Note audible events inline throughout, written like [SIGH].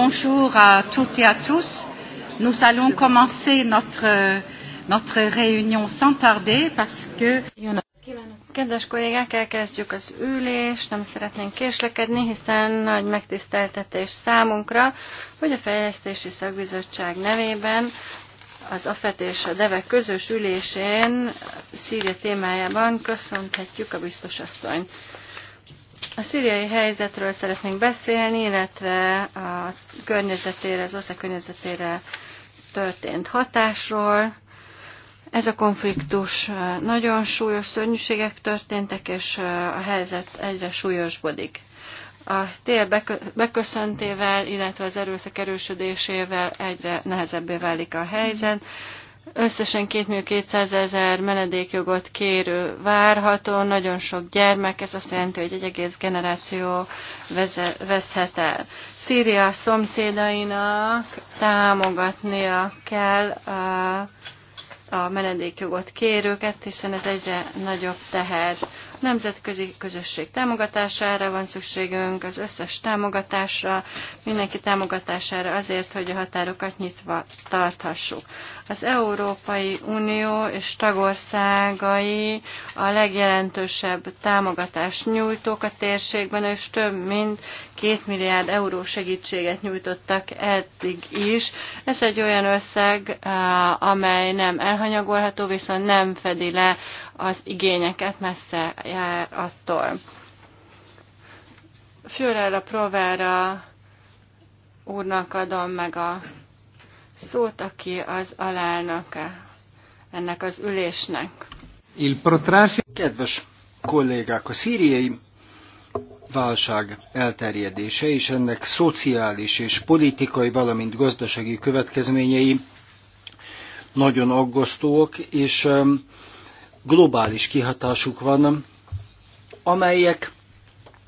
Bonjour à toutes et à tous. Nous allons commencer notre, notre réunion sans tarder parce que... Kedves kollégák, elkezdjük az ülést, nem szeretnénk késlekedni, hiszen nagy megtiszteltetés számunkra, hogy a Fejlesztési Szakbizottság nevében az AFET és a DEVE közös ülésén Szíria témájában köszönhetjük a biztos asszonyt. A szíriai helyzetről szeretnénk beszélni, illetve a környezetére, az ország környezetére történt hatásról. Ez a konfliktus nagyon súlyos szörnyűségek történtek, és a helyzet egyre súlyosbodik. A tél beköszöntével, illetve az erőszak erősödésével egyre nehezebbé válik a helyzet. Összesen 2 millió 200 ezer menedékjogot kérő várható, nagyon sok gyermek, ez azt jelenti, hogy egy egész generáció veszhet el. Szíria szomszédainak támogatnia kell a, a menedékjogot kérőket, hiszen ez egyre nagyobb teher. Nemzetközi közösség támogatására van szükségünk, az összes támogatásra, mindenki támogatására azért, hogy a határokat nyitva tarthassuk. Az Európai Unió és tagországai a legjelentősebb támogatást nyújtók a térségben, és több mint két milliárd euró segítséget nyújtottak eddig is. Ez egy olyan összeg, amely nem elhanyagolható, viszont nem fedi le az igényeket messze jár attól. a próbára úrnak adom meg a szót, aki az alelnöke ennek az ülésnek. Il protrasi... Kedves kollégák, a szíriai válság elterjedése és ennek szociális és politikai, valamint gazdasági következményei nagyon aggasztóak, és um, globális kihatásuk van, amelyek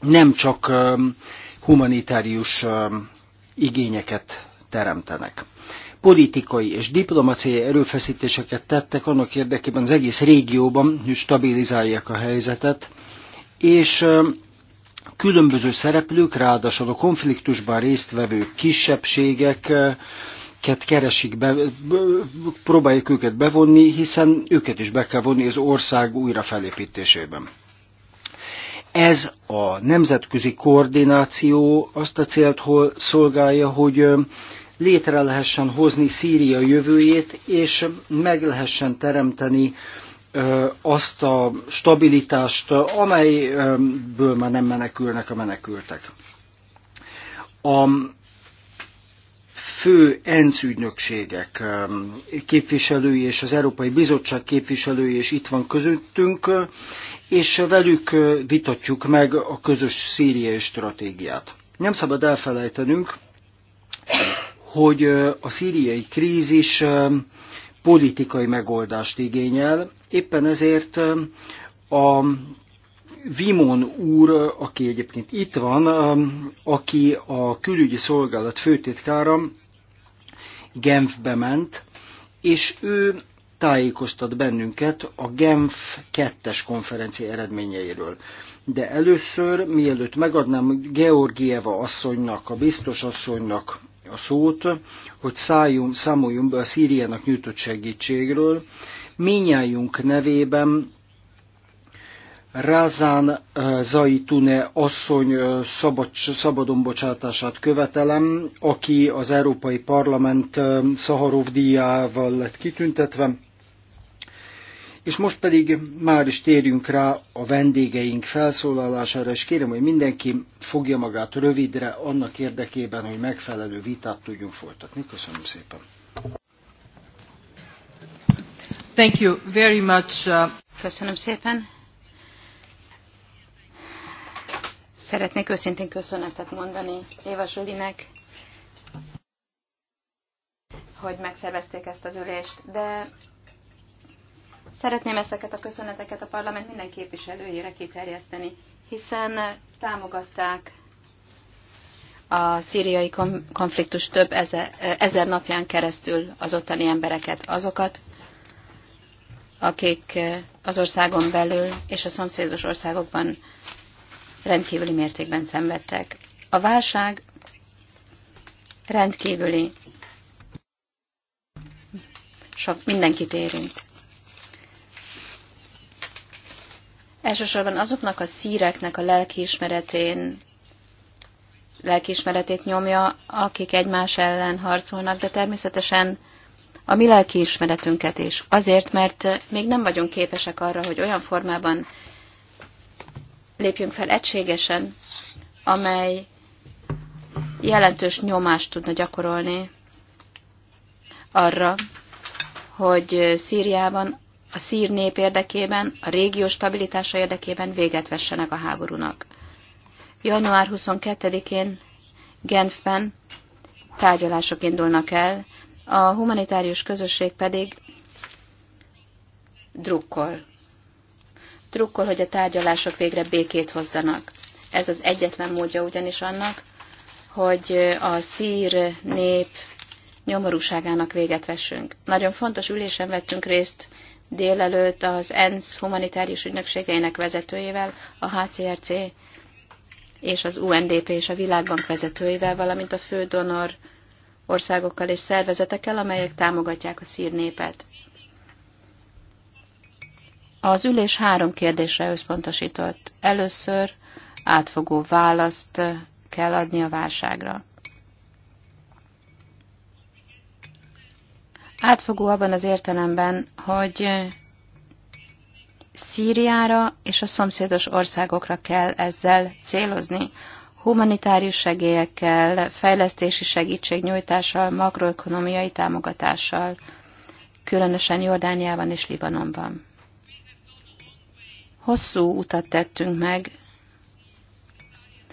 nem csak um, humanitárius um, igényeket teremtenek politikai és diplomáciai erőfeszítéseket tettek annak érdekében az egész régióban, hogy stabilizálják a helyzetet, és különböző szereplők, ráadásul a konfliktusban résztvevő kisebbségek, keresik, be, próbáljuk őket bevonni, hiszen őket is be kell vonni az ország újrafelépítésében. Ez a nemzetközi koordináció azt a célt hol szolgálja, hogy létre lehessen hozni Szíria jövőjét, és meg lehessen teremteni azt a stabilitást, amelyből már nem menekülnek a menekültek. A fő ENSZ ügynökségek képviselői és az Európai Bizottság képviselői is itt van közöttünk, és velük vitatjuk meg a közös szíriai stratégiát. Nem szabad elfelejtenünk, hogy a szíriai krízis politikai megoldást igényel. Éppen ezért a Vimon úr, aki egyébként itt van, aki a külügyi szolgálat főtitkára, Genfbe ment, és ő tájékoztat bennünket a Genf 2-es konferencia eredményeiről. De először, mielőtt megadnám Georgieva asszonynak, a biztos asszonynak a szót, hogy szálljunk, számoljunk be a Szíriának nyújtott segítségről. Minnyájunk nevében Rázán eh, Zaitune asszony eh, szabad, szabadon bocsátását követelem, aki az Európai Parlament eh, Szaharov díjával lett kitüntetve. És most pedig már is térjünk rá a vendégeink felszólalására, és kérem, hogy mindenki fogja magát rövidre annak érdekében, hogy megfelelő vitát tudjunk folytatni. Köszönöm szépen. Thank you very much. Uh, Köszönöm szépen. Szeretnék őszintén köszönetet mondani Éva Zsulinek, hogy megszervezték ezt az ülést, de Szeretném ezeket a köszöneteket a parlament minden képviselőjére kiterjeszteni, hiszen támogatták a szíriai konfliktus több ezer, ezer napján keresztül az ottani embereket, azokat, akik eh, az országon belül és a szomszédos országokban rendkívüli mértékben szenvedtek. A válság rendkívüli, sok mindenkit érint. Elsősorban azoknak a szíreknek a lelkiismeretén lelkiismeretét nyomja, akik egymás ellen harcolnak, de természetesen a mi lelkiismeretünket is. Azért, mert még nem vagyunk képesek arra, hogy olyan formában lépjünk fel egységesen, amely jelentős nyomást tudna gyakorolni arra, hogy Szíriában a szír nép érdekében, a régió stabilitása érdekében véget vessenek a háborúnak. Január 22-én Genfben tárgyalások indulnak el, a humanitárius közösség pedig drukkol. Drukkol, hogy a tárgyalások végre békét hozzanak. Ez az egyetlen módja ugyanis annak, hogy a szír nép nyomorúságának véget vessünk. Nagyon fontos ülésen vettünk részt délelőtt az ENSZ humanitárius ügynökségeinek vezetőjével, a HCRC és az UNDP és a Világbank vezetőivel, valamint a fődonor országokkal és szervezetekkel, amelyek támogatják a szír népet. Az ülés három kérdésre összpontosított. Először átfogó választ kell adni a válságra. Átfogó abban az értelemben, hogy Szíriára és a szomszédos országokra kell ezzel célozni. Humanitárius segélyekkel, fejlesztési segítségnyújtással, makroekonomiai támogatással, különösen Jordániában és Libanonban. Hosszú utat tettünk meg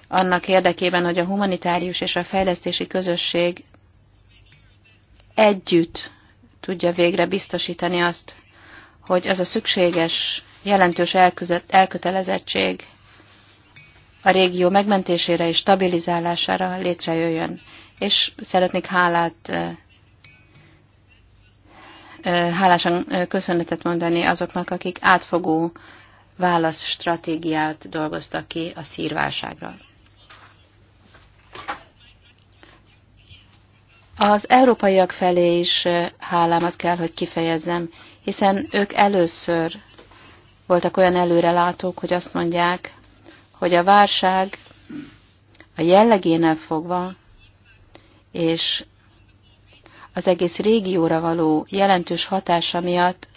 annak érdekében, hogy a humanitárius és a fejlesztési közösség együtt tudja végre biztosítani azt, hogy az a szükséges, jelentős elkötelezettség a régió megmentésére és stabilizálására létrejöjjön. És szeretnék hálát, hálásan köszönetet mondani azoknak, akik átfogó válaszstratégiát dolgoztak ki a szírválságra. Az európaiak felé is hálámat kell, hogy kifejezzem, hiszen ők először voltak olyan előrelátók, hogy azt mondják, hogy a válság a jellegénél fogva, és az egész régióra való jelentős hatása miatt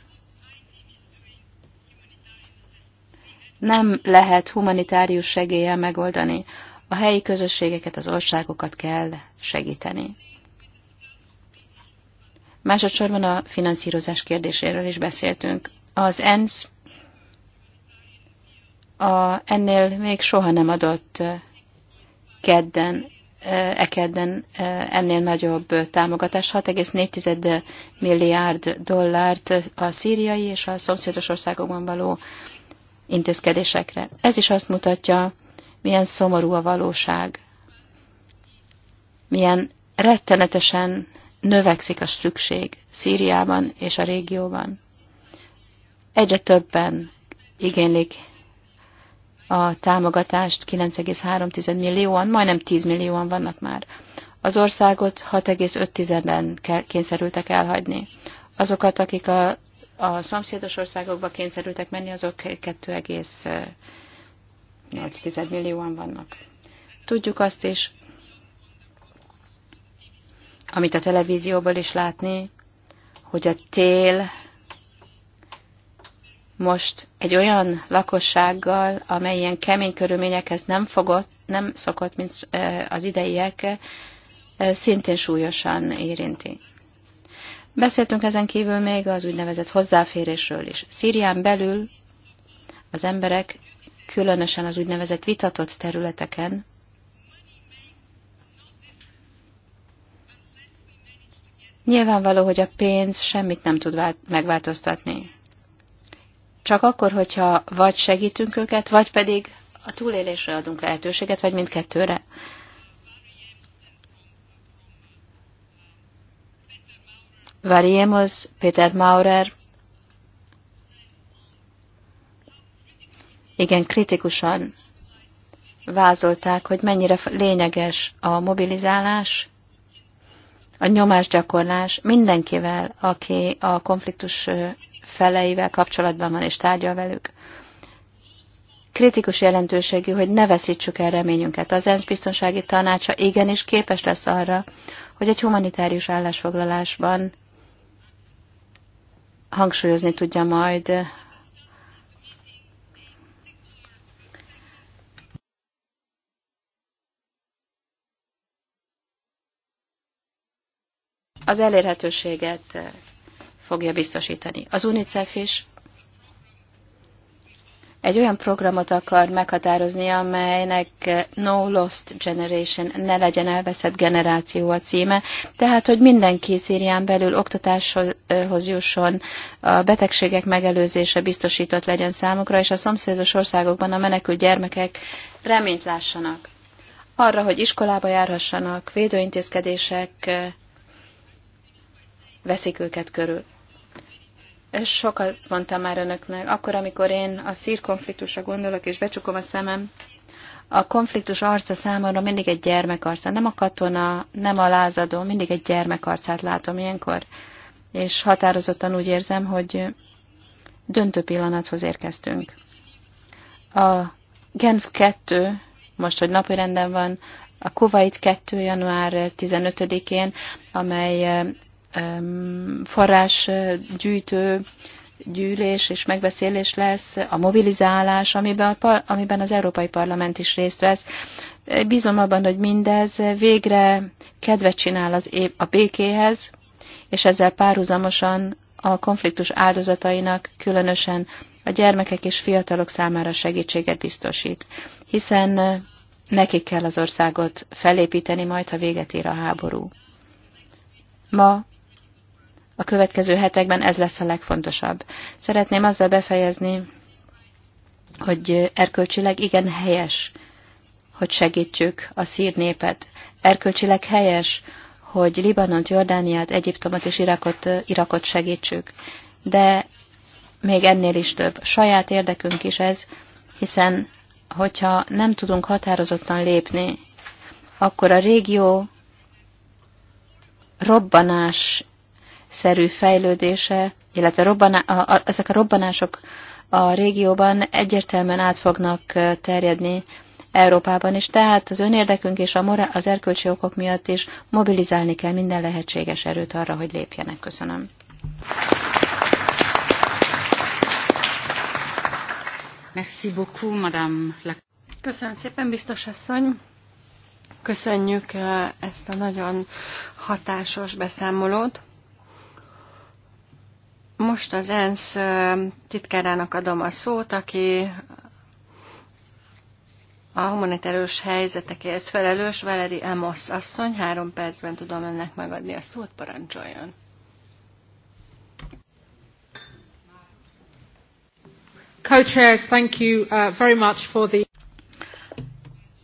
nem lehet humanitárius segéllyel megoldani. A helyi közösségeket, az országokat kell segíteni. Másodszorban a finanszírozás kérdéséről is beszéltünk. Az ENSZ a, ennél még soha nem adott kedden, e kedden ennél nagyobb támogatást, 6,4 milliárd dollárt a szíriai és a szomszédos országokban való intézkedésekre. Ez is azt mutatja, milyen szomorú a valóság, milyen rettenetesen növekszik a szükség Szíriában és a régióban. Egyre többen igénylik a támogatást, 9,3 millióan, majdnem 10 millióan vannak már. Az országot 6,5-en kényszerültek elhagyni. Azokat, akik a, a szomszédos országokba kényszerültek menni, azok 2,8 millióan vannak. Tudjuk azt is, amit a televízióból is látni, hogy a tél most egy olyan lakossággal, amely ilyen kemény körülményekhez nem fogott, nem szokott, mint az ideiek, szintén súlyosan érinti. Beszéltünk ezen kívül még az úgynevezett hozzáférésről is. Szírián belül az emberek, különösen az úgynevezett vitatott területeken, Nyilvánvaló, hogy a pénz semmit nem tud megváltoztatni. Csak akkor, hogyha vagy segítünk őket, vagy pedig a túlélésre adunk lehetőséget, vagy mindkettőre. Variemos, Peter Maurer igen kritikusan vázolták, hogy mennyire lényeges a mobilizálás, a nyomásgyakorlás mindenkivel, aki a konfliktus feleivel kapcsolatban van és tárgyal velük. Kritikus jelentőségű, hogy ne veszítsük el reményünket. Az ENSZ biztonsági tanácsa igenis képes lesz arra, hogy egy humanitárius állásfoglalásban hangsúlyozni tudja majd az elérhetőséget fogja biztosítani. Az UNICEF is egy olyan programot akar meghatározni, amelynek No Lost Generation, ne legyen elveszett generáció a címe, tehát, hogy mindenki Szírián belül oktatáshoz jusson, a betegségek megelőzése biztosított legyen számukra, és a szomszédos országokban a menekült gyermekek reményt lássanak. Arra, hogy iskolába járhassanak, védőintézkedések veszik őket körül. Sokat mondtam már önöknek. Akkor, amikor én a szír konfliktusra gondolok, és becsukom a szemem, a konfliktus arca számomra mindig egy gyermek arca. Nem a katona, nem a lázadó, mindig egy gyermek arcát látom ilyenkor. És határozottan úgy érzem, hogy döntő pillanathoz érkeztünk. A Genf 2, most, hogy napirenden van, a Kuwait 2. január 15-én, amely forrásgyűjtő gyűlés és megbeszélés lesz, a mobilizálás, amiben, a, amiben az Európai Parlament is részt vesz. Bízom abban, hogy mindez végre kedvet csinál az, a békéhez, és ezzel párhuzamosan a konfliktus áldozatainak, különösen a gyermekek és fiatalok számára segítséget biztosít, hiszen nekik kell az országot felépíteni, majd ha véget ér a háború. Ma a következő hetekben ez lesz a legfontosabb. Szeretném azzal befejezni, hogy erkölcsileg igen helyes, hogy segítjük a szír népet. Erkölcsileg helyes, hogy Libanont, Jordániát, Egyiptomot és Irakot, Irakot segítsük. De még ennél is több. Saját érdekünk is ez, hiszen hogyha nem tudunk határozottan lépni, akkor a régió robbanás szerű fejlődése, illetve robbaná, a, a, ezek a robbanások a régióban egyértelműen át fognak terjedni Európában is, tehát az önérdekünk és a mora az erkölcsi okok miatt is mobilizálni kell minden lehetséges erőt arra, hogy lépjenek. Köszönöm. Merci beaucoup, madame. Köszönöm szépen, biztos asszony. Köszönjük ezt a nagyon hatásos beszámolót. Most az ENSZ titkárának adom a szót, aki a humanitárius helyzetekért felelős Valeri Amos asszony. Három percben tudom ennek megadni a szót, parancsoljon. Co-chairs, thank you uh, very much for the...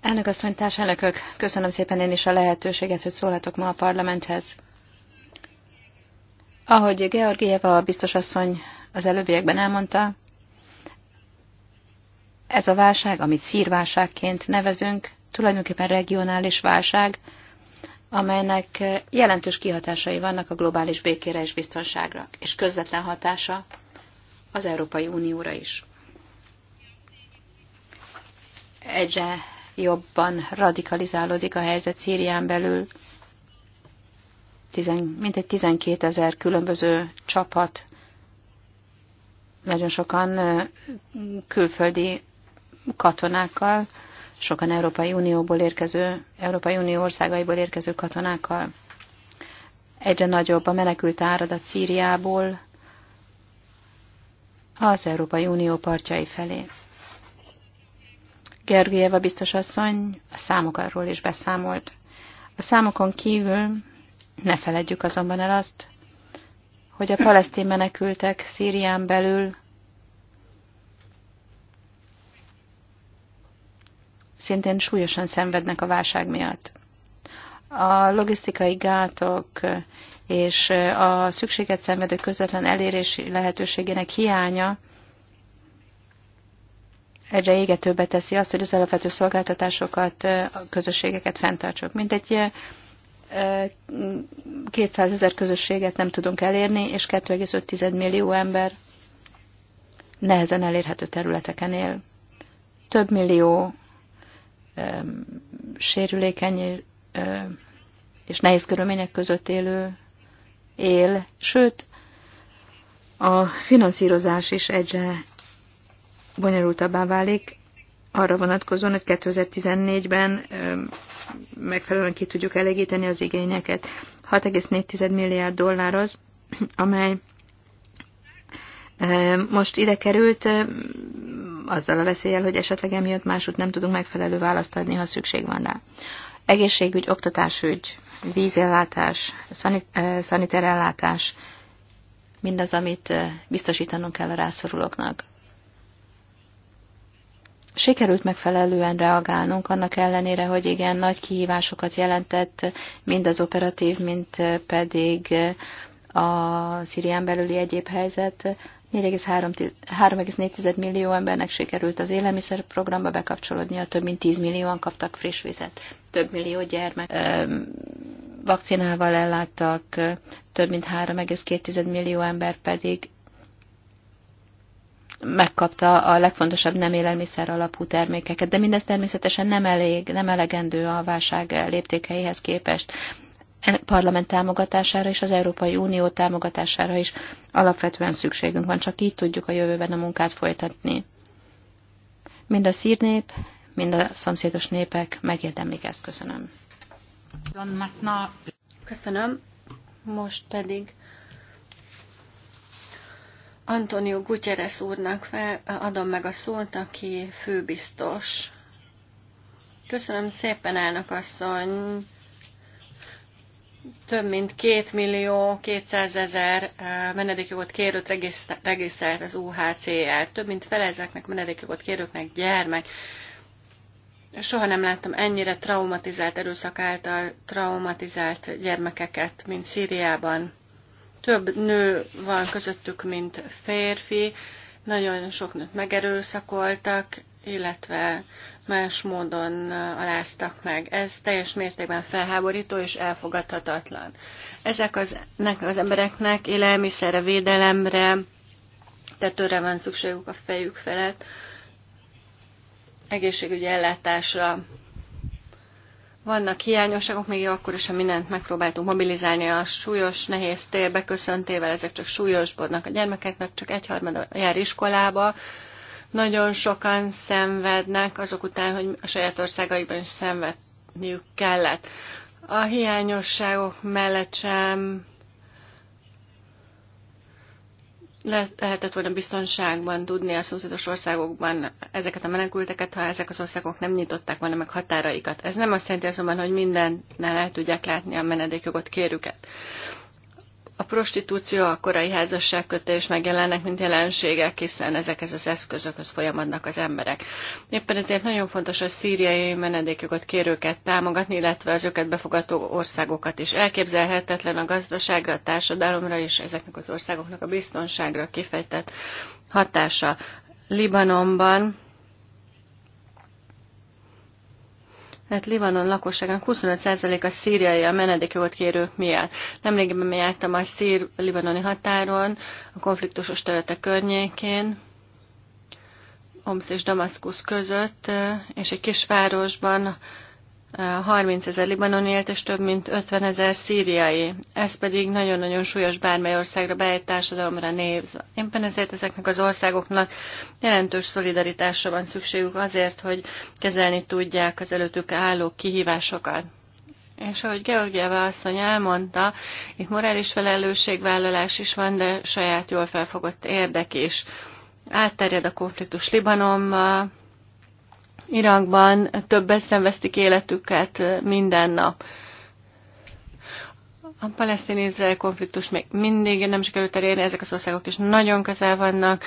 Elnök asszony, társelnökök, köszönöm szépen én is a lehetőséget, hogy szólhatok ma a parlamenthez. Ahogy Georgieva biztos asszony az előbbiekben elmondta, ez a válság, amit szírválságként nevezünk, tulajdonképpen regionális válság, amelynek jelentős kihatásai vannak a globális békére és biztonságra, és közvetlen hatása az Európai Unióra is. Egyre jobban radikalizálódik a helyzet Szírián belül, tizen, mintegy 12 ezer különböző csapat, nagyon sokan külföldi katonákkal, sokan Európai Unióból érkező, Európai Unió országaiból érkező katonákkal. Egyre nagyobb a menekült áradat Szíriából az Európai Unió partjai felé. Gergőjeva biztos asszony a számokról is beszámolt. A számokon kívül ne feledjük azonban el azt, hogy a palesztin menekültek Szírián belül szintén súlyosan szenvednek a válság miatt. A logisztikai gátok és a szükséget szenvedő közvetlen elérési lehetőségének hiánya egyre égetőbbé teszi azt, hogy az alapvető szolgáltatásokat, a közösségeket fenntartsuk. Mint egy 200 ezer közösséget nem tudunk elérni, és 2,5 millió ember nehezen elérhető területeken él. Több millió sérülékeny és nehéz körülmények között élő él, sőt, a finanszírozás is egyre bonyolultabbá válik, arra vonatkozóan, hogy 2014-ben megfelelően ki tudjuk elégíteni az igényeket. 6,4 milliárd dollár az, amely most ide került, azzal a veszéllyel, hogy esetleg emiatt másút nem tudunk megfelelő választ adni, ha szükség van rá. Egészségügy, oktatásügy, vízellátás, szanit, szaniterellátás, mindaz, amit biztosítanunk kell a rászorulóknak sikerült megfelelően reagálnunk, annak ellenére, hogy igen, nagy kihívásokat jelentett mind az operatív, mint pedig a Szirián belüli egyéb helyzet. 3,4 millió embernek sikerült az élelmiszerprogramba bekapcsolódnia, több mint 10 millióan kaptak friss vizet, több millió gyermek vakcinával elláttak, több mint 3,2 millió ember pedig megkapta a legfontosabb nem élelmiszer alapú termékeket, de mindez természetesen nem, elég, nem elegendő a válság léptékeihez képest. A parlament támogatására és az Európai Unió támogatására is alapvetően szükségünk van, csak így tudjuk a jövőben a munkát folytatni. Mind a szírnép, mind a szomszédos népek megérdemlik ezt. Köszönöm. Köszönöm. Most pedig Antonio Gutierrez úrnak fel, adom meg a szót, aki főbiztos. Köszönöm szépen, elnök asszony! Több mint 2 millió 200 ezer eh, menedékjogot kérőt regisztrált az UHCR. Több mint fele ezeknek menedékjogot kérőknek gyermek. Soha nem láttam ennyire traumatizált erőszak által traumatizált gyermekeket, mint Szíriában. Több nő van közöttük, mint férfi. Nagyon sok nőt megerőszakoltak, illetve más módon aláztak meg. Ez teljes mértékben felháborító és elfogadhatatlan. Ezek az, az embereknek élelmiszerre, védelemre, tetőre van szükségük a fejük felett, egészségügyi ellátásra, vannak hiányosságok, még akkor is, ha mindent megpróbáltunk mobilizálni a súlyos, nehéz tér beköszöntével, ezek csak súlyosbodnak a gyermekeknek, csak egyharmada jár iskolába. Nagyon sokan szenvednek azok után, hogy a saját országaiban is szenvedniük kellett. A hiányosságok mellett sem lehetett volna biztonságban tudni a szomszédos országokban ezeket a menekülteket, ha ezek az országok nem nyitották volna meg határaikat. Ez nem azt jelenti azonban, hogy mindennel el tudják látni a menedékjogot kérőket a prostitúció, a korai házasságkötés megjelennek, mint jelenségek, hiszen ezekhez az eszközökhöz folyamadnak az emberek. Éppen ezért nagyon fontos a szíriai menedékjogot kérőket támogatni, illetve az őket befogadó országokat is. Elképzelhetetlen a gazdaságra, a társadalomra és ezeknek az országoknak a biztonságra kifejtett hatása. Libanonban Hát Libanon lakosságának 25%-a szíriai a menedékjogot kérő miatt. Nemrégiben jártam a szír-libanoni határon, a konfliktusos területek környékén, Omsz és Damaszkusz között, és egy kis városban 30 ezer libanoni élt, és több mint 50 ezer szíriai. Ez pedig nagyon-nagyon súlyos bármely országra, bármely társadalomra néz. Éppen ezért ezeknek az országoknak jelentős szolidaritásra van szükségük azért, hogy kezelni tudják az előttük álló kihívásokat. És ahogy Georgieva asszony elmondta, itt morális felelősségvállalás is van, de saját jól felfogott érdek is. Átterjed a konfliktus Libanonba, Irakban több ezeren vesztik életüket minden nap. A palesztin-izrael konfliktus még mindig nem sikerült elérni, ezek az országok is nagyon közel vannak,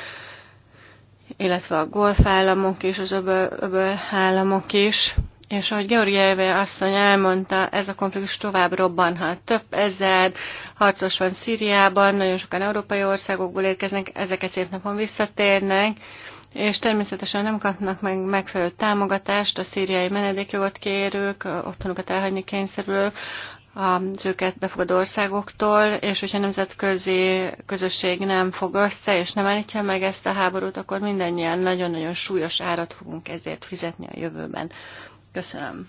illetve a golf államok is, az öböl, öböl államok is. És ahogy Georgieve asszony elmondta, ez a konfliktus tovább robbanhat. Több ezer harcos van Szíriában, nagyon sokan európai országokból érkeznek, ezeket szép napon visszatérnek, és természetesen nem kapnak meg megfelelő támogatást a szíriai menedékjogot kérők, otthonukat elhagyni kényszerülők, az őket befogadó országoktól, és hogyha nemzetközi közösség nem fog össze, és nem állítja meg ezt a háborút, akkor mindannyian nagyon-nagyon súlyos árat fogunk ezért fizetni a jövőben. Köszönöm.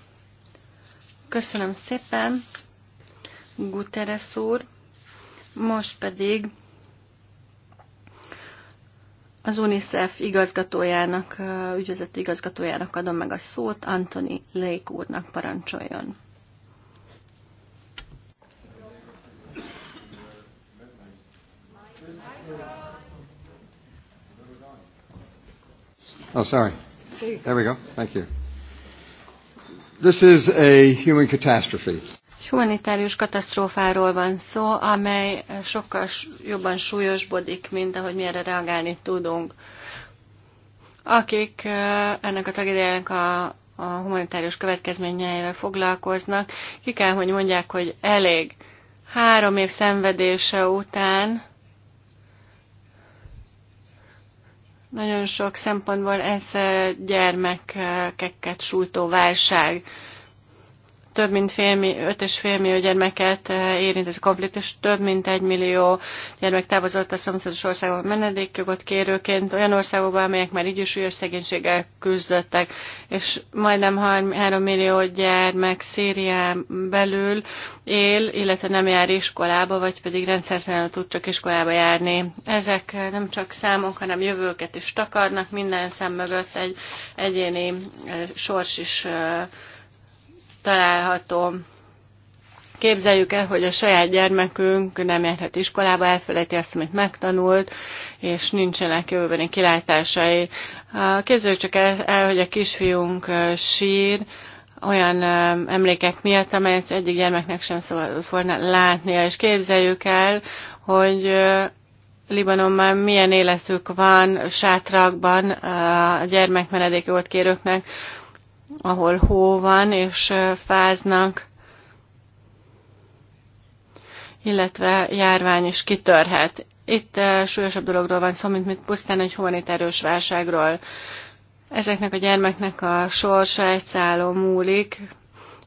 Köszönöm szépen, Guterres úr. Most pedig az UNICEF igazgatójának, ügyvezető igazgatójának adom meg a szót, Antoni Lék úrnak parancsoljon. Oh, sorry. There we go. Thank you. This is a human catastrophe humanitárius katasztrófáról van szó, amely sokkal jobban súlyosbodik, mint ahogy mi erre reagálni tudunk. Akik ennek a tragédiának a, a humanitárius következményeivel foglalkoznak, ki kell, hogy mondják, hogy elég. Három év szenvedése után nagyon sok szempontból ez gyermekeket sújtó válság több mint fél, öt és fél millió gyermeket eh, érint ez a konfliktus, több mint egy millió gyermek távozott a szomszédos országokban menedékjogot kérőként, olyan országokban, amelyek már így is súlyos szegénységgel küzdöttek, és majdnem 3 millió gyermek Szírián belül él, illetve nem jár iskolába, vagy pedig rendszertelenül tud csak iskolába járni. Ezek eh, nem csak számok, hanem jövőket is takarnak, minden szem mögött egy egyéni eh, sors is található. Képzeljük el, hogy a saját gyermekünk nem járhat iskolába, elfelejti azt, amit megtanult, és nincsenek jövőbeni kilátásai. Képzeljük csak el, hogy a kisfiunk sír, olyan emlékek miatt, amelyet egyik gyermeknek sem szabad volna látnia, és képzeljük el, hogy Libanonban milyen életük van sátrakban a ott kérőknek, ahol hó van és fáznak, illetve járvány is kitörhet. Itt súlyosabb dologról van szó, mint, mint pusztán egy erős válságról. Ezeknek a gyermeknek a sorsa egy szálló múlik,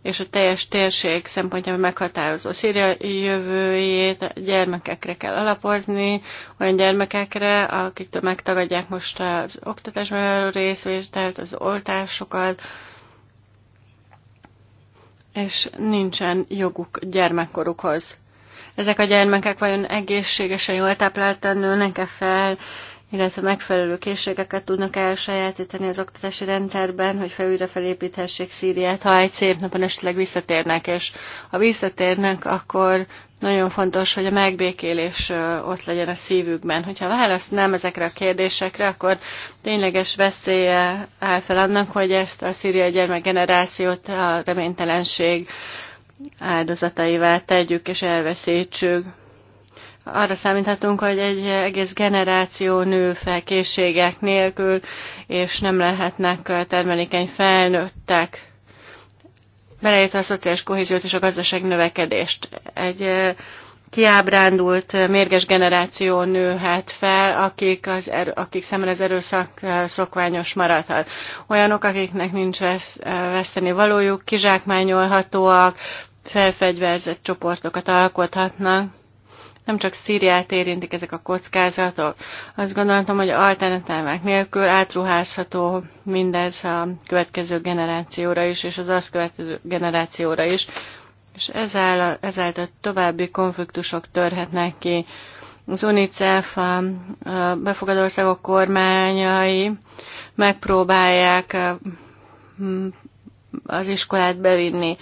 és a teljes térség szempontjából meghatározó Szíria jövőjét a gyermekekre kell alapozni, olyan gyermekekre, akiktől megtagadják most az oktatásban részvételt, az oltásokat, és nincsen joguk gyermekkorukhoz. Ezek a gyermekek vajon egészségesen jól tápláltan nőnek-e fel, illetve megfelelő készségeket tudnak elsajátítani az oktatási rendszerben, hogy felülre felépíthessék Szíriát, ha egy szép napon esetleg visszatérnek, és ha visszatérnek, akkor nagyon fontos, hogy a megbékélés ott legyen a szívükben. Hogyha választ nem ezekre a kérdésekre, akkor tényleges veszélye áll fel annak, hogy ezt a szíriai gyermekgenerációt a reménytelenség áldozataivá tegyük és elveszítsük arra számíthatunk, hogy egy egész generáció nő fel készségek nélkül, és nem lehetnek termelékeny felnőttek. Beleértve a szociális kohéziót és a gazdaság növekedést. Egy kiábrándult, mérges generáció nőhet fel, akik, az er, akik szemben az erőszak szokványos maradhat. Olyanok, akiknek nincs veszteni valójuk, kizsákmányolhatóak, felfegyverzett csoportokat alkothatnak nem csak Szíriát érintik ezek a kockázatok. Azt gondoltam, hogy alternatívák nélkül átruházható mindez a következő generációra is, és az azt következő generációra is. És ezáltal, további konfliktusok törhetnek ki. Az UNICEF, a befogadó országok kormányai megpróbálják az iskolát bevinni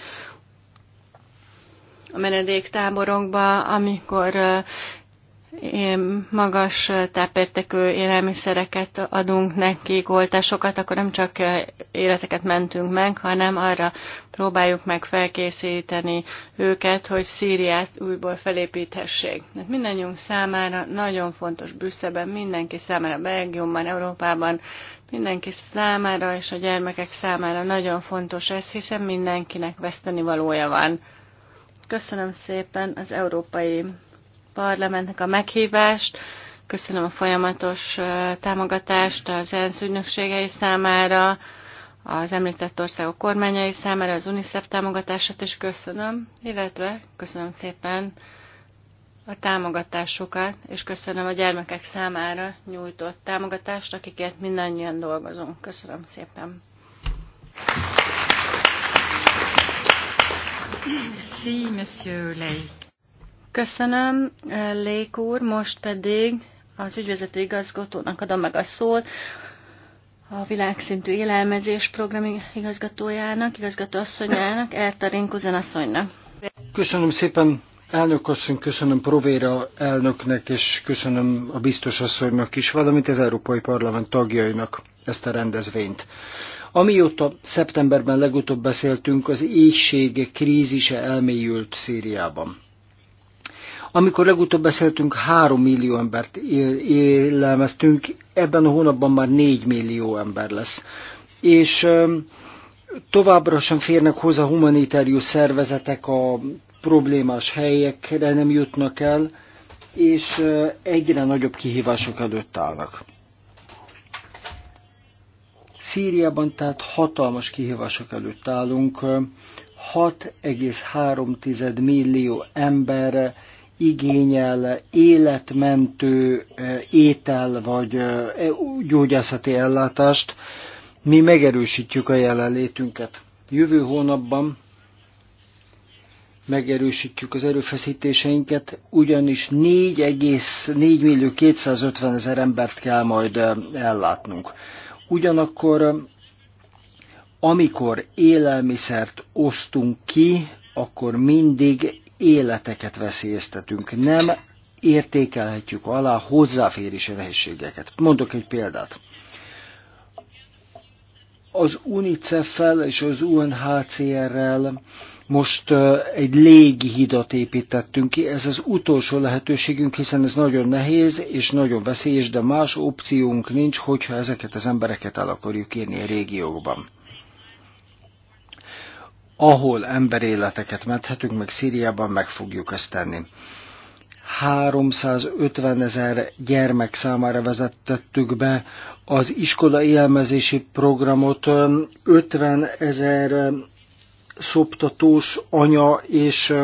a menedéktáborokba, amikor magas tápértékű élelmiszereket adunk nekik, oltásokat, akkor nem csak életeket mentünk meg, hanem arra próbáljuk meg felkészíteni őket, hogy Szíriát újból felépíthessék. Hát mindannyiunk számára nagyon fontos Brüsszelben, mindenki számára, Belgiumban, Európában, mindenki számára és a gyermekek számára nagyon fontos ez, hiszen mindenkinek veszteni valója van. Köszönöm szépen az Európai Parlamentnek a meghívást, köszönöm a folyamatos támogatást az ENSZ ügynökségei számára, az említett országok kormányai számára, az UNICEF támogatását is köszönöm, illetve köszönöm szépen a támogatásukat, és köszönöm a gyermekek számára nyújtott támogatást, akiket mindannyian dolgozunk. Köszönöm szépen! Sí, monsieur Leik. Köszönöm, Lék úr. Most pedig az ügyvezető igazgatónak adom meg a szót, a világszintű élelmezés program igazgatójának, igazgatóasszonyának, Erta Rinkuzen asszonynak. Köszönöm szépen, elnök asszony, köszönöm Provéra elnöknek, és köszönöm a biztos asszonynak is, valamint az Európai Parlament tagjainak ezt a rendezvényt. Amióta szeptemberben legutóbb beszéltünk, az éhség krízise elmélyült Szíriában. Amikor legutóbb beszéltünk, 3 millió embert élelmeztünk, ebben a hónapban már 4 millió ember lesz. És továbbra sem férnek hozzá humanitárius szervezetek a problémás helyekre nem jutnak el, és egyre nagyobb kihívások előtt állnak. Szíriában tehát hatalmas kihívások előtt állunk. 6,3 millió ember igényel életmentő e, étel vagy e, e, gyógyászati ellátást. Mi megerősítjük a jelenlétünket. Jövő hónapban megerősítjük az erőfeszítéseinket, ugyanis 4,4 millió 250 ezer embert kell majd ellátnunk. Ugyanakkor, um, amikor élelmiszert osztunk ki, akkor mindig életeket veszélyeztetünk. Nem értékelhetjük alá hozzáférési nehézségeket. Mondok egy példát. Az UNICEF-fel és az UNHCR-rel most egy légi hidat építettünk ki, ez az utolsó lehetőségünk, hiszen ez nagyon nehéz és nagyon veszélyes, de más opciónk nincs, hogyha ezeket az embereket el akarjuk érni a régiókban. Ahol emberéleteket menthetünk, meg Szíriában meg fogjuk ezt tenni. 350 ezer gyermek számára vezettettük be az iskola élmezési programot, 50 ezer szoptatós anya és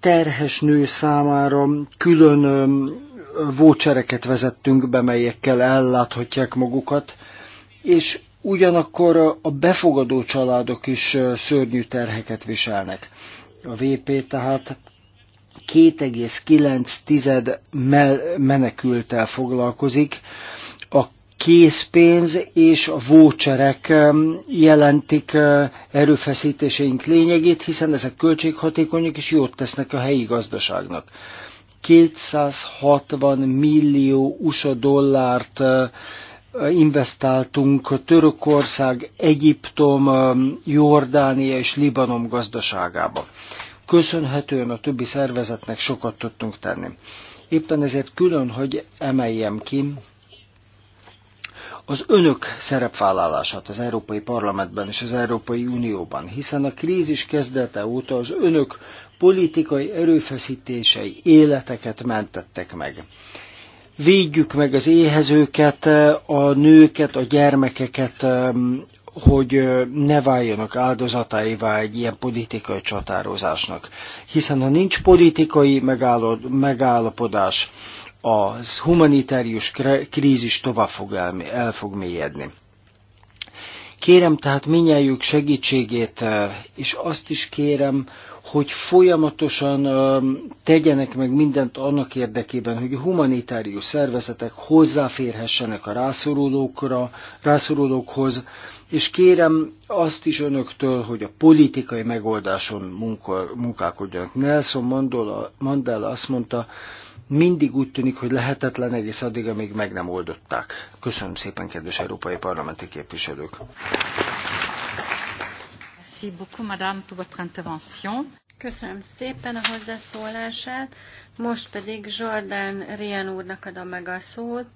terhes nő számára külön vouchereket vezettünk be, melyekkel elláthatják magukat, és ugyanakkor a befogadó családok is szörnyű terheket viselnek. A VP tehát 2,9 menekültel foglalkozik, készpénz és a voucherek um, jelentik uh, erőfeszítéseink lényegét, hiszen ezek költséghatékonyak és jót tesznek a helyi gazdaságnak. 260 millió USA dollárt uh, investáltunk Törökország, Egyiptom, um, Jordánia és Libanon gazdaságába. Köszönhetően a többi szervezetnek sokat tudtunk tenni. Éppen ezért külön, hogy emeljem ki, az önök szerepvállalását az Európai Parlamentben és az Európai Unióban, hiszen a krízis kezdete óta az önök politikai erőfeszítései életeket mentettek meg. Védjük meg az éhezőket, a nőket, a gyermekeket, um, hogy uh, ne váljanak áldozataivá egy ilyen politikai csatározásnak. Hiszen ha nincs politikai megállapodás, az humanitárius krízis tovább fog el, el fog mélyedni. Kérem tehát minnyájuk segítségét, és azt is kérem, hogy folyamatosan tegyenek meg mindent annak érdekében, hogy a humanitárius szervezetek hozzáférhessenek a rászorulókra, rászorulókhoz, és kérem azt is önöktől, hogy a politikai megoldáson munkálkodjanak. Nelson Mandela, Mandela azt mondta, mindig úgy tűnik, hogy lehetetlen egész addig, amíg meg nem oldották. Köszönöm szépen, kedves európai parlamenti képviselők! Köszönöm szépen a hozzászólását. Most pedig Jordan Rian úrnak adom meg a szót,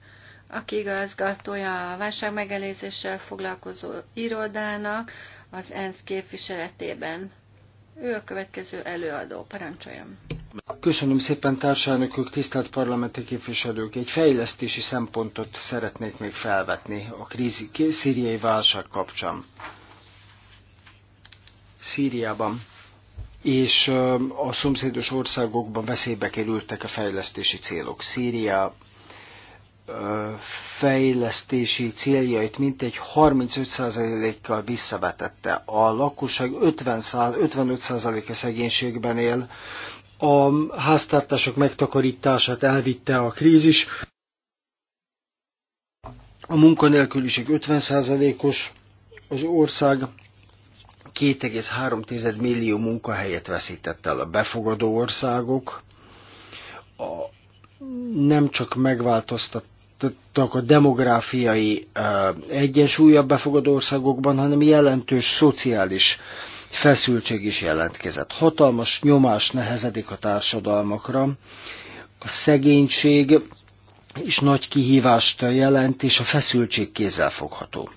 aki igazgatója a válságmegelőzéssel foglalkozó irodának az ENSZ képviseletében. Ő a következő előadó. Parancsoljon! Köszönöm szépen társadalmokok, tisztelt parlamenti képviselők. Egy fejlesztési szempontot szeretnék még felvetni a krízi, szíriai válság kapcsán. Szíriában és a szomszédos országokban veszélybe kerültek a fejlesztési célok. Szíria fejlesztési céljait mintegy 35%-kal visszavetette. A lakosság 50, 55%-a szegénységben él, a háztartások megtakarítását elvitte a krízis. A munkanélküliség 50%-os, az ország 2,3 millió munkahelyet veszített el a befogadó országok. A, nem csak megváltoztattak a demográfiai egyensúly a befogadó országokban, hanem jelentős szociális feszültség is jelentkezett. Hatalmas nyomás nehezedik a társadalmakra, a szegénység is nagy kihívást jelent, és a feszültség kézzelfogható.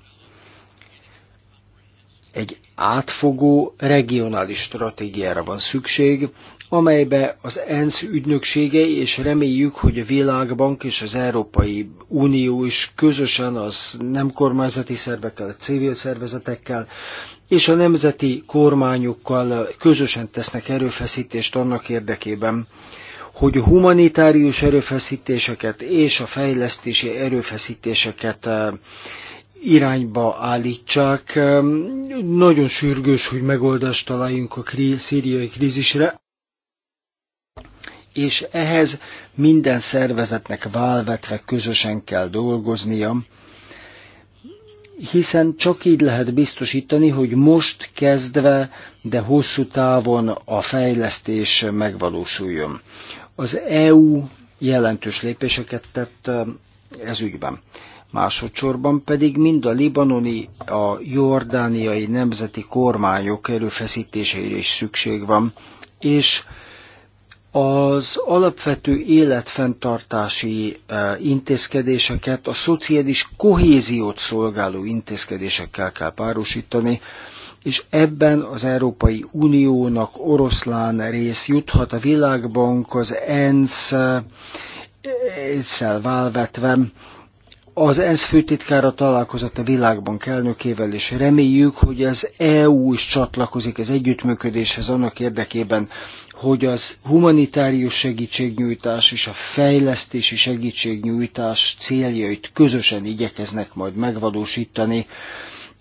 Egy átfogó regionális stratégiára van szükség, amelybe az ENSZ ügynöksége, és reméljük, hogy a Világbank és az Európai Unió is közösen az nem kormányzati szervekkel, a civil szervezetekkel és a nemzeti kormányokkal közösen tesznek erőfeszítést annak érdekében, hogy a humanitárius erőfeszítéseket és a fejlesztési erőfeszítéseket eh, irányba állítsák. Nagyon sürgős, hogy megoldást találjunk a szíriai krízisre és ehhez minden szervezetnek válvetve közösen kell dolgoznia, hiszen csak így lehet biztosítani, hogy most kezdve, de hosszú távon a fejlesztés megvalósuljon. Az EU jelentős lépéseket tett eh, ez ügyben. Másodszorban pedig mind a libanoni, a jordániai nemzeti kormányok erőfeszítéseire is szükség van, és az alapvető életfenntartási e, intézkedéseket a szociális kohéziót szolgáló intézkedésekkel kell párosítani, és ebben az Európai Uniónak oroszlán rész juthat a Világbank, az ENSZ, egyszer válvetve, az ENSZ főtitkára találkozott a világbank elnökével, és reméljük, hogy az EU is csatlakozik az együttműködéshez annak érdekében, hogy az humanitárius segítségnyújtás és a fejlesztési segítségnyújtás céljait közösen igyekeznek majd megvalósítani,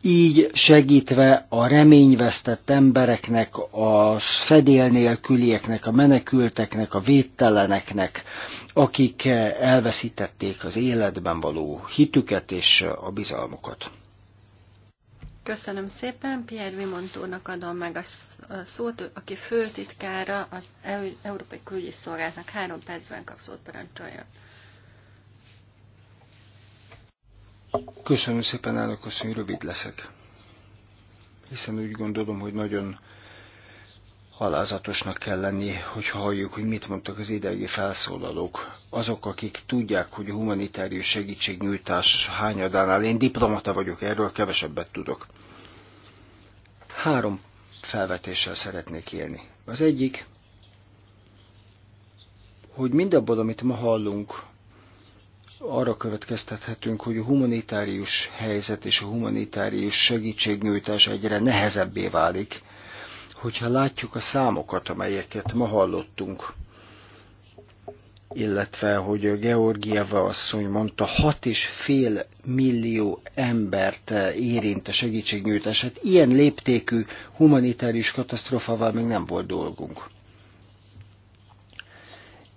így segítve a reményvesztett embereknek, a fedél nélkülieknek, a menekülteknek, a védteleneknek, akik elveszítették az életben való hitüket és a bizalmukat. Köszönöm szépen. Pierre Vimont úrnak adom meg a szót, aki főtitkára az Európai Külügyi Szolgálatnak három percben kap szót parancsolja. Köszönöm szépen, elnök asszony, rövid leszek. Hiszen úgy gondolom, hogy nagyon alázatosnak kell lenni, hogyha halljuk, hogy mit mondtak az idegi felszólalók. Azok, akik tudják, hogy a humanitárius segítségnyújtás hányadánál, én diplomata vagyok, erről kevesebbet tudok. Három felvetéssel szeretnék élni. Az egyik, hogy mindabból, amit ma hallunk, arra következtethetünk, hogy a humanitárius helyzet és a humanitárius segítségnyújtás egyre nehezebbé válik, hogyha látjuk a számokat, amelyeket ma hallottunk, illetve hogy a Georgieva asszony mondta, 6,5 millió embert érint a segítségnyújtás. Hát ilyen léptékű humanitárius katasztrófával még nem volt dolgunk.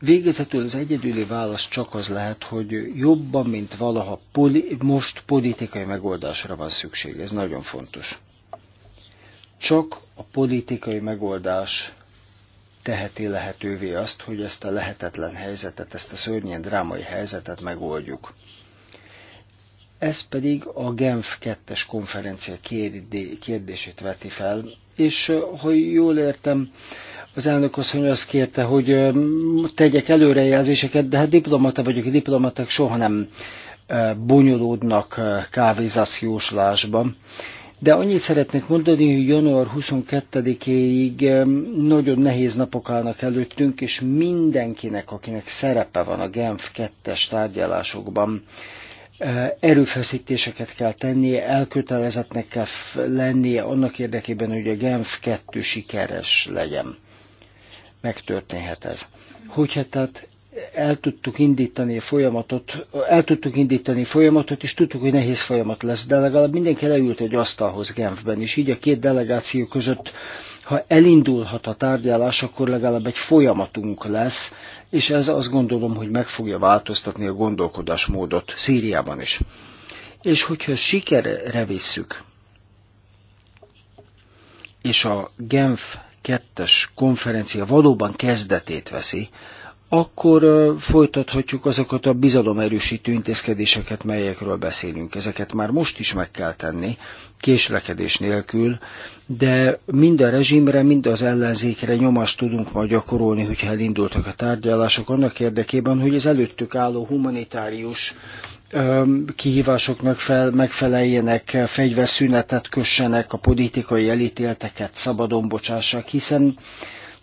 Végezetül az egyedüli válasz csak az lehet, hogy jobban, mint valaha poli- most politikai megoldásra van szükség. Ez nagyon fontos. Csak a politikai megoldás teheti lehetővé azt, hogy ezt a lehetetlen helyzetet, ezt a szörnyen drámai helyzetet megoldjuk. Ez pedig a Genf 2-es konferencia kérdését veti fel, és ha jól értem, az elnök asszony azt kérte, hogy tegyek előrejelzéseket, de hát diplomata vagyok, a diplomaták soha nem bonyolódnak kávézációslásban de annyit szeretnék mondani, hogy január 22 éig nagyon nehéz napok állnak előttünk, és mindenkinek, akinek szerepe van a Genf 2-es tárgyalásokban, e, erőfeszítéseket kell tennie, elkötelezettnek kell lennie annak érdekében, hogy a Genf 2 sikeres legyen. Megtörténhet ez. Hogyha tehát el tudtuk indítani a folyamatot, el tudtuk indítani a folyamatot, és tudtuk, hogy nehéz folyamat lesz, de legalább mindenki leült egy asztalhoz Genfben, és így a két delegáció között, ha elindulhat a tárgyalás, akkor legalább egy folyamatunk lesz, és ez azt gondolom, hogy meg fogja változtatni a gondolkodásmódot Szíriában is. És hogyha sikerre visszük, és a Genf kettes konferencia valóban kezdetét veszi, akkor folytathatjuk azokat a bizalomerősítő intézkedéseket, melyekről beszélünk. Ezeket már most is meg kell tenni, késlekedés nélkül, de mind a rezsimre, mind az ellenzékre nyomást tudunk majd gyakorolni, hogyha elindultak a tárgyalások, annak érdekében, hogy az előttük álló humanitárius kihívásoknak fel, megfeleljenek, fegyverszünetet kössenek, a politikai elítélteket szabadon bocsássák, hiszen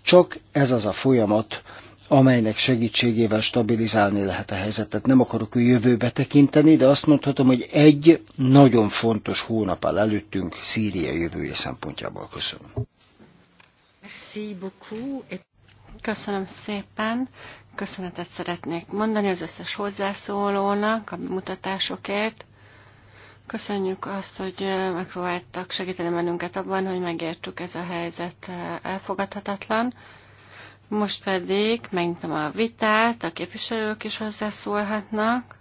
csak ez az a folyamat, amelynek segítségével stabilizálni lehet a helyzetet. Nem akarok a jövőbe tekinteni, de azt mondhatom, hogy egy nagyon fontos hónap áll előttünk Szíria jövője szempontjából. Köszönöm. Köszönöm szépen. Köszönetet szeretnék mondani az összes hozzászólónak a mutatásokért. Köszönjük azt, hogy megpróbáltak segíteni bennünket abban, hogy megértsük ez a helyzet elfogadhatatlan. Most pedig megnyitom a vitát, a képviselők is hozzászólhatnak.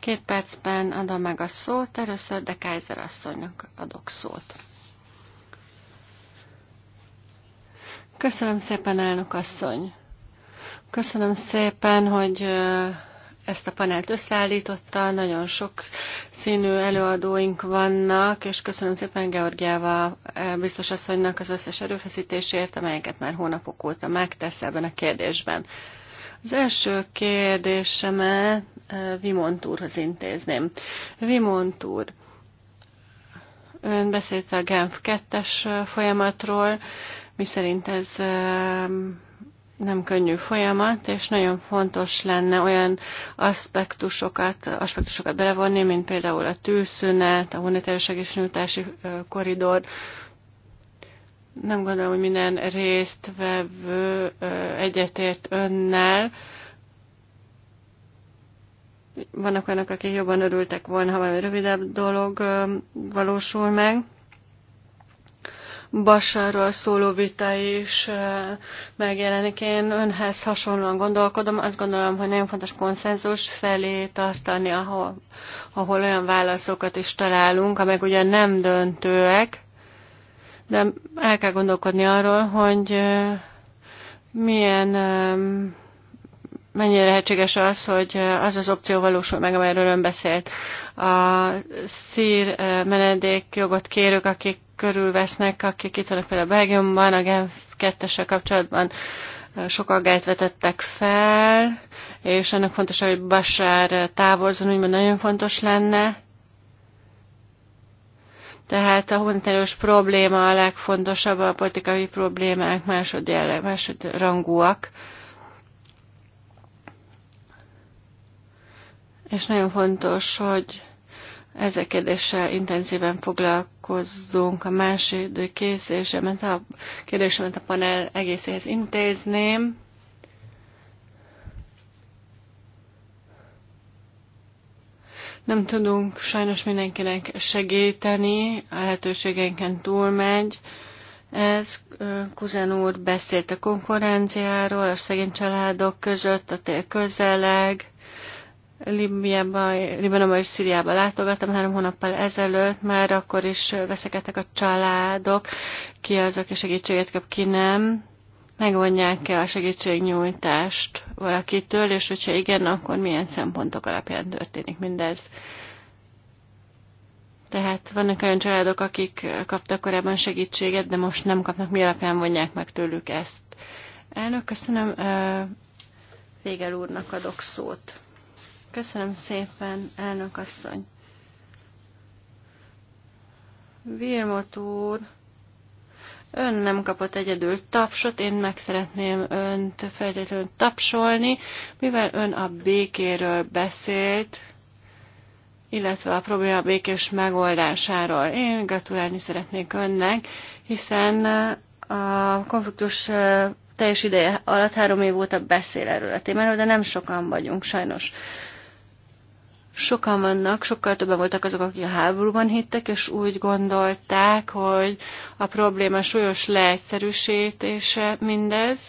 Két percben adom meg a szót, először de Kaiser asszonynak adok szót. Köszönöm szépen, elnök asszony! Köszönöm szépen, hogy ezt a panelt összeállította, nagyon sok színű előadóink vannak, és köszönöm szépen Georgiáva eh, biztos asszonynak az összes erőfeszítésért, amelyeket már hónapok óta megtesz ebben a kérdésben. Az első kérdésemet eh, Vimont úrhoz intézném. Vimont úr, ön beszélt a Genf 2-es eh, folyamatról, mi szerint ez nem könnyű folyamat, és nagyon fontos lenne olyan aspektusokat, aspektusokat belevonni, mint például a tűzszünet, a humanitárius segítségnyújtási koridor. Nem gondolom, hogy minden résztvevő egyetért önnel. Vannak olyanok, akik jobban örültek volna, ha valami rövidebb dolog valósul meg. Basárról szóló vita is megjelenik. Én önhez hasonlóan gondolkodom. Azt gondolom, hogy nagyon fontos konszenzus felé tartani, ahol, ahol olyan válaszokat is találunk, amelyek ugye nem döntőek, de el kell gondolkodni arról, hogy milyen mennyire lehetséges az, hogy az az opció valósul meg, amelyről ön beszélt. A szír menedékjogot kérők, akik körülvesznek, akik itt vannak például Belgiumban, a Genf 2 kapcsolatban sok aggályt vetettek fel, és ennek fontos, hogy Basár távolzon, úgymond nagyon fontos lenne. Tehát a humanitárius probléma a legfontosabb, a politikai problémák másodrangúak. és nagyon fontos, hogy ezek kérdéssel intenzíven foglalkozzunk. A második készésemet, a kérdésemet a panel egészéhez intézném. Nem tudunk sajnos mindenkinek segíteni, a lehetőségeinken túlmegy. Ez Kuzen úr beszélt a konkurenciáról, a szegény családok között, a tél közeleg, Libiába, Libanonba és Szíriában látogattam három hónappal ezelőtt, már akkor is veszekedtek a családok, ki az, aki segítséget kap, ki nem. Megvonják-e a segítségnyújtást valakitől, és hogyha igen, akkor milyen szempontok alapján történik mindez? Tehát vannak olyan családok, akik kaptak korábban segítséget, de most nem kapnak, mi alapján vonják meg tőlük ezt. Elnök, köszönöm. Végel úrnak adok szót. Köszönöm szépen, elnök asszony. Vilmot úr, ön nem kapott egyedül tapsot, én meg szeretném önt feltétlenül tapsolni, mivel ön a békéről beszélt, illetve a probléma békés megoldásáról. Én gratulálni szeretnék önnek, hiszen a konfliktus teljes ideje alatt három év óta beszél erről a témáról, de nem sokan vagyunk sajnos sokan vannak, sokkal többen voltak azok, akik a háborúban hittek, és úgy gondolták, hogy a probléma súlyos leegyszerűsítése mindez,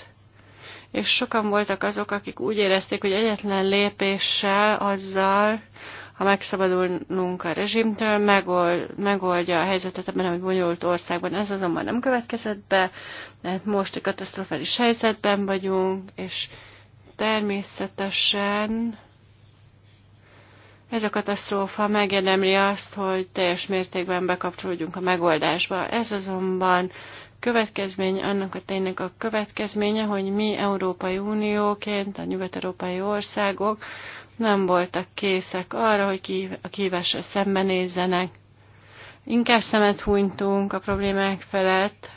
és sokan voltak azok, akik úgy érezték, hogy egyetlen lépéssel azzal, ha megszabadulunk a rezsimtől, megold, megoldja a helyzetet ebben a bonyolult országban. Ez azonban nem következett be, mert hát most egy katasztrofális helyzetben vagyunk, és természetesen ez a katasztrófa megérdemli azt, hogy teljes mértékben bekapcsolódjunk a megoldásba. Ez azonban következmény, annak a ténynek a következménye, hogy mi Európai Unióként, a nyugat-európai országok nem voltak készek arra, hogy a kihívással szembenézzenek. Inkább szemet hunytunk a problémák felett,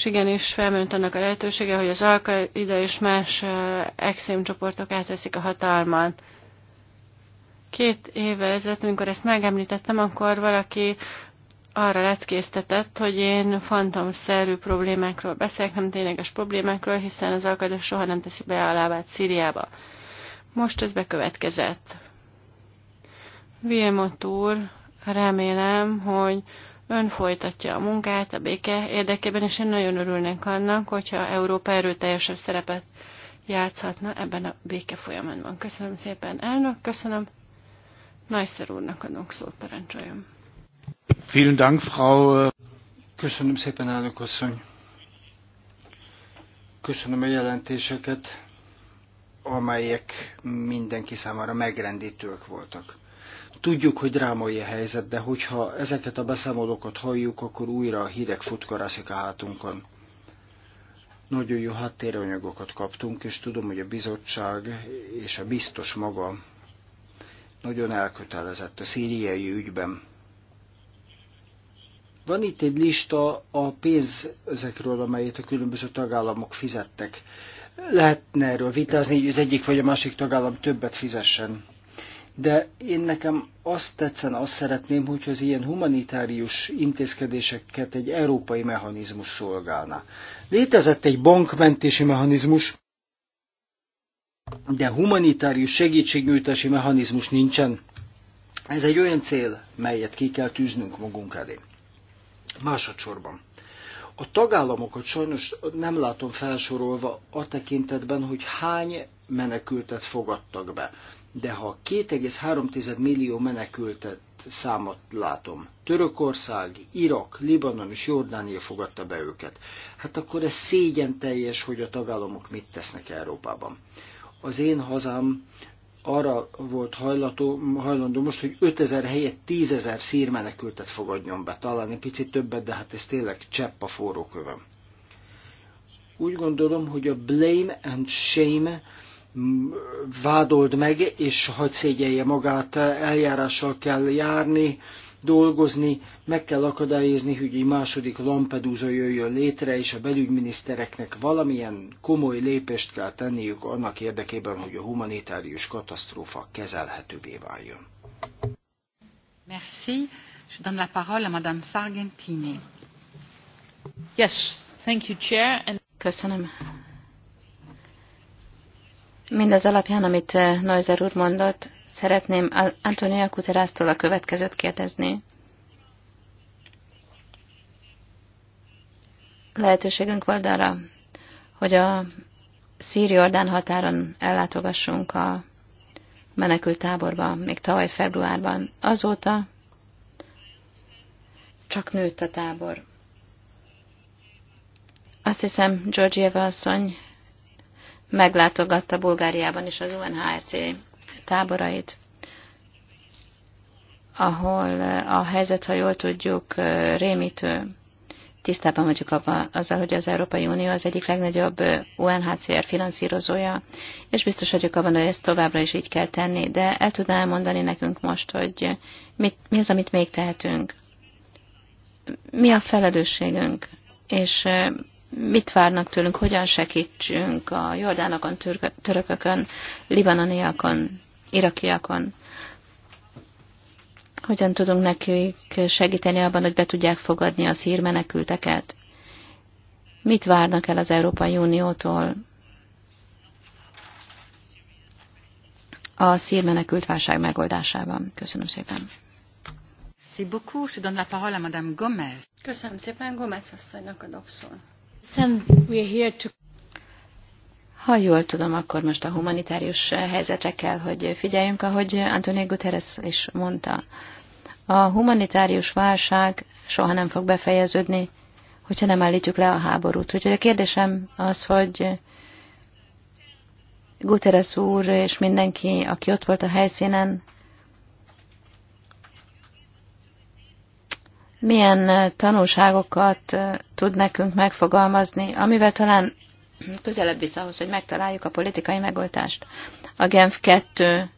és igenis felmerült annak a lehetősége, hogy az al és más exém csoportok átveszik a hatalmat. Két évvel ezelőtt, amikor ezt megemlítettem, akkor valaki arra leckésztetett, hogy én fantomszerű problémákról beszélek, nem tényleges problémákról, hiszen az al soha nem teszi be a lábát Szíriába. Most ez bekövetkezett. Vilmot úr, remélem, hogy Ön folytatja a munkát a béke érdekében, és én nagyon örülnék annak, hogyha Európa erőteljesebb szerepet játszhatna ebben a béke folyamatban. Köszönöm szépen, elnök, köszönöm. Nagyszer úrnak adunk szót, parancsoljon. Vielen Dank, Frau. Äh, köszönöm szépen, elnök asszony. Köszönöm a jelentéseket, amelyek mindenki számára megrendítők voltak. Tudjuk, hogy drámai a helyzet, de hogyha ezeket a beszámolókat halljuk, akkor újra a hideg futkarászik a hátunkon. Nagyon jó háttéranyagokat kaptunk, és tudom, hogy a bizottság és a biztos maga nagyon elkötelezett a szíriai ügyben. Van itt egy lista a pénzekről, amelyet a különböző tagállamok fizettek. Lehetne erről vitázni, hogy az egyik vagy a másik tagállam többet fizessen de én nekem azt tetszen, azt szeretném, hogy az ilyen humanitárius intézkedéseket egy európai mechanizmus szolgálna. Létezett egy bankmentési mechanizmus, de humanitárius segítségnyújtási mechanizmus nincsen. Ez egy olyan cél, melyet ki kell tűznünk magunk elé. Másodszorban. A tagállamokat sajnos nem látom felsorolva a tekintetben, hogy hány menekültet fogadtak be de ha 2,3 millió menekültet számot látom, Törökország, Irak, Libanon és Jordánia fogadta be őket, hát akkor ez szégyen teljes, hogy a tagállamok mit tesznek Európában. Az én hazám arra volt hajlató, hajlandó most, hogy 5000 helyett 10.000 szír menekültet fogadjon be. Talán egy picit többet, de hát ez tényleg csepp a forró kövem. Úgy gondolom, hogy a blame and shame vádold meg, és hagyd szégyelje magát, eljárással kell járni, dolgozni, meg kell akadályozni, hogy egy második Lampedusa jöjjön létre, és a belügyminisztereknek valamilyen komoly lépést kell tenniük annak érdekében, hogy a humanitárius katasztrófa kezelhetővé váljon. Merci. Je donne la parole à Madame Sargentini. Yes, thank you, Chair. And... Köszönöm, Mindez alapján, amit eh, Neuser úr mondott, szeretném Antonia Kuterásztól a következőt kérdezni. Lehetőségünk volt arra, hogy a Szíri-Jordán határon ellátogassunk a menekült táborba, még tavaly februárban. Azóta csak nőtt a tábor. Azt hiszem, Georgieva asszony meglátogatta Bulgáriában is az UNHRC táborait, ahol eh, a helyzet, ha jól tudjuk, eh, rémítő. Tisztában vagyok azzal, hogy az Európai Unió az egyik legnagyobb eh, UNHCR finanszírozója, és biztos vagyok abban, hogy ezt továbbra is így kell tenni, de el tudná elmondani nekünk most, hogy mit, mi az, amit még tehetünk? Mi a felelősségünk? És mit várnak tőlünk, hogyan segítsünk a jordánokon, törökökön, libanoniakon, irakiakon. Hogyan tudunk nekik segíteni abban, hogy be tudják fogadni a szír menekülteket? Mit várnak el az Európai Uniótól a szír menekült válság megoldásában? Köszönöm szépen. beaucoup. la parole Madame Gomez. Köszönöm szépen, Gomez asszonynak adok szót. Ha jól tudom, akkor most a humanitárius helyzetre kell, hogy figyeljünk, ahogy Antonio Guterres is mondta. A humanitárius válság soha nem fog befejeződni, hogyha nem állítjuk le a háborút. Úgyhogy a kérdésem az, hogy Guterres úr és mindenki, aki ott volt a helyszínen, milyen tanulságokat tud nekünk megfogalmazni, amivel talán közelebb visz ahhoz, hogy megtaláljuk a politikai megoldást. A Genf 2,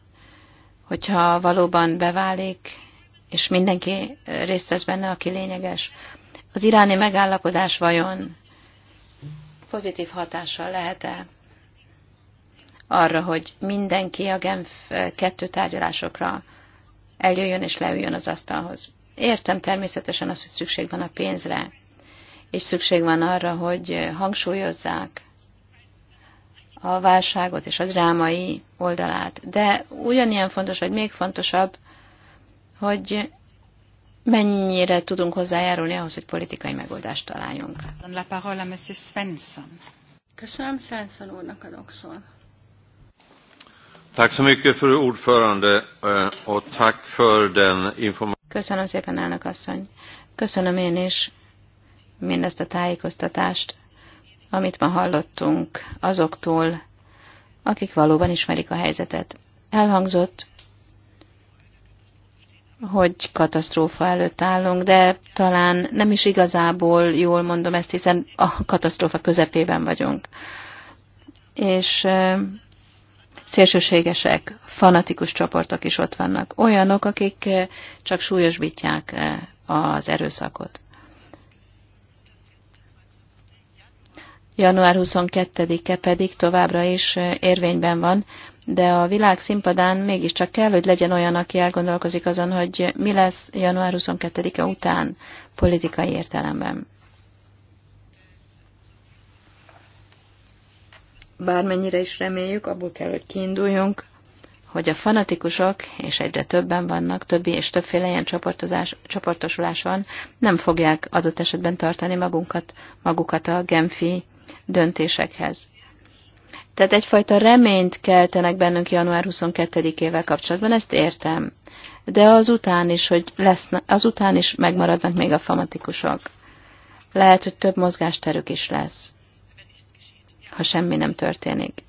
hogyha valóban beválik, és mindenki részt vesz benne, aki lényeges. Az iráni megállapodás vajon pozitív hatással lehet-e arra, hogy mindenki a Genf 2 tárgyalásokra eljöjjön és leüljön az asztalhoz? Értem természetesen azt, hogy szükség van a pénzre, és szükség van arra, hogy hangsúlyozzák a válságot és a drámai oldalát. De ugyanilyen fontos, vagy még fontosabb, hogy mennyire tudunk hozzájárulni ahhoz, hogy politikai megoldást találjunk. Köszönöm, Svensson úrnak adok szót. Tack så mycket för ordförande eh, och tack för den information. Köszönöm szépen, elnök asszony. Köszönöm én is mindezt a tájékoztatást, amit ma hallottunk azoktól, akik valóban ismerik a helyzetet. Elhangzott, hogy katasztrófa előtt állunk, de talán nem is igazából jól mondom ezt, hiszen a katasztrófa közepében vagyunk. És szélsőségesek, fanatikus csoportok is ott vannak. Olyanok, akik eh, csak súlyosbítják eh, az erőszakot. Január 22-e pedig továbbra is eh, érvényben van, de a világ színpadán mégiscsak kell, hogy legyen olyan, aki elgondolkozik azon, hogy mi lesz január 22-e után politikai értelemben. bármennyire is reméljük, abból kell, hogy kiinduljunk, hogy a fanatikusok, és egyre többen vannak, többi és többféle ilyen csoportosulás van, nem fogják adott esetben tartani magunkat, magukat a genfi döntésekhez. Tehát egyfajta reményt keltenek bennünk január 22-ével kapcsolatban, ezt értem. De azután is, hogy lesz, azután is megmaradnak még a fanatikusok. Lehet, hogy több mozgásterük is lesz ha semmi nem történik.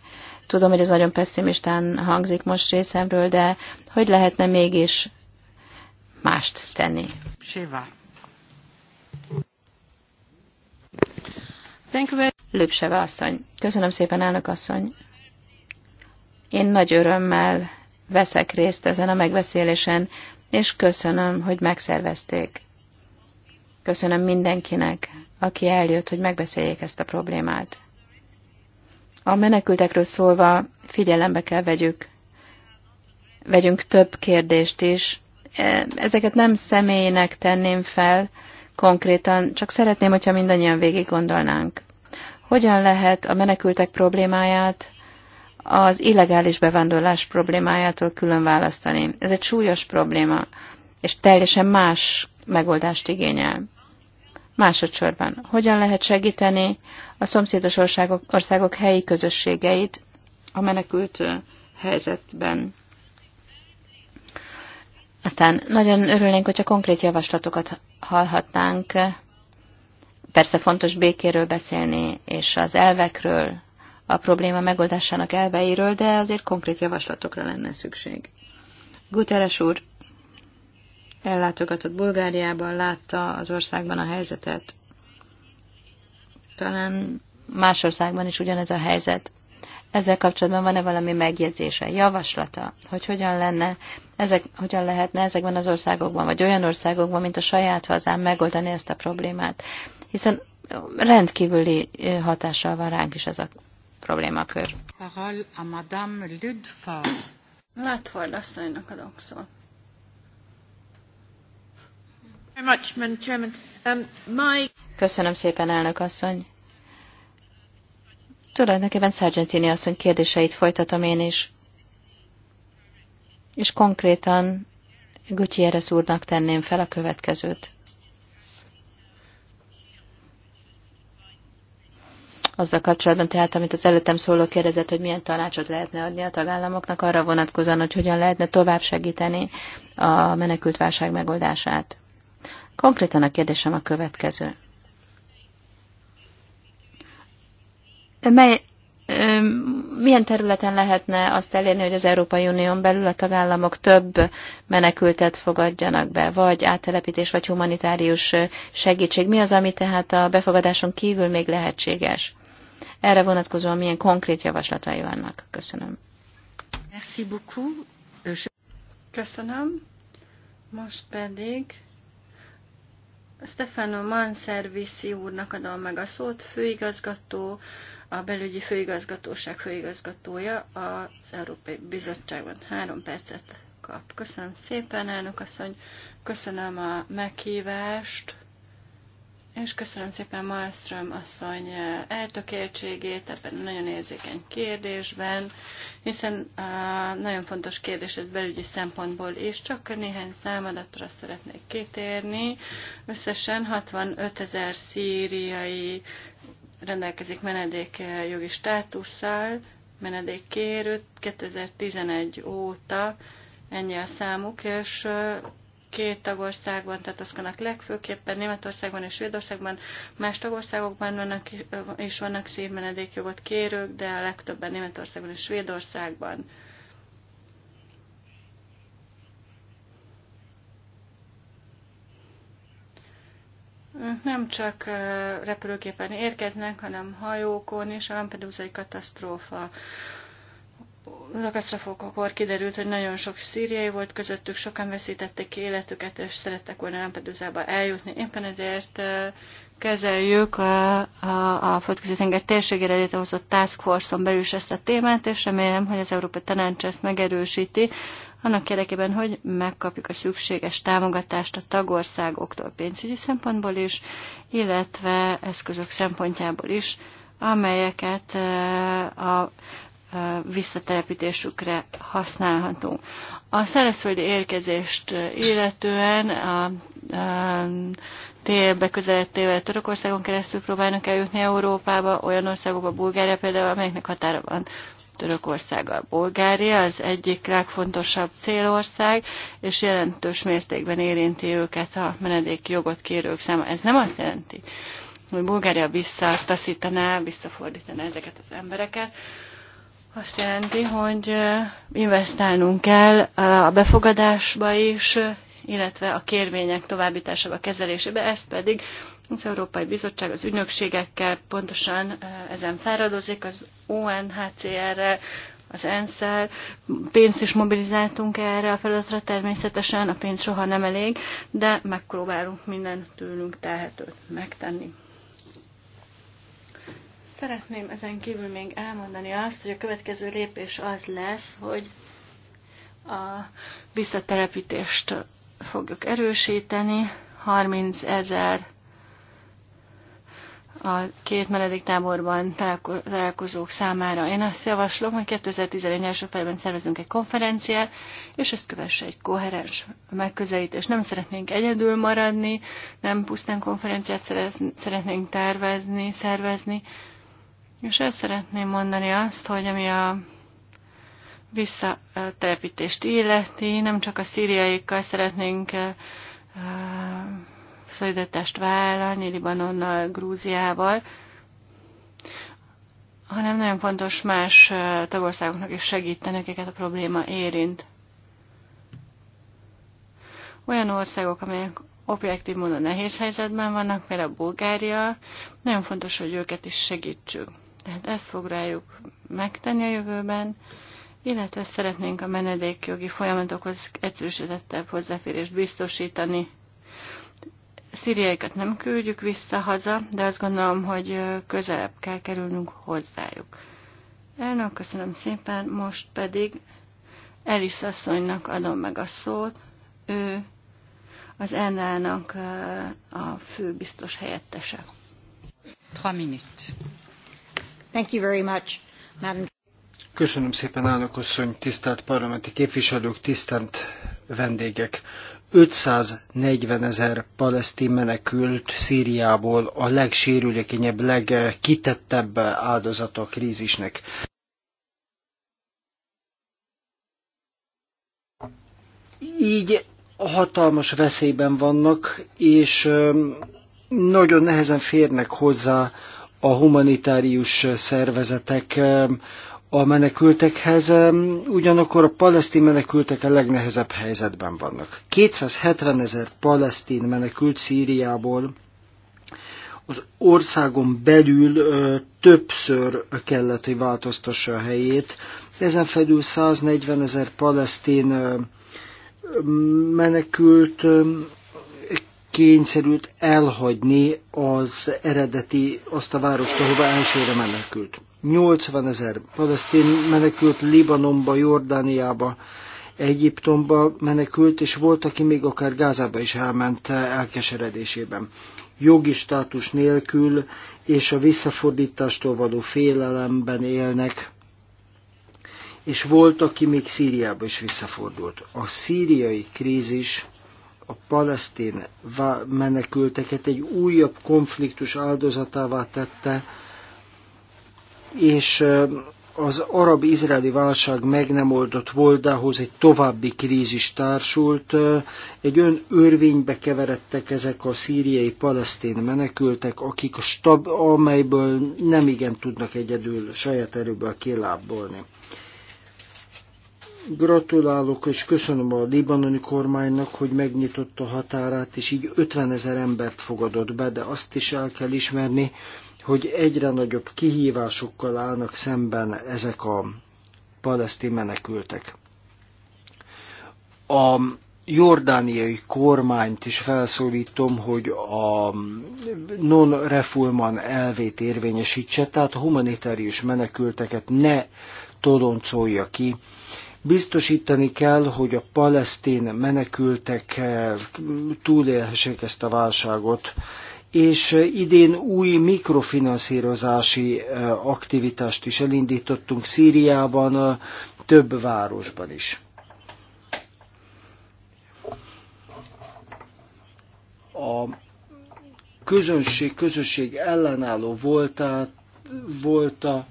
Tudom, hogy ez nagyon pessimistán hangzik most részemről, de hogy lehetne mégis mást tenni? Siva. Lőpseve asszony. Köszönöm szépen, elnök asszony. Én nagy örömmel veszek részt ezen a megbeszélésen, és köszönöm, hogy megszervezték. Köszönöm mindenkinek, aki eljött, hogy megbeszéljék ezt a problémát. A menekültekről szólva figyelembe kell vegyük, vegyünk több kérdést is. E, ezeket nem személynek tenném fel konkrétan, csak szeretném, hogyha mindannyian végig gondolnánk. Hogyan lehet a menekültek problémáját az illegális bevándorlás problémájától külön választani? Ez egy súlyos probléma, és teljesen más megoldást igényel. Másodszorban, hogyan lehet segíteni a szomszédos országok, országok helyi közösségeit a menekült helyzetben? Aztán nagyon örülnénk, hogyha konkrét javaslatokat hallhatnánk. Persze fontos békéről beszélni, és az elvekről, a probléma megoldásának elveiről, de azért konkrét javaslatokra lenne szükség. Guterres úr ellátogatott Bulgáriában, látta az országban a helyzetet. Talán más országban is ugyanez a helyzet. Ezzel kapcsolatban van-e valami megjegyzése, javaslata, hogy hogyan lenne, ezek, hogyan lehetne ezekben az országokban, vagy olyan országokban, mint a saját hazám megoldani ezt a problémát? Hiszen rendkívüli hatással van ránk is ez a problémakör. Parole a Madame Ludford. Ludford asszonynak adok szót. Um, Köszönöm szépen, elnök asszony. Tulajdonképpen Sargentini asszony kérdéseit folytatom én is. És konkrétan Gutierrez úrnak tenném fel a következőt. Azzal kapcsolatban tehát, amit az előttem szóló kérdezett, hogy milyen tanácsot lehetne adni a tagállamoknak arra vonatkozóan, hogy hogyan lehetne tovább segíteni a menekültválság megoldását. Konkrétan a kérdésem a következő. Mely, milyen területen lehetne azt elérni, hogy az Európai Unión belül a tagállamok több menekültet fogadjanak be, vagy áttelepítés, vagy humanitárius segítség? Mi az, ami tehát a befogadáson kívül még lehetséges? Erre vonatkozóan milyen konkrét javaslatai vannak? Köszönöm. Merci beaucoup. Köszönöm. Most pedig Stefano Manservisi úrnak adom meg a szót, főigazgató, a belügyi főigazgatóság főigazgatója az Európai Bizottságban. Három percet kap. Köszönöm szépen, elnök asszony, köszönöm a meghívást. És köszönöm szépen Malmström asszony eltökéltségét ebben a nagyon érzékeny kérdésben, hiszen a nagyon fontos kérdés ez belügyi szempontból is, csak néhány számadatra szeretnék kitérni. Összesen 65 ezer szíriai rendelkezik menedékjogi státusszal, kérőt 2011 óta ennyi a számuk, és két tagországban tartózkodnak legfőképpen, Németországban és Svédországban, más tagországokban vannak, és vannak szívmenedékjogot kérők, de a legtöbben Németországban és Svédországban. nem csak repülőképen érkeznek, hanem hajókon, és a Lampedusai katasztrófa katasztrófakor kiderült, hogy nagyon sok szíriai volt közöttük, sokan veszítették ki életüket, és szerettek volna Lampedusa-ba eljutni. Éppen ezért kezeljük a, a, a földközi tenger térségére létrehozott Task Force-on belül is ezt a témát, és remélem, hogy az Európa Tanács ezt megerősíti, annak érdekében, hogy megkapjuk a szükséges támogatást a tagországoktól pénzügyi szempontból is, illetve eszközök szempontjából is, amelyeket a visszatelepítésükre használható. A szárazföldi érkezést illetően a, a tél közelettével Törökországon keresztül próbálnak eljutni Európába, olyan országokba, Bulgária például, amelyeknek határa van Törökországgal. Bulgária az egyik legfontosabb célország, és jelentős mértékben érinti őket a menedéki jogot kérők száma. Ez nem azt jelenti, hogy Bulgária visszataszítaná, visszafordítaná ezeket az embereket, azt jelenti, hogy investálnunk kell a befogadásba is, illetve a kérvények továbbításába, kezelésébe, ezt pedig az Európai Bizottság az ügynökségekkel pontosan ezen feladozik, az UNHCR-rel, az ENSZ-el, pénzt is mobilizáltunk erre a feladatra, természetesen a pénz soha nem elég, de megpróbálunk minden tőlünk telhetőt megtenni. Szeretném ezen kívül még elmondani azt, hogy a következő lépés az lesz, hogy a visszatelepítést fogjuk erősíteni. 30 ezer a két táborban találkozók számára. Én azt javaslom, hogy 2011 első felében szervezünk egy konferenciát, és ezt kövesse egy koherens megközelítés. Nem szeretnénk egyedül maradni, nem pusztán konferenciát szeretnénk tervezni, szervezni, és el szeretném mondani azt, hogy ami a visszatelepítést illeti, nem csak a szíriaikkal szeretnénk szolidatást vállalni Libanonnal, Grúziával, hanem nagyon fontos más tagországoknak is segíteni, akiket a probléma érint. Olyan országok, amelyek objektív módon nehéz helyzetben vannak, például Bulgária, nagyon fontos, hogy őket is segítsük. Tehát ezt fog rájuk megtenni a jövőben, illetve szeretnénk a menedékjogi folyamatokhoz egyszerűsítettebb hozzáférést biztosítani. Szíriaikat nem küldjük vissza haza, de azt gondolom, hogy közelebb kell kerülnünk hozzájuk. Elnök, köszönöm szépen, most pedig Elis asszonynak adom meg a szót. Ő az Ennának a fő biztos helyettese. 3 minut. Thank you very much, Madam. Köszönöm szépen, elnök asszony, tisztelt parlamenti képviselők, tisztelt vendégek. 540 ezer palesztin menekült Szíriából a legsérülékenyebb, legkitettebb áldozata a krízisnek. Így hatalmas veszélyben vannak, és nagyon nehezen férnek hozzá a humanitárius szervezetek eh, a menekültekhez, eh, ugyanakkor a palesztin menekültek a legnehezebb helyzetben vannak. 270 ezer palesztin menekült Szíriából az országon belül ö, eh, többször kellett, hogy változtassa a helyét. Ezen felül 140 ezer palesztin ö, menekült kényszerült elhagyni az eredeti, azt a várost, ahova elsőre menekült. 80 ezer palesztin menekült Libanonba, Jordániába, Egyiptomba menekült, és volt, aki még akár Gázába is elment elkeseredésében. Jogi státus nélkül és a visszafordítástól való félelemben élnek, és volt, aki még Szíriába is visszafordult. A szíriai krízis a palesztin menekülteket egy újabb konfliktus áldozatává tette, és az arab-izraeli válság meg nem oldott voldához egy további krízis társult, egy ön örvénybe keveredtek ezek a szíriai palesztén menekültek, akik a stab, amelyből nem igen tudnak egyedül saját erőből kilábbolni. Gratulálok és köszönöm a libanoni kormánynak, hogy megnyitotta a határát, és így 50 ezer embert fogadott be, de azt is el kell ismerni, hogy egyre nagyobb kihívásokkal állnak szemben ezek a palesztin menekültek. A jordániai kormányt is felszólítom, hogy a non-refulman elvét érvényesítse, tehát a humanitárius menekülteket ne toloncolja ki Biztosítani kell, hogy a palesztén menekültek eh, túlélhessék ezt a válságot, és eh, idén új mikrofinanszírozási eh, aktivitást is elindítottunk Szíriában, több városban is. A közönség, közösség ellenálló voltát,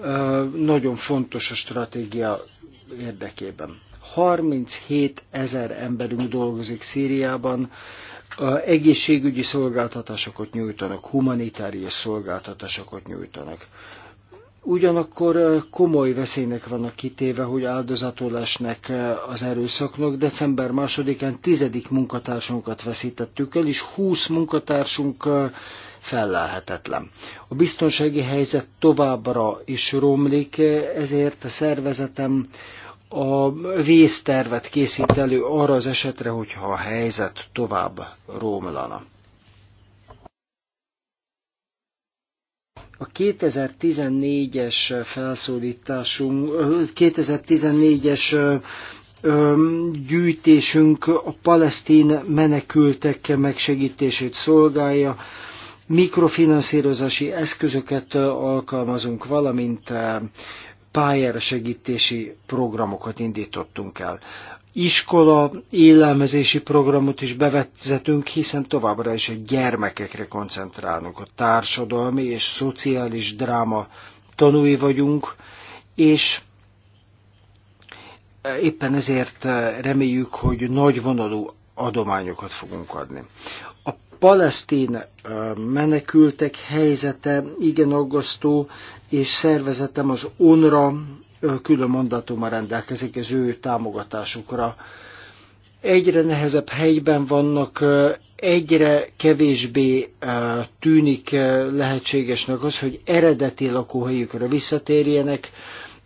a nagyon fontos a stratégia érdekében. 37 ezer emberünk dolgozik Szíriában, egészségügyi szolgáltatásokat nyújtanak, humanitárius szolgáltatásokat nyújtanak. Ugyanakkor komoly veszélynek vannak kitéve, hogy áldozatul esnek az erőszaknak. December 2-án tizedik munkatársunkat veszítettük el, és 20 munkatársunk fellelhetetlen. A biztonsági helyzet továbbra is romlik, ezért a szervezetem a vésztervet készít elő arra az esetre, hogyha a helyzet tovább romlana. A 2014-es felszólításunk, 2014-es gyűjtésünk a palesztin menekültek megsegítését szolgálja, mikrofinanszírozási eszközöket alkalmazunk, valamint pályára segítési programokat indítottunk el. Iskola élelmezési programot is bevezetünk, hiszen továbbra is a gyermekekre koncentrálunk. A társadalmi és szociális dráma tanúi vagyunk, és éppen ezért reméljük, hogy nagy vonalú adományokat fogunk adni palesztin menekültek helyzete igen aggasztó, és szervezetem az UNRA külön mandátummal rendelkezik az ő támogatásukra. Egyre nehezebb helyben vannak, egyre kevésbé tűnik lehetségesnek az, hogy eredeti lakóhelyükre visszatérjenek,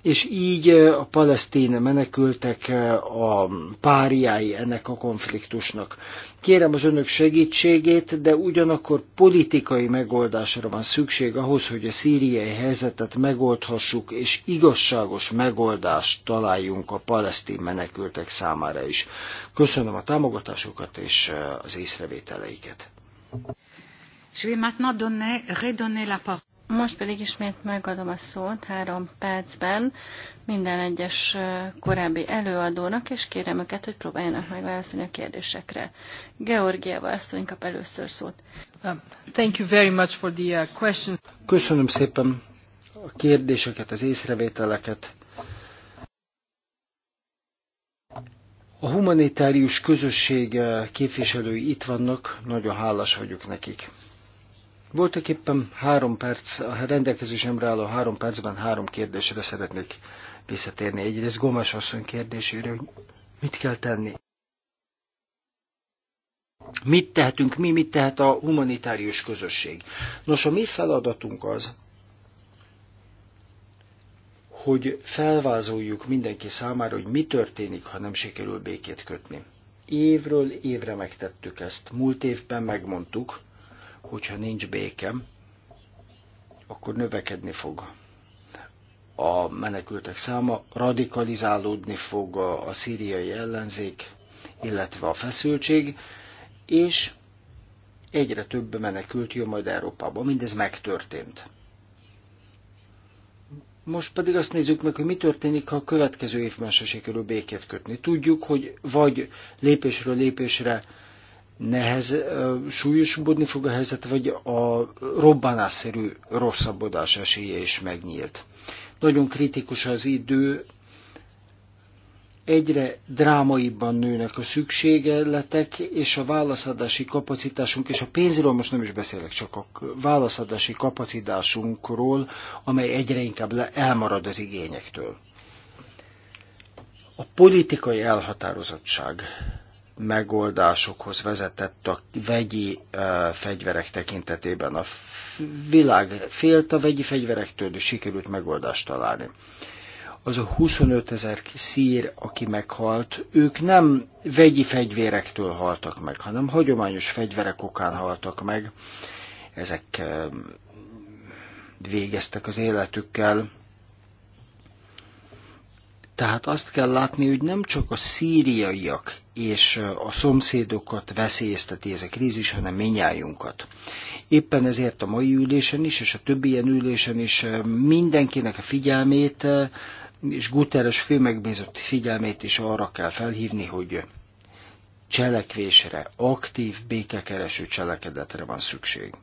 és így a palesztin menekültek a páriái ennek a konfliktusnak. Kérem az önök segítségét, de ugyanakkor politikai megoldásra van szükség ahhoz, hogy a szíriai helyzetet megoldhassuk, és igazságos megoldást találjunk a palesztin menekültek számára is. Köszönöm a támogatásokat és az észrevételeiket. Je vais maintenant donner, redonner la parole. Most pedig ismét megadom a szót három percben minden egyes korábbi előadónak, és kérem őket, hogy próbáljanak meg válaszolni a kérdésekre. Georgieva asszony kap először szót. Um, thank you very much for the uh, questions. Köszönöm szépen a kérdéseket, az észrevételeket. A humanitárius közösség képviselői itt vannak, nagyon hálás vagyok nekik. Voltak éppen három perc, a rendelkezésemre álló három percben három kérdésre szeretnék visszatérni. Egyrészt Gomes asszony kérdésére, hogy mit kell tenni. Mit tehetünk mi, mit tehet a humanitárius közösség? Nos, a mi feladatunk az, hogy felvázoljuk mindenki számára, hogy mi történik, ha nem sikerül békét kötni. Évről évre megtettük ezt. Múlt évben megmondtuk, hogyha nincs békem, akkor növekedni fog a menekültek száma, radikalizálódni fog a szíriai ellenzék, illetve a feszültség, és egyre több menekült jön majd Európába. Mindez megtörtént. Most pedig azt nézzük meg, hogy mi történik, ha a következő évben se sikerül békét kötni. Tudjuk, hogy vagy lépésről lépésre nehez, súlyosbodni fog a helyzet, vagy a robbanásszerű rosszabbodás esélye is megnyílt. Nagyon kritikus az idő, egyre drámaibban nőnek a szükségletek, és a válaszadási kapacitásunk, és a pénzről most nem is beszélek, csak a válaszadási kapacitásunkról, amely egyre inkább elmarad az igényektől. A politikai elhatározottság megoldásokhoz vezetett a vegyi e, fegyverek tekintetében. A világ félt a vegyi fegyverektől, de sikerült megoldást találni. Az a 25 ezer szír, aki meghalt, ők nem vegyi fegyvérektől haltak meg, hanem hagyományos fegyverek okán haltak meg. Ezek e, végeztek az életükkel, tehát azt kell látni, hogy nem csak a szíriaiak és a szomszédokat veszélyezteti ez a krízis, hanem minnyájunkat. Éppen ezért a mai ülésen is, és a többi ilyen ülésen is mindenkinek a figyelmét, és Guterres főmegbízott figyelmét is arra kell felhívni, hogy cselekvésre, aktív, békekereső cselekedetre van szükség.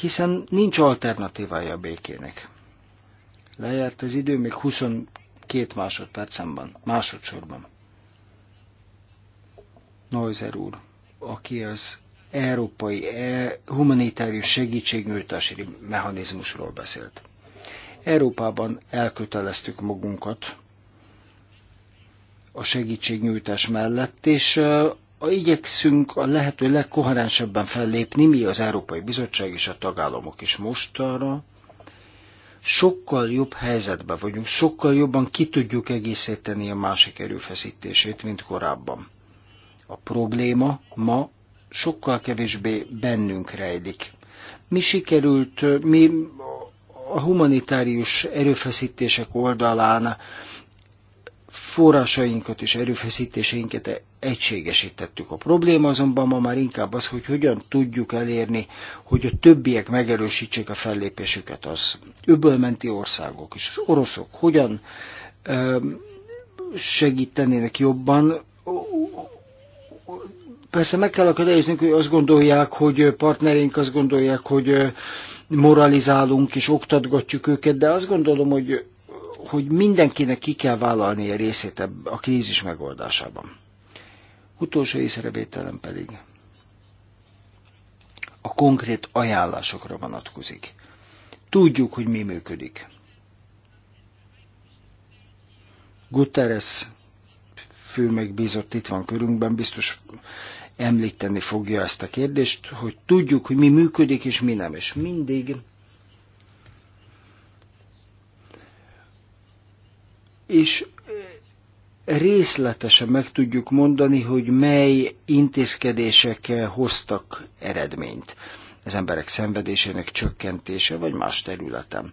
Hiszen nincs alternatívája a békének. Lejárt az idő, még 22 másodpercem van, másodszorban. Neuser úr, aki az európai e- humanitárius segítségnyújtási mechanizmusról beszélt. Európában elköteleztük magunkat a segítségnyújtás mellett, és a igyekszünk a lehető legkoherensebben fellépni, mi az Európai Bizottság és a tagállamok is mostanra, sokkal jobb helyzetben vagyunk, sokkal jobban ki tudjuk egészíteni a másik erőfeszítését, mint korábban. A probléma ma sokkal kevésbé bennünk rejlik. Mi sikerült, mi a humanitárius erőfeszítések oldalán forrásainkat és erőfeszítéseinket egységesítettük. A probléma azonban ma már inkább az, hogy hogyan tudjuk elérni, hogy a többiek megerősítsék a fellépésüket az öbölmenti országok és az oroszok hogyan segítenének jobban. Persze meg kell akadályozni, hogy azt gondolják, hogy partnerink azt gondolják, hogy moralizálunk és oktatgatjuk őket, de azt gondolom, hogy hogy mindenkinek ki kell vállalni a részét a krízis megoldásában. Utolsó észrevételem pedig a konkrét ajánlásokra vonatkozik. Tudjuk, hogy mi működik. Guterres fő megbízott itt van körünkben, biztos említeni fogja ezt a kérdést, hogy tudjuk, hogy mi működik és mi nem, és mindig és eh, részletesen meg tudjuk mondani, hogy mely intézkedések eh, hoztak eredményt az emberek szenvedésének csökkentése, vagy más területen.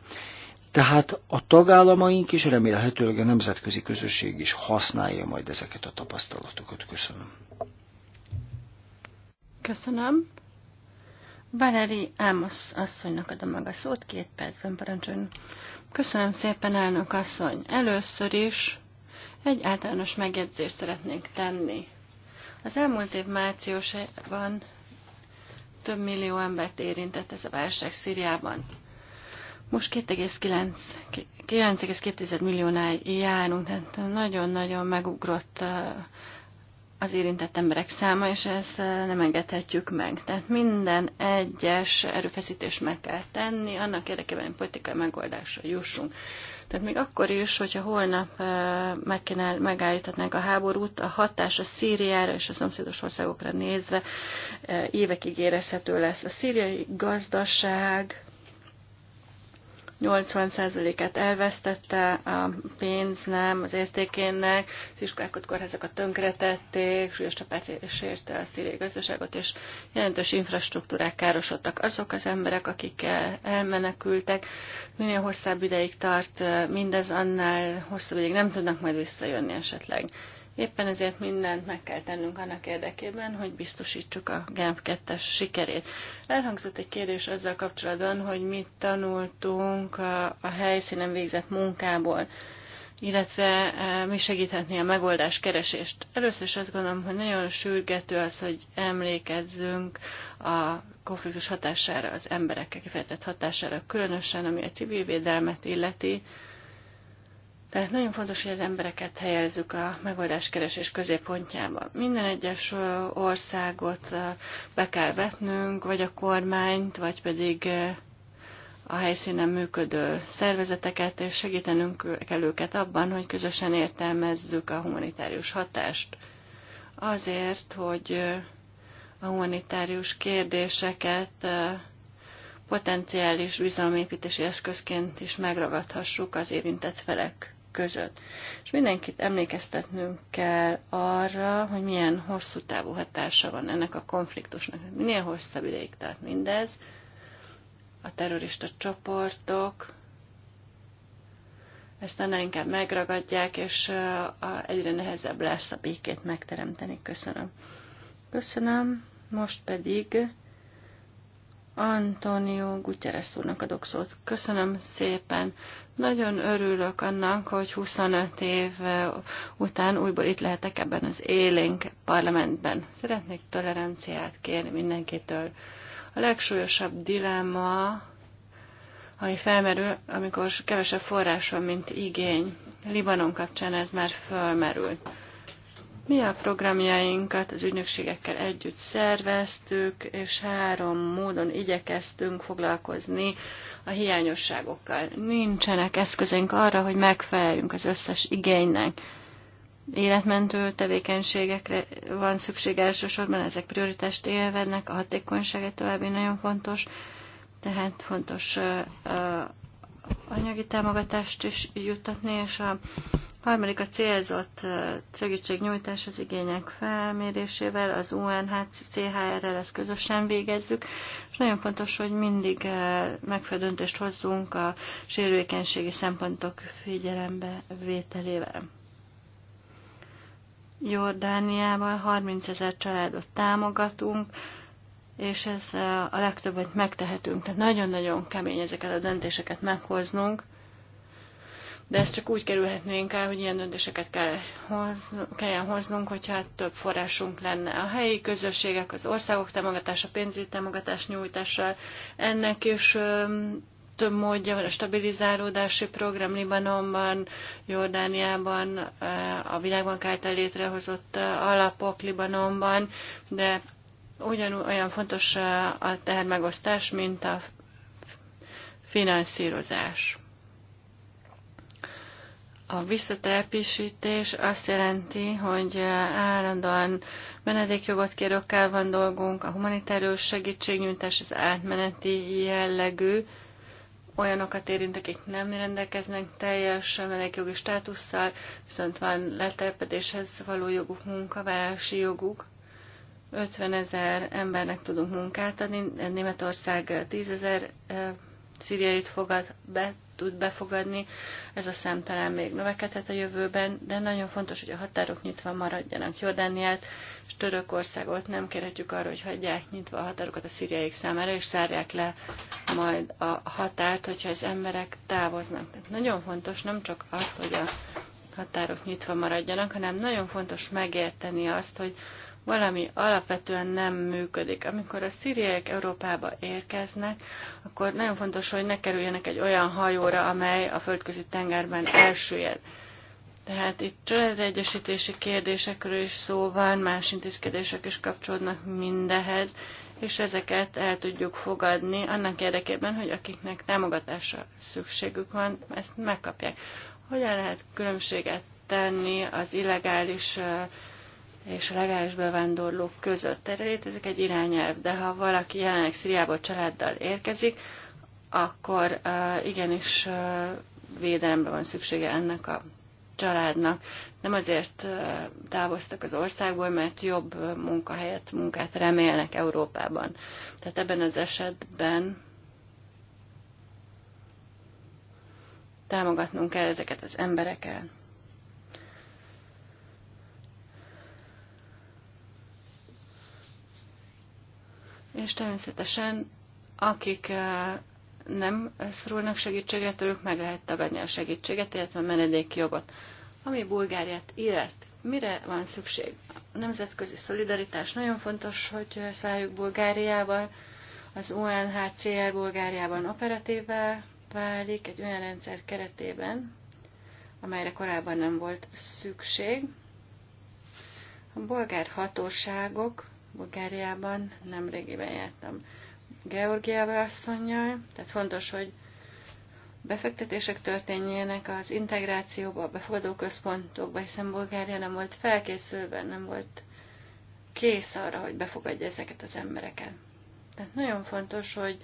Tehát a tagállamaink is remélhetőleg a nemzetközi közösség is használja majd ezeket a tapasztalatokat. Köszönöm. Köszönöm. Valeri Ámosz asszonynak adom meg a szót, két percben parancsoljon. Köszönöm szépen, elnök asszony. Először is egy általános megjegyzést szeretnék tenni. Az elmúlt év márciusában több millió embert érintett ez a válság Szíriában. Most 2,9 milliónál járunk, tehát nagyon-nagyon megugrott az érintett emberek száma, és ezt nem engedhetjük meg. Tehát minden egyes erőfeszítést meg kell tenni, annak érdekében, hogy politikai megoldásra jussunk. Tehát még akkor is, hogyha holnap meg kéne, megállítatnánk a háborút, a hatás a Szíriára és a szomszédos országokra nézve évekig érezhető lesz. A szíriai gazdaság 80%-át elvesztette a pénz, nem az értékének, az iskolákat, kórházakat tönkretették, súlyos csapát sérte a szíri gazdaságot, és jelentős infrastruktúrák károsodtak. Azok az emberek, akik elmenekültek, minél hosszabb ideig tart mindez, annál hosszabb ideig nem tudnak majd visszajönni esetleg. Éppen ezért mindent meg kell tennünk annak érdekében, hogy biztosítsuk a GAMP 2 sikerét. Elhangzott egy kérdés azzal kapcsolatban, hogy mit tanultunk a, a helyszínen végzett munkából, illetve e, mi segíthetné a megoldás keresést. Először is azt gondolom, hogy nagyon sürgető az, hogy emlékezzünk a konfliktus hatására, az emberekre kifejtett hatására, különösen ami a civil védelmet illeti, tehát nagyon fontos, hogy az embereket helyezzük a megoldáskeresés középpontjába. Minden egyes országot be kell vetnünk, vagy a kormányt, vagy pedig a helyszínen működő szervezeteket, és segítenünk kell őket abban, hogy közösen értelmezzük a humanitárius hatást. Azért, hogy a humanitárius kérdéseket potenciális bizalomépítési eszközként is megragadhassuk az érintett felek között. És mindenkit emlékeztetnünk kell arra, hogy milyen hosszú távú hatása van ennek a konfliktusnak. Minél hosszabb ideig tart mindez, a terrorista csoportok ezt annál inkább megragadják, és egyre nehezebb lesz a békét megteremteni. Köszönöm. Köszönöm. Most pedig Antonio Gutierrez úrnak adok szót. Köszönöm szépen. Nagyon örülök annak, hogy 25 év után újból itt lehetek ebben az élénk parlamentben. Szeretnék toleranciát kérni mindenkitől. A legsúlyosabb dilemma, ami felmerül, amikor kevesebb forrás van, mint igény. Libanon kapcsán ez már felmerült mi a programjainkat az ügynökségekkel együtt szerveztük, és három módon igyekeztünk foglalkozni a hiányosságokkal. Nincsenek eszközeink arra, hogy megfeleljünk az összes igénynek. Életmentő tevékenységekre van szükség elsősorban, ezek prioritást élvednek, a hatékonysága további nagyon fontos, tehát fontos anyagi támogatást is juttatni, és a harmadik a célzott segítségnyújtás az igények felmérésével, az unhchr rel ezt közösen végezzük, és nagyon fontos, hogy mindig megfelelő döntést hozzunk a sérülékenységi szempontok figyelembe vételével. Jordániával 30 ezer családot támogatunk, és ez a legtöbb hogy megtehetünk. Tehát nagyon-nagyon kemény ezeket a döntéseket meghoznunk, de ezt csak úgy kerülhetnénk el, hogy ilyen döntéseket kell hoz, kelljen hoznunk, hogyha több forrásunk lenne. A helyi közösségek, az országok támogatása, pénzügyi támogatás nyújtása, ennek is öm, több módja van a stabilizálódási program Libanonban, Jordániában, a világbank által létrehozott alapok Libanonban, de ugyanúgy olyan fontos a tehermegosztás, mint a finanszírozás. A visszatelepítés azt jelenti, hogy állandóan menedékjogot kérőkkel van dolgunk, a humanitárius segítségnyújtás az átmeneti jellegű, olyanokat érint, akik nem rendelkeznek teljes menedékjogi státusszal, viszont van letelepedéshez való joguk, munkavállási joguk. 50 ezer embernek tudunk munkát adni, Németország 10 ezer szíriait fogad be, tud befogadni, ez a szám talán még növekedhet a jövőben, de nagyon fontos, hogy a határok nyitva maradjanak. Jordániát és Törökországot nem kérhetjük arra, hogy hagyják nyitva a határokat a szíriaik számára, és zárják le majd a határt, hogyha az emberek távoznak. Tehát nagyon fontos nem csak az, hogy a határok nyitva maradjanak, hanem nagyon fontos megérteni azt, hogy valami alapvetően nem működik. Amikor a szíriek Európába érkeznek, akkor nagyon fontos, hogy ne kerüljenek egy olyan hajóra, amely a földközi tengerben elsüllyed. Tehát itt családegyesítési kérdésekről is szó van, más intézkedések is kapcsolódnak mindehez, és ezeket el tudjuk fogadni annak érdekében, hogy akiknek támogatásra szükségük van, ezt megkapják. Hogyan lehet különbséget tenni az illegális és a legális bevándorlók között. Erre létezik egy irányelv, de ha valaki jelenleg Szíriából családdal érkezik, akkor uh, igenis uh, védelemre van szüksége ennek a családnak. Nem azért uh, távoztak az országból, mert jobb munkahelyet, munkát remélnek Európában. Tehát ebben az esetben támogatnunk kell ezeket az embereket. és természetesen akik eh, nem szorulnak segítségre, tőlük meg lehet tagadni a segítséget, illetve a menedékjogot. Ami Bulgáriát illet, mire van szükség? A nemzetközi szolidaritás nagyon fontos, hogy szálljuk Bulgáriával, az UNHCR Bulgáriában operatívá válik egy olyan rendszer keretében, amelyre korábban nem volt szükség. A bolgár hatóságok Bulgáriában, nemrégiben jártam Georgiával asszonynal, tehát fontos, hogy befektetések történjenek az integrációba, a befogadó központokba, hiszen Bulgária nem volt felkészülve, nem volt kész arra, hogy befogadja ezeket az embereket. Tehát nagyon fontos, hogy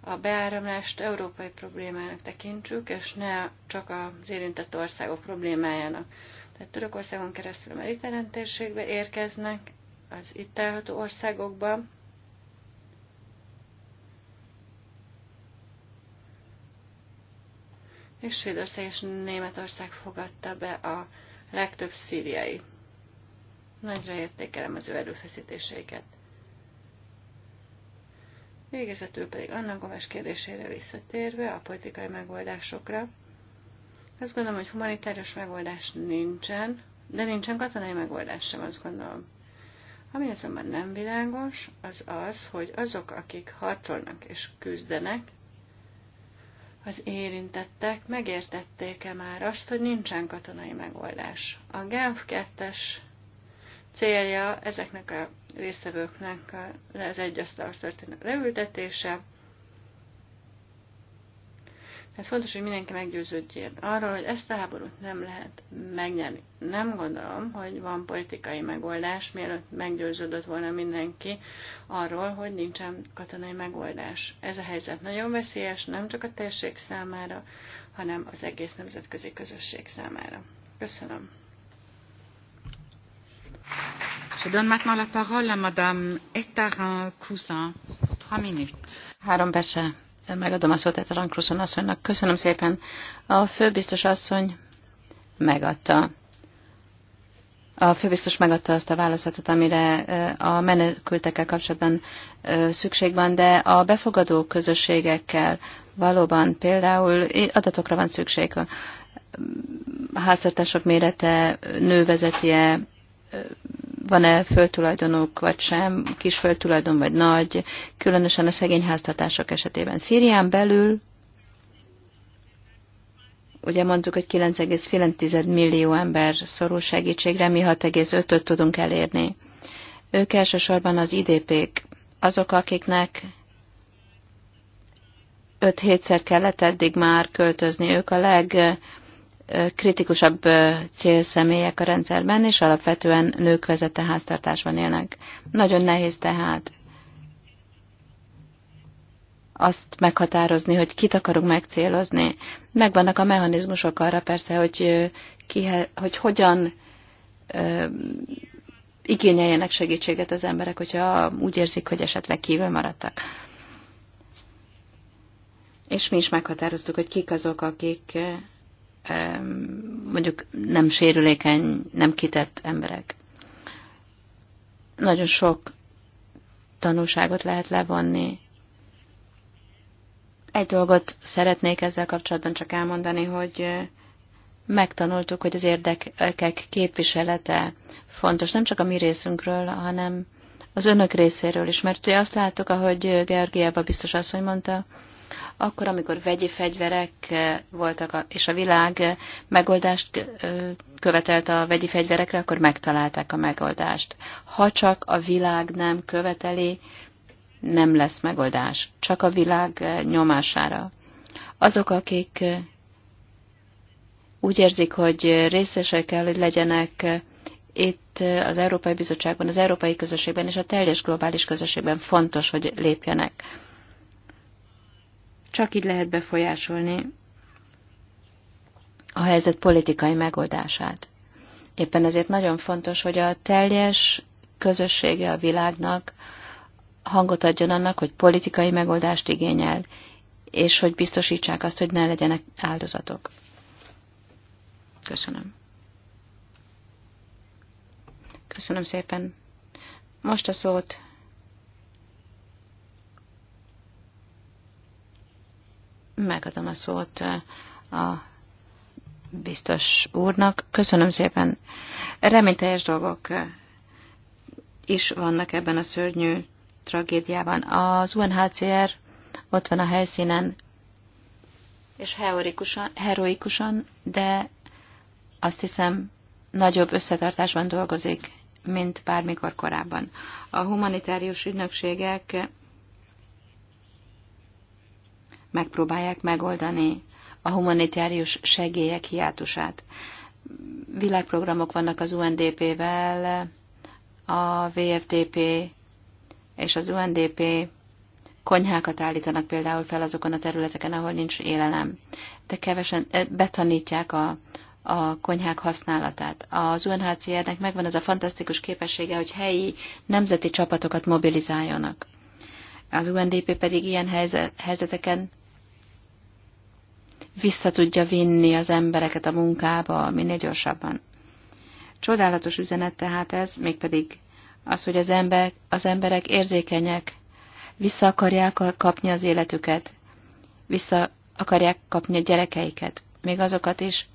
a beáramlást európai problémának tekintsük, és ne csak az érintett országok problémájának. Tehát Törökországon keresztül a mediterrán térségbe érkeznek az itt található országokban. És Svédország és Németország fogadta be a legtöbb szíriai. Nagyra értékelem az ő erőfeszítéseiket. Végezetül pedig Anna Gomes kérdésére visszatérve a politikai megoldásokra. Azt gondolom, hogy humanitárius megoldás nincsen, de nincsen katonai megoldás sem, azt gondolom. Ami azonban nem világos, az az, hogy azok, akik harcolnak és küzdenek, az érintettek megértették-e már azt, hogy nincsen katonai megoldás. A Genf 2-es célja ezeknek a résztvevőknek az egyasztalhoz történő leültetése, tehát fontos, hogy mindenki meggyőződjél arról, hogy ezt a háborút nem lehet megnyerni. Nem gondolom, hogy van politikai megoldás, mielőtt meggyőződött volna mindenki arról, hogy nincsen katonai megoldás. Ez a helyzet nagyon veszélyes, nem csak a térség számára, hanem az egész nemzetközi közösség számára. Köszönöm. Je donne maintenant la parole à Madame Etarin Cousin pour trois minutes. Három persze megadom a szót, a asszonynak. Köszönöm szépen. A főbiztos asszony megadta a főbiztos megadta azt a válaszatot, amire a menekültekkel kapcsolatban szükség van, de a befogadó közösségekkel valóban például adatokra van szükség. A háztartások mérete nő vezeti van-e földtulajdonuk vagy sem, kis földtulajdon vagy nagy, különösen a szegény háztartások esetében. Szírián belül ugye mondtuk, hogy 9,9 millió ember szorul segítségre, mi 6,5-öt tudunk elérni. Ők elsősorban az idp azok, akiknek 5-7-szer kellett eddig már költözni, ők a leg kritikusabb célszemélyek a rendszerben, és alapvetően nők vezette háztartásban élnek. Nagyon nehéz tehát azt meghatározni, hogy kit akarunk megcélozni. Megvannak a mechanizmusok arra persze, hogy, ki, hogy hogyan ö, igényeljenek segítséget az emberek, hogyha úgy érzik, hogy esetleg kívül maradtak. És mi is meghatároztuk, hogy kik azok, akik mondjuk nem sérülékeny, nem kitett emberek. Nagyon sok tanulságot lehet levonni. Egy dolgot szeretnék ezzel kapcsolatban csak elmondani, hogy eh, megtanultuk, hogy az érdekek képviselete fontos, nem csak a mi részünkről, hanem az önök részéről is. Mert ugye azt láttuk, ahogy Georgieva biztos asszony mondta, akkor, amikor vegyi fegyverek eh, voltak, és a világ eh, megoldást eh, követelt a vegyi fegyverekre, akkor megtalálták a megoldást. Ha csak a világ nem követeli, nem lesz megoldás. Csak a világ nyomására. Azok, akik úgy érzik, hogy részesek kell, hogy legyenek itt az Európai Bizottságban, az Európai Közösségben és a teljes globális közösségben fontos, hogy lépjenek. Csak így lehet befolyásolni a helyzet politikai megoldását. Éppen ezért nagyon fontos, hogy a teljes közössége a világnak hangot adjon annak, hogy politikai megoldást igényel, és hogy biztosítsák azt, hogy ne legyenek áldozatok. Köszönöm. Köszönöm szépen. Most a szót Megadom a szót a biztos úrnak. Köszönöm szépen. Reményteljes dolgok is vannak ebben a szörnyű tragédiában. Az UNHCR ott van a helyszínen, és heroikusan, heroikusan de azt hiszem nagyobb összetartásban dolgozik, mint bármikor korábban. A humanitárius ügynökségek megpróbálják megoldani a humanitárius segélyek hiátusát. Világprogramok vannak az UNDP-vel, a VFDP és az UNDP konyhákat állítanak például fel azokon a területeken, ahol nincs élelem, de kevesen eh, betanítják a, a konyhák használatát. Az UNHCR-nek megvan ez a fantasztikus képessége, hogy helyi nemzeti csapatokat mobilizáljanak. Az UNDP pedig ilyen helyzeteken vissza tudja vinni az embereket a munkába minél gyorsabban. Csodálatos üzenet tehát ez, mégpedig az, hogy az, ember, az emberek érzékenyek, vissza akarják kapni az életüket, vissza akarják kapni a gyerekeiket, még azokat is,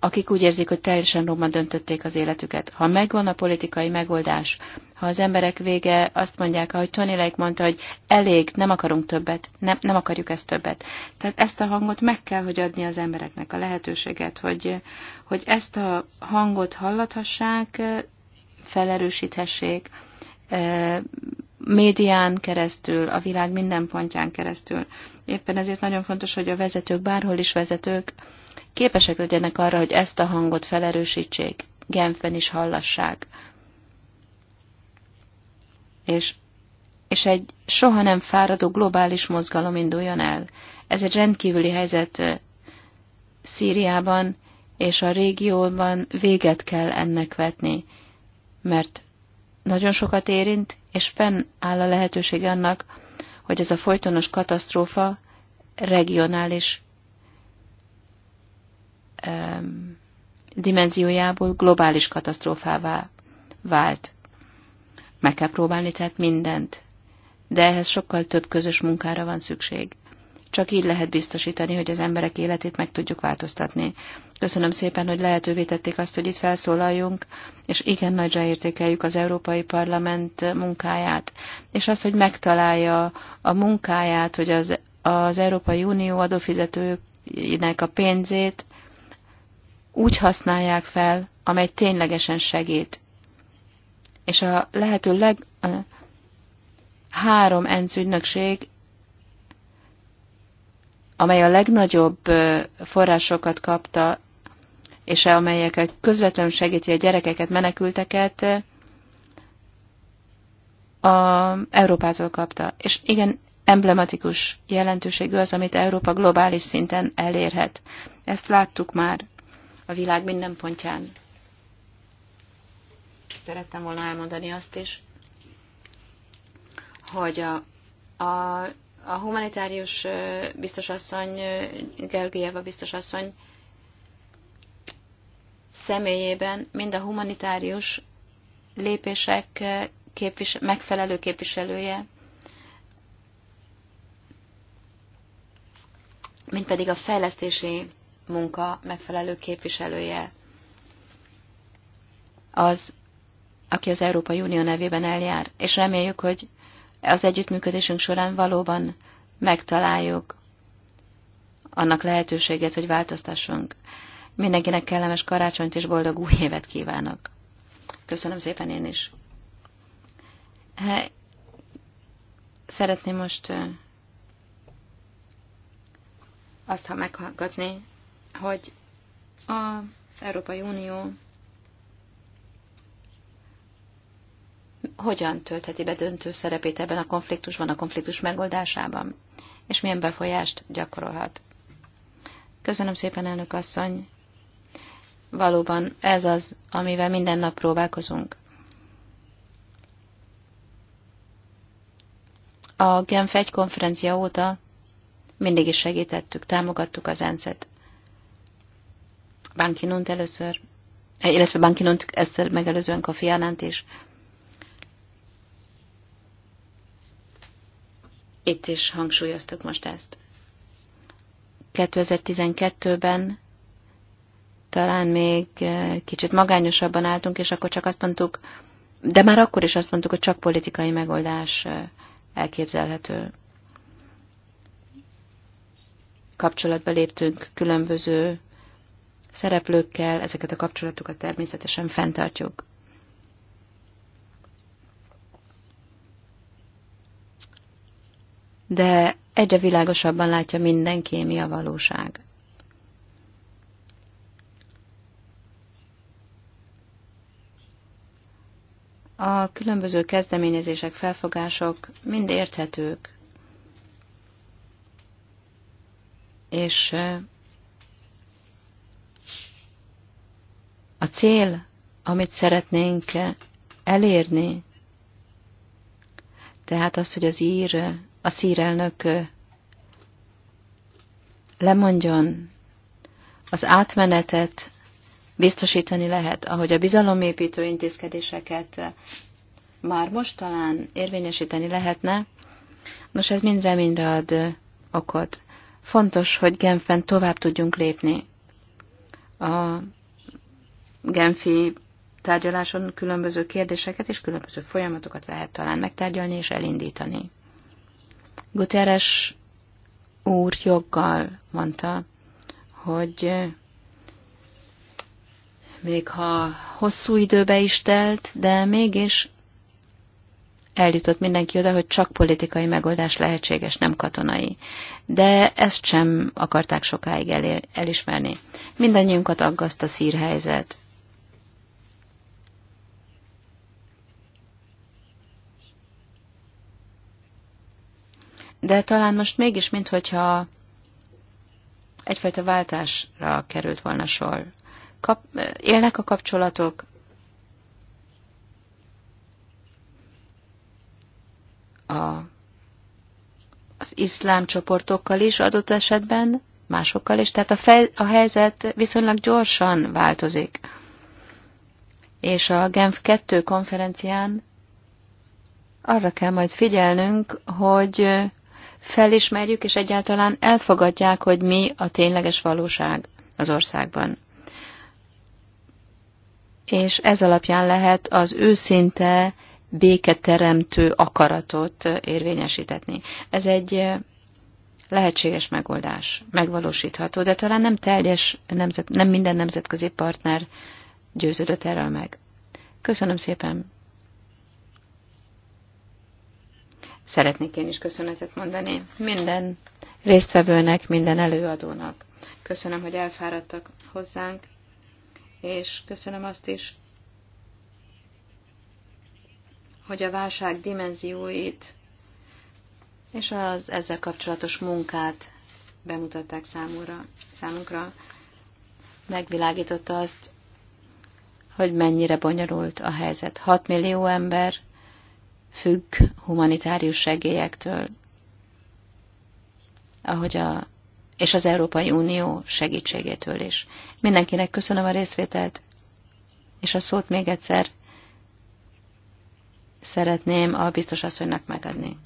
akik úgy érzik, hogy teljesen romban döntötték az életüket. Ha megvan a politikai megoldás, ha az emberek vége azt mondják, ahogy Tony Lake mondta, hogy elég, nem akarunk többet, nem, nem akarjuk ezt többet. Tehát ezt a hangot meg kell, hogy adni az embereknek a lehetőséget, hogy, hogy ezt a hangot hallathassák, felerősíthessék, médián keresztül, a világ minden pontján keresztül. Éppen ezért nagyon fontos, hogy a vezetők, bárhol is vezetők, képesek legyenek arra, hogy ezt a hangot felerősítsék, Genfen is hallassák. És, és egy soha nem fáradó globális mozgalom induljon el. Ez egy rendkívüli helyzet Szíriában, és a régióban véget kell ennek vetni, mert nagyon sokat érint, és fennáll a lehetőség annak, hogy ez a folytonos katasztrófa regionális dimenziójából globális katasztrófává vált. Meg kell próbálni tehát mindent, de ehhez sokkal több közös munkára van szükség. Csak így lehet biztosítani, hogy az emberek életét meg tudjuk változtatni. Köszönöm szépen, hogy lehetővé tették azt, hogy itt felszólaljunk, és igen nagyra értékeljük az Európai Parlament munkáját, és azt, hogy megtalálja a munkáját, hogy az, az Európai Unió adófizetőinek a pénzét úgy használják fel, amely ténylegesen segít. És a lehető leg... Három ENC ügynökség, amely a legnagyobb forrásokat kapta, és amelyek közvetlenül segíti a gyerekeket, menekülteket, a Európától kapta. És igen, emblematikus jelentőségű az, amit Európa globális szinten elérhet. Ezt láttuk már a világ minden pontján. Szerettem volna elmondani azt is, hogy a, a, a humanitárius biztosasszony, Georgieva biztosasszony személyében mind a humanitárius lépések képvisel, megfelelő képviselője, mint pedig a fejlesztési munka megfelelő képviselője az, aki az Európai Unió nevében eljár, és reméljük, hogy az együttműködésünk során valóban megtaláljuk annak lehetőséget, hogy változtassunk. Mindenkinek kellemes karácsonyt és boldog új évet kívánok. Köszönöm szépen én is. Szeretném most azt, ha meghallgatni hogy az Európai Unió hogyan töltheti be döntő szerepét ebben a konfliktusban, a konfliktus megoldásában, és milyen befolyást gyakorolhat. Köszönöm szépen, elnök asszony! Valóban ez az, amivel minden nap próbálkozunk. A Genf egy konferencia óta mindig is segítettük, támogattuk az ENSZ-et. Bankinont először, eh, illetve Bankinont ezt megelőzően Kofi és is. Itt is hangsúlyoztuk most ezt. 2012-ben talán még eh, kicsit magányosabban álltunk, és akkor csak azt mondtuk, de már akkor is azt mondtuk, hogy csak politikai megoldás eh, elképzelhető. Kapcsolatba léptünk különböző szereplőkkel, ezeket a kapcsolatokat természetesen fenntartjuk. De egyre világosabban látja mindenki, mi a valóság. A különböző kezdeményezések, felfogások mind érthetők, és A cél, amit szeretnénk elérni, tehát az, hogy az ír, a szírelnök lemondjon, az átmenetet biztosítani lehet, ahogy a bizalomépítő intézkedéseket már most talán érvényesíteni lehetne, nos ez mind reményre ad okot. Fontos, hogy Genfen tovább tudjunk lépni. A Genfi tárgyaláson különböző kérdéseket és különböző folyamatokat lehet talán megtárgyalni és elindítani. Guterres úr joggal mondta, hogy még ha hosszú időbe is telt, de mégis eljutott mindenki oda, hogy csak politikai megoldás lehetséges, nem katonai. De ezt sem akarták sokáig elér, elismerni. Mindannyiunkat aggaszt a szírhelyzet. de talán most mégis, minthogyha egyfajta váltásra került volna sor. Kap, élnek a kapcsolatok, a, az iszlám csoportokkal is adott esetben, másokkal is. Tehát a, fej, a helyzet viszonylag gyorsan változik. És a Genf 2 konferencián arra kell majd figyelnünk, hogy felismerjük és egyáltalán elfogadják, hogy mi a tényleges valóság az országban. És ez alapján lehet az őszinte béketeremtő akaratot érvényesítetni. Ez egy eh, lehetséges megoldás, megvalósítható, de talán nem teljes, nemzet, nem minden nemzetközi partner győződött erről meg. Köszönöm szépen! szeretnék én is köszönetet mondani minden résztvevőnek, minden előadónak. Köszönöm, hogy elfáradtak hozzánk, és köszönöm azt is, hogy a válság dimenzióit és az ezzel kapcsolatos munkát bemutatták számúra, számunkra. Megvilágította azt, hogy mennyire bonyolult a helyzet. 6 millió ember függ humanitárius segélyektől, ahogy a, és az Európai Unió segítségétől is. Mindenkinek köszönöm a részvételt, és a szót még egyszer szeretném a biztos asszonynak megadni.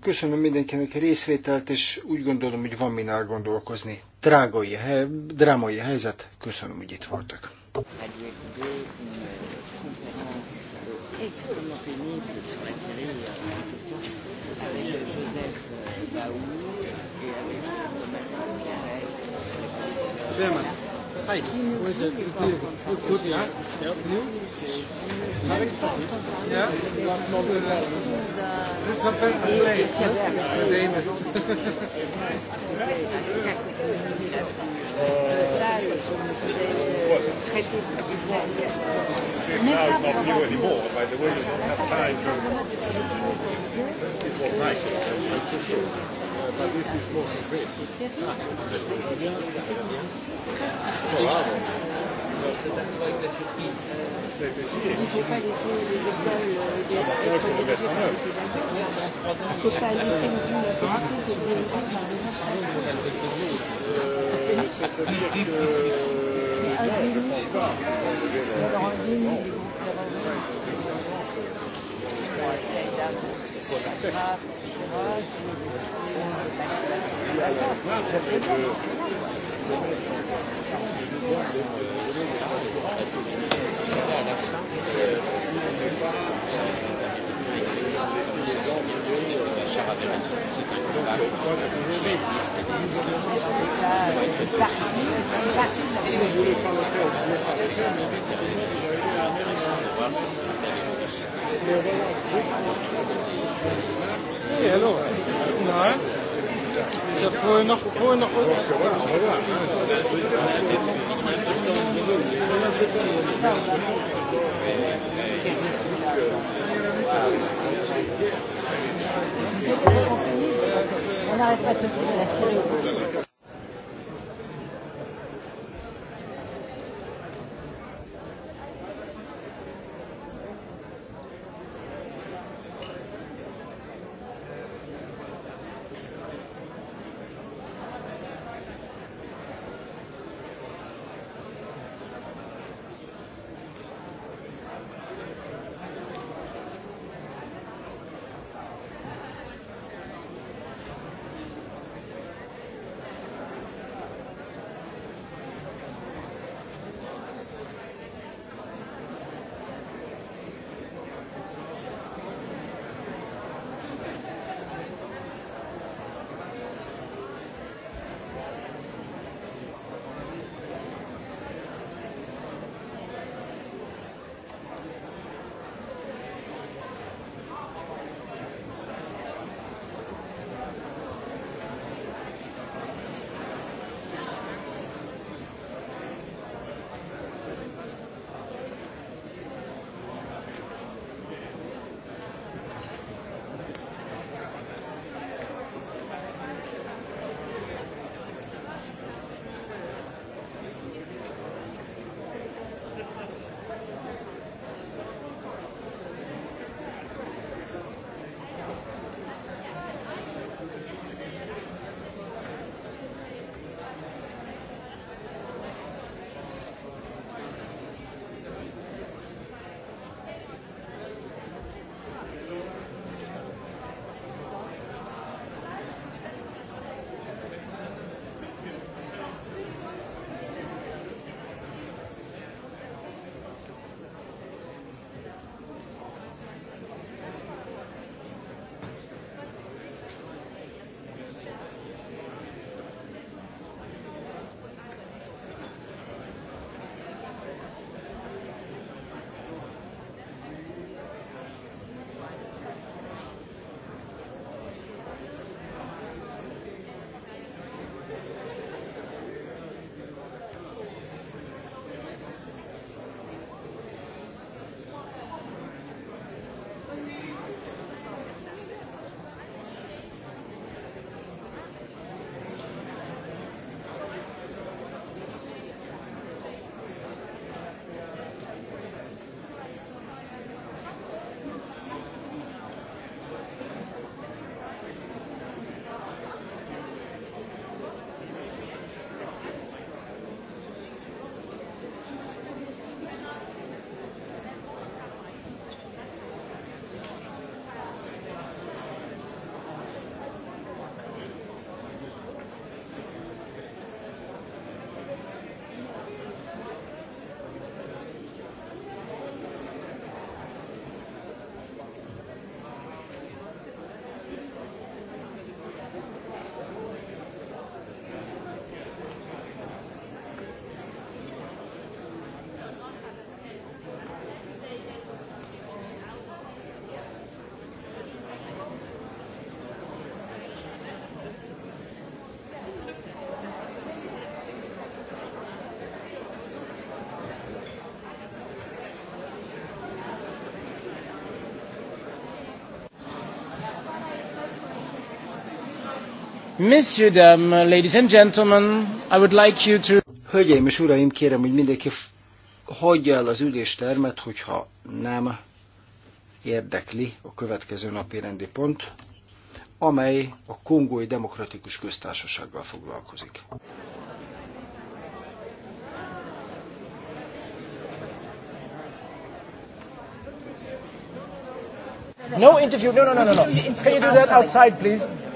Köszönöm mindenkinek a részvételt, és úgy gondolom, hogy van minál gondolkozni Drágai, drámai helyzet, köszönöm, hogy itt voltak extrêmement pénible sur la série euh, avec Joseph Baou et avec Thomas Carrel. Bien, madame. Hi, who is it? It's you. It's good, yeah? Yep. You? Having fun? Yeah? Last month in Let's compare the plane. David. Now it's not new anymore, by the way, you don't have time to... It was nice. Now this is more concrete. Bravo. C'est un travail de la Turquie. Il ne faut pas laisser les écoles être désagréables. Il ne faut pas laisser non plus la politique de délivrance par les enfants. C'est-à-dire que. Un je ne pense pas. Alors un déni, ils vont faire un Et eh, alors, non, hein eh. Ja, får jag nog, får jag nog... Hon har ett öppet Hölgyeim és uraim, kérem, hogy mindenki hagyja el az üléstermet, hogyha nem érdekli a következő napi rendi pont, amely a Kongói Demokratikus Köztársasággal foglalkozik. No interview. No, no, no, no, no. Can you do that outside, please?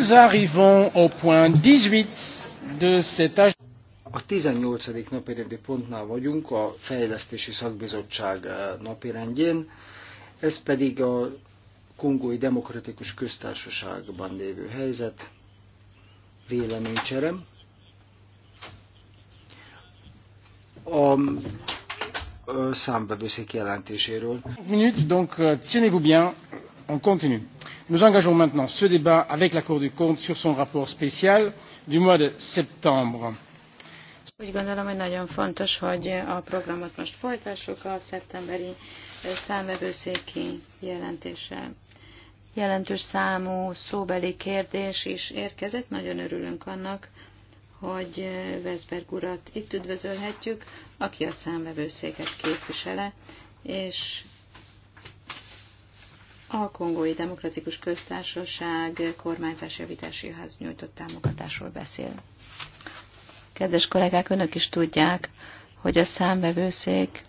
Nous arrivons au point 18 de cet âge. a 18. napirendi pontnál vagyunk, a Fejlesztési Szakbizottság eh, napirendjén, ez pedig a Kongói Demokratikus Köztársaságban lévő helyzet, véleménycserem. A eh, számbevőszék jelentéséről. Minut, donc eh, tenez-vous bien, on continue nous engageons maintenant ce débat avec la cour des comptes sur son rapport spécial du mois de septembre. Úgy gondolom, hogy nagyon fontos, hogy a programot most folytassuk a szeptemberi eh, számvevőszéki jelentéssel. Jelentős számú szóbeli kérdés is érkezett. Nagyon örülünk annak, hogy eh, Veszberg urat itt üdvözölhetjük, aki a számvevőszéket képvisele, és a Kongói Demokratikus Köztársaság ház nyújtott támogatásról beszél. Kedves kollégák, önök is tudják, hogy a számvevőszék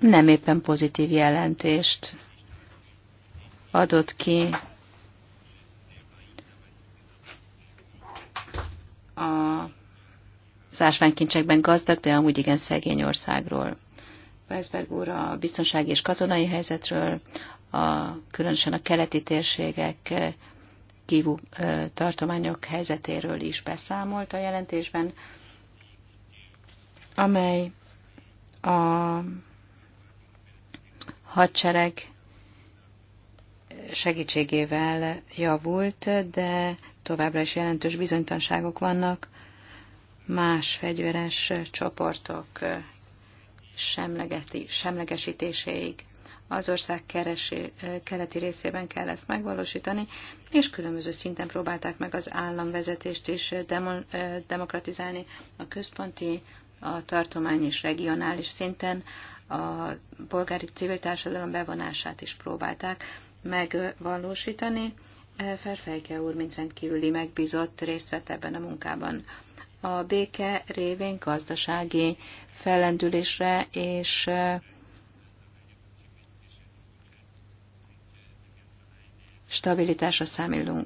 nem éppen pozitív jelentést adott ki a az ásványkincsekben gazdag, de amúgy igen szegény országról. Weisberg úr a biztonsági és katonai helyzetről, a, különösen a keleti térségek eh, kívú eh, tartományok helyzetéről is beszámolt a jelentésben, amely a hadsereg segítségével javult, de továbbra is jelentős bizonytanságok vannak más fegyveres csoportok eh, semlegesítéséig. Az ország keresi, keleti részében kell ezt megvalósítani, és különböző szinten próbálták meg az államvezetést is demo, demokratizálni a központi, a tartomány és regionális szinten. A polgári civil társadalom bevonását is próbálták megvalósítani. Ferfejke úr, mint rendkívüli megbízott, részt vett ebben a munkában a béke révén gazdasági fellendülésre és stabilitásra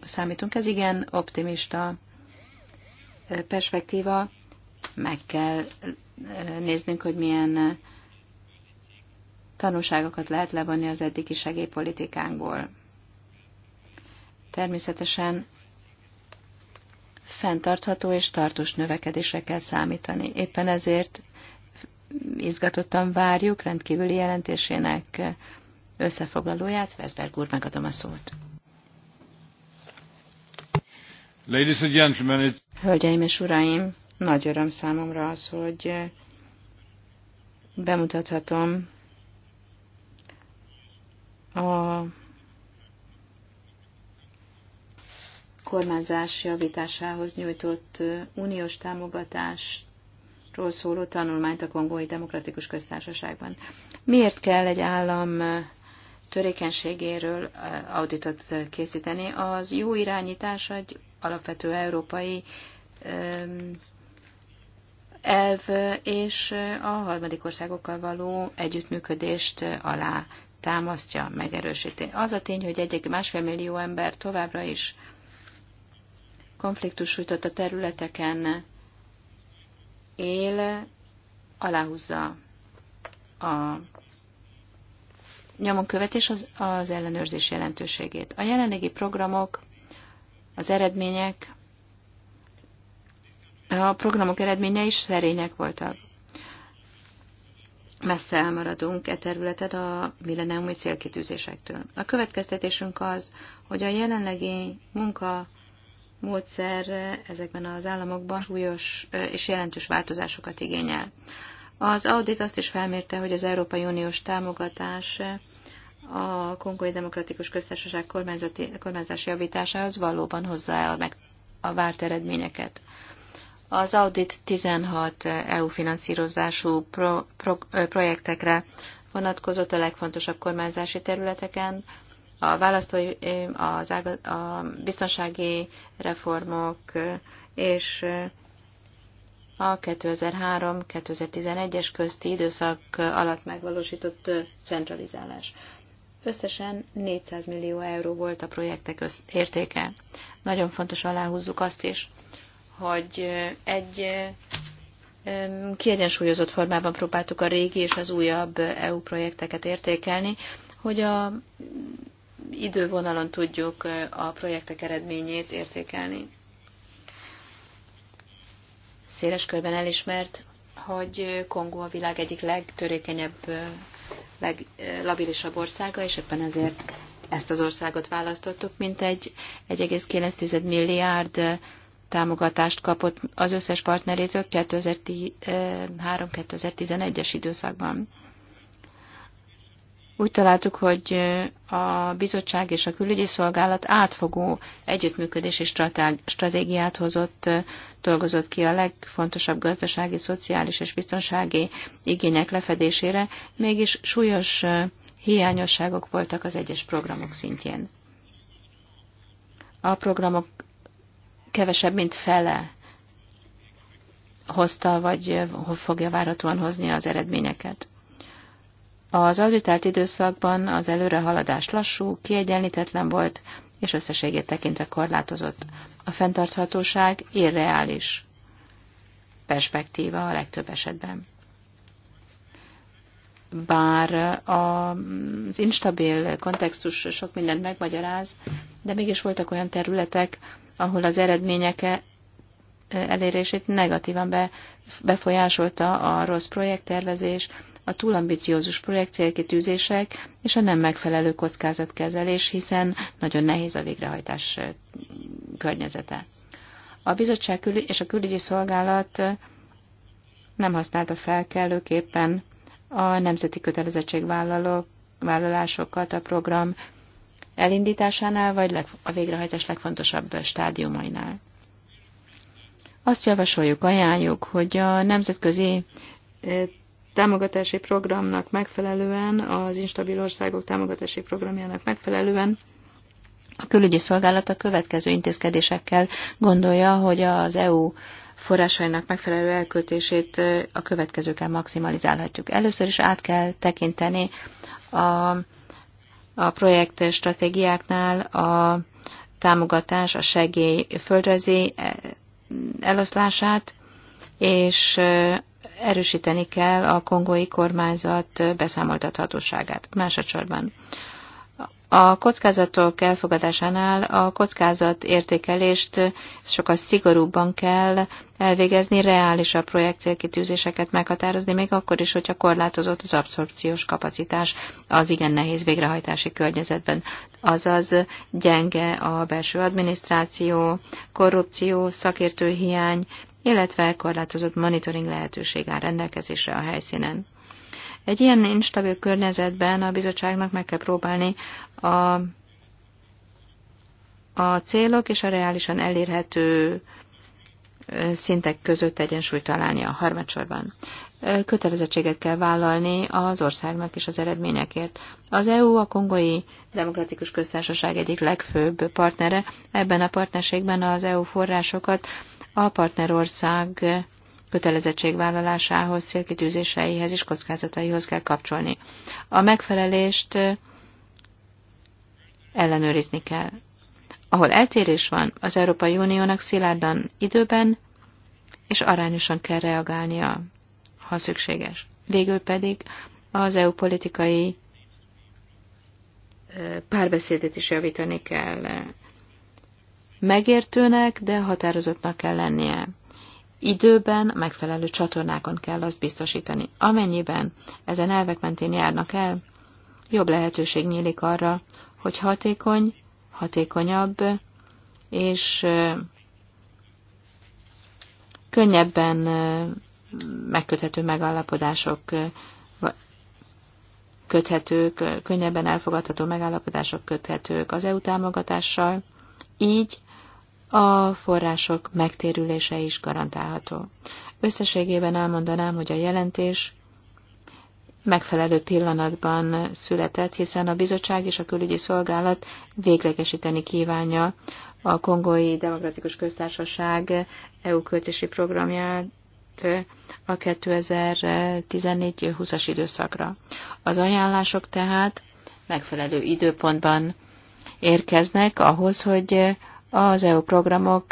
számítunk. Ez igen optimista perspektíva. Meg kell néznünk, hogy milyen tanulságokat lehet levonni az eddigi segélypolitikánkból. Természetesen fenntartható és tartós növekedésre kell számítani. Éppen ezért izgatottan várjuk rendkívüli jelentésének összefoglalóját. Veszberg úr, megadom a szót. Ladies and gentlemen, it... Hölgyeim és uraim, nagy öröm számomra az, hogy bemutathatom a kormányzás javításához nyújtott uniós támogatásról szóló tanulmányt a Kongói Demokratikus Köztársaságban. Miért kell egy állam törékenységéről auditot készíteni? Az jó irányítás egy alapvető európai elv és a harmadik országokkal való együttműködést alá támasztja, megerősíti. Az a tény, hogy egy másfél millió ember továbbra is konfliktus sújtott a területeken él, aláhúzza a nyomon követés az, az ellenőrzés jelentőségét. A jelenlegi programok, az eredmények, a programok eredménye is szerények voltak. Messze elmaradunk e területen a milleniumi célkitűzésektől. A következtetésünk az, hogy a jelenlegi munka módszer ezekben az államokban súlyos és jelentős változásokat igényel. Az audit azt is felmérte, hogy az Európai Uniós támogatás a Kongói Demokratikus Köztársaság kormányzati, kormányzási javításához valóban hozzá a, meg a várt eredményeket. Az audit 16 EU finanszírozású pro, pro, projektekre vonatkozott a legfontosabb kormányzási területeken, a választói, az ága, a biztonsági reformok és a 2003-2011-es közti időszak alatt megvalósított centralizálás. Összesen 400 millió euró volt a projektek értéke. Nagyon fontos aláhúzzuk azt is, hogy egy kiegyensúlyozott formában próbáltuk a régi és az újabb EU projekteket értékelni, hogy a idővonalon tudjuk a projektek eredményét értékelni. Széles körben elismert, hogy Kongó a világ egyik legtörékenyebb, leglabilisabb országa, és éppen ezért ezt az országot választottuk, mint egy 1,9 milliárd támogatást kapott az összes partnerétől 2003-2011-es időszakban. Úgy találtuk, hogy a bizottság és a külügyi szolgálat átfogó együttműködési stratégiát hozott, dolgozott ki a legfontosabb gazdasági, szociális és biztonsági igények lefedésére, mégis súlyos hiányosságok voltak az egyes programok szintjén. A programok kevesebb, mint fele hozta, vagy fogja várhatóan hozni az eredményeket. Az auditált időszakban az előrehaladás lassú, kiegyenlítetlen volt, és összességét tekintve korlátozott. A fenntarthatóság irreális perspektíva a legtöbb esetben. Bár az instabil kontextus sok mindent megmagyaráz, de mégis voltak olyan területek, ahol az eredmények elérését negatívan befolyásolta a rossz projekttervezés, a túlambiciózus projektcélkitűzések és a nem megfelelő kockázatkezelés, hiszen nagyon nehéz a végrehajtás környezete. A bizottság és a külügyi szolgálat nem használta fel kellőképpen a nemzeti kötelezettségvállalásokat a program elindításánál, vagy a végrehajtás legfontosabb stádiumainál. Azt javasoljuk, ajánljuk, hogy a nemzetközi támogatási programnak megfelelően, az instabil országok támogatási programjának megfelelően a külügyi szolgálat a következő intézkedésekkel gondolja, hogy az EU forrásainak megfelelő elköltését a következőkkel maximalizálhatjuk. Először is át kell tekinteni a, a projekt stratégiáknál a támogatás, a segély földrajzi eloszlását, és erősíteni kell a kongói kormányzat beszámoltathatóságát. Másodszorban. A kockázatok elfogadásánál a kockázat értékelést sokkal szigorúbban kell elvégezni, reálisabb projekt célkitűzéseket meghatározni, még akkor is, hogyha korlátozott az abszorpciós kapacitás az igen nehéz végrehajtási környezetben. Azaz gyenge a belső adminisztráció, korrupció, szakértőhiány, illetve korlátozott monitoring lehetőség áll rendelkezésre a helyszínen. Egy ilyen instabil környezetben a bizottságnak meg kell próbálni a, a célok és a reálisan elérhető szintek között egyensúlyt találni a harmadsorban. Kötelezettséget kell vállalni az országnak és az eredményekért. Az EU a kongói demokratikus köztársaság egyik legfőbb partnere. Ebben a partnerségben az EU forrásokat a partnerország kötelezettségvállalásához, célkitűzéseihez és kockázataihoz kell kapcsolni. A megfelelést ellenőrizni kell. Ahol eltérés van, az Európai Uniónak szilárdan időben és arányosan kell reagálnia, ha szükséges. Végül pedig az EU politikai párbeszédet is javítani kell. Megértőnek, de határozottnak kell lennie. Időben megfelelő csatornákon kell azt biztosítani. Amennyiben ezen elvek mentén járnak el, jobb lehetőség nyílik arra, hogy hatékony, hatékonyabb és könnyebben megköthető megállapodások köthetők, könnyebben elfogadható megállapodások köthetők az EU támogatással, így a források megtérülése is garantálható. Összességében elmondanám, hogy a jelentés megfelelő pillanatban született, hiszen a bizottság és a külügyi szolgálat véglegesíteni kívánja a Kongói Demokratikus Köztársaság EU költési programját a 2014-20-as időszakra. Az ajánlások tehát megfelelő időpontban érkeznek ahhoz, hogy az EU programok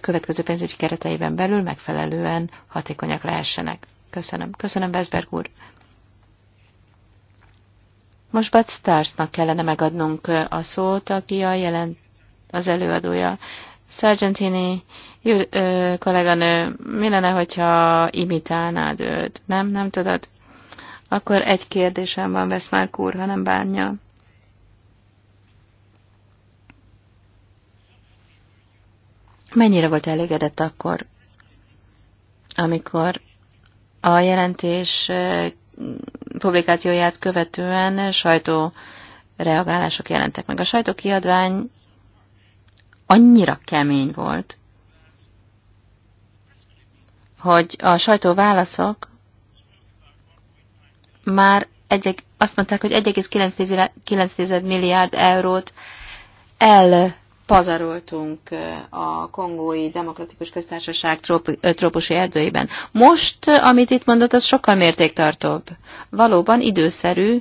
következő pénzügyi kereteiben belül megfelelően hatékonyak lehessenek. Köszönöm. Köszönöm, Veszberg úr. Most Bud Starsnak kellene megadnunk a szót, aki a jelent, az előadója. Sargentini jö, ö, kolléganő, mi lenne, hogyha imitálnád őt? Nem, nem tudod? Akkor egy kérdésem van, Veszmárk úr, ha nem bánja. mennyire volt elégedett akkor, amikor a jelentés publikációját követően sajtó reagálások jelentek meg. A sajtókiadvány annyira kemény volt, hogy a sajtó válaszok már egy, azt mondták, hogy 1,9 milliárd eurót el pazaroltunk a kongói demokratikus köztársaság trópusi erdőiben. Most, amit itt mondott, az sokkal mértéktartóbb. Valóban időszerű,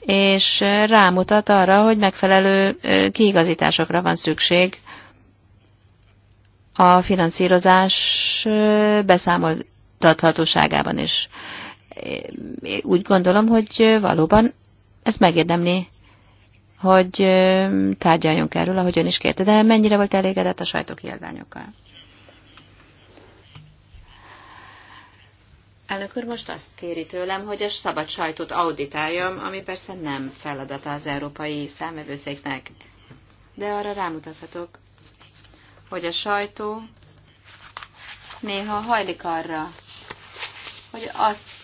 és rámutat arra, hogy megfelelő kiigazításokra van szükség a finanszírozás beszámoltathatóságában is. Úgy gondolom, hogy valóban ez megérdemli hogy tárgyaljunk erről, ahogy ön is kérte. De mennyire volt elégedett a sajtókiadványokkal? Elnök úr most azt kéri tőlem, hogy a szabad sajtót auditáljam, ami persze nem feladata az európai számövőszéknek. De arra rámutathatok, hogy a sajtó néha hajlik arra, hogy azt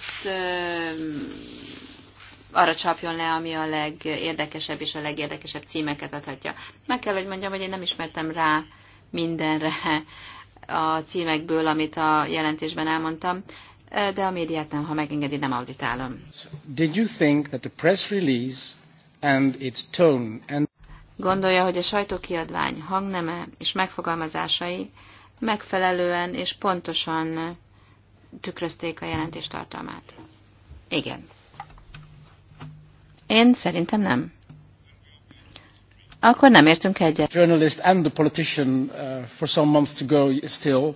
arra csapjon le, ami a legérdekesebb és a legérdekesebb címeket adhatja. Meg kell, hogy mondjam, hogy én nem ismertem rá mindenre a címekből, amit a jelentésben elmondtam, de a médiát nem, ha megengedi, nem auditálom. Did you think that the press release and its tone and Gondolja, hogy a sajtókiadvány hangneme és megfogalmazásai megfelelően és pontosan tükrözték a jelentés tartalmát. Igen. Én szerintem nem. Akkor nem értünk egyet. Journalist and the politician uh, for some months to go still.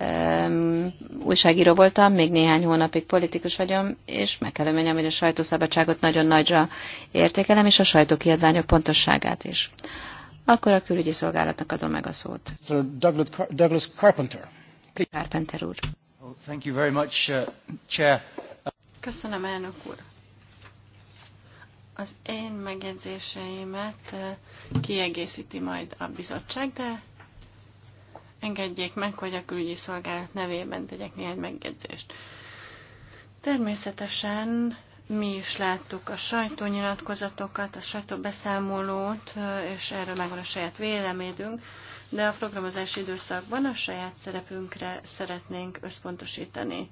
Um, újságíró voltam, még néhány hónapig politikus vagyom, és meg kell mennem, hogy a sajtószabadságot nagyon nagyra értékelem, és a sajtókiadványok pontosságát is. Akkor a külügyi szolgálatnak adom meg a szót. Sir Douglas, Car Douglas Carpenter. Please. Carpenter úr. Well, thank you very much, uh, Chair. Köszönöm, elnök úr. Az én megjegyzéseimet eh, kiegészíti majd a bizottság, de engedjék meg, hogy a külügyi szolgálat nevében tegyek néhány megjegyzést. Természetesen mi is láttuk a sajtónyilatkozatokat, a sajtóbeszámolót, eh, és erről megvan a saját véleményünk, de a programozási időszakban a saját szerepünkre szeretnénk összpontosítani.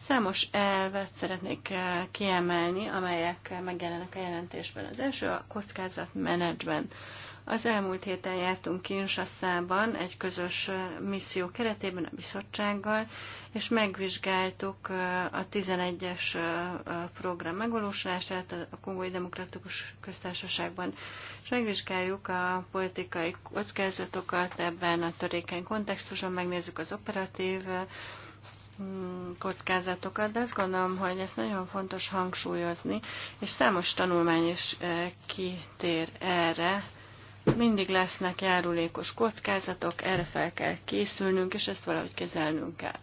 Számos elvet szeretnék eh, kiemelni, amelyek megjelennek a jelentésben. Az első a kockázatmenedzsment. Az elmúlt héten jártunk Kinsasszában egy közös eh, misszió keretében a bizottsággal, és megvizsgáltuk eh, a 11-es program megvalósulását a Kongói Demokratikus Köztársaságban, és megvizsgáljuk a politikai kockázatokat ebben a törékeny kontextusban, megnézzük az operatív Mm, kockázatokat, de azt gondolom, hogy ezt nagyon fontos hangsúlyozni, és számos tanulmány is e, kitér erre. Mindig lesznek járulékos kockázatok, erre fel kell készülnünk, és ezt valahogy kezelnünk kell.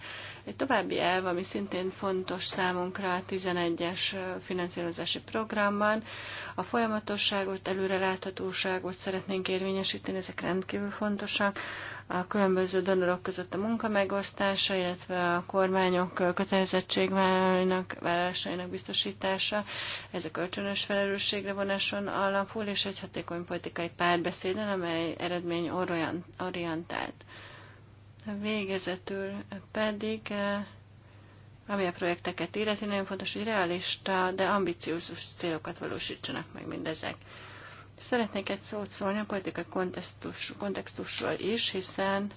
Egy további elv, ami szintén fontos számunkra a 11-es finanszírozási programban, a folyamatosságot, előreláthatóságot szeretnénk érvényesíteni, ezek rendkívül fontosak. A különböző donorok között a munka megosztása, illetve a kormányok kötelezettségvállalásainak biztosítása, ez a kölcsönös felelősségre vonáson alapul, és egy hatékony politikai párbeszéden, amely eredmény orientált. Végezetül pedig, eh, ami a projekteket illeti, nagyon fontos, hogy realista, de ambiciózus célokat valósítsanak meg mindezek. Szeretnék egy szót szólni a politikai kontextus, kontextusról is, hiszen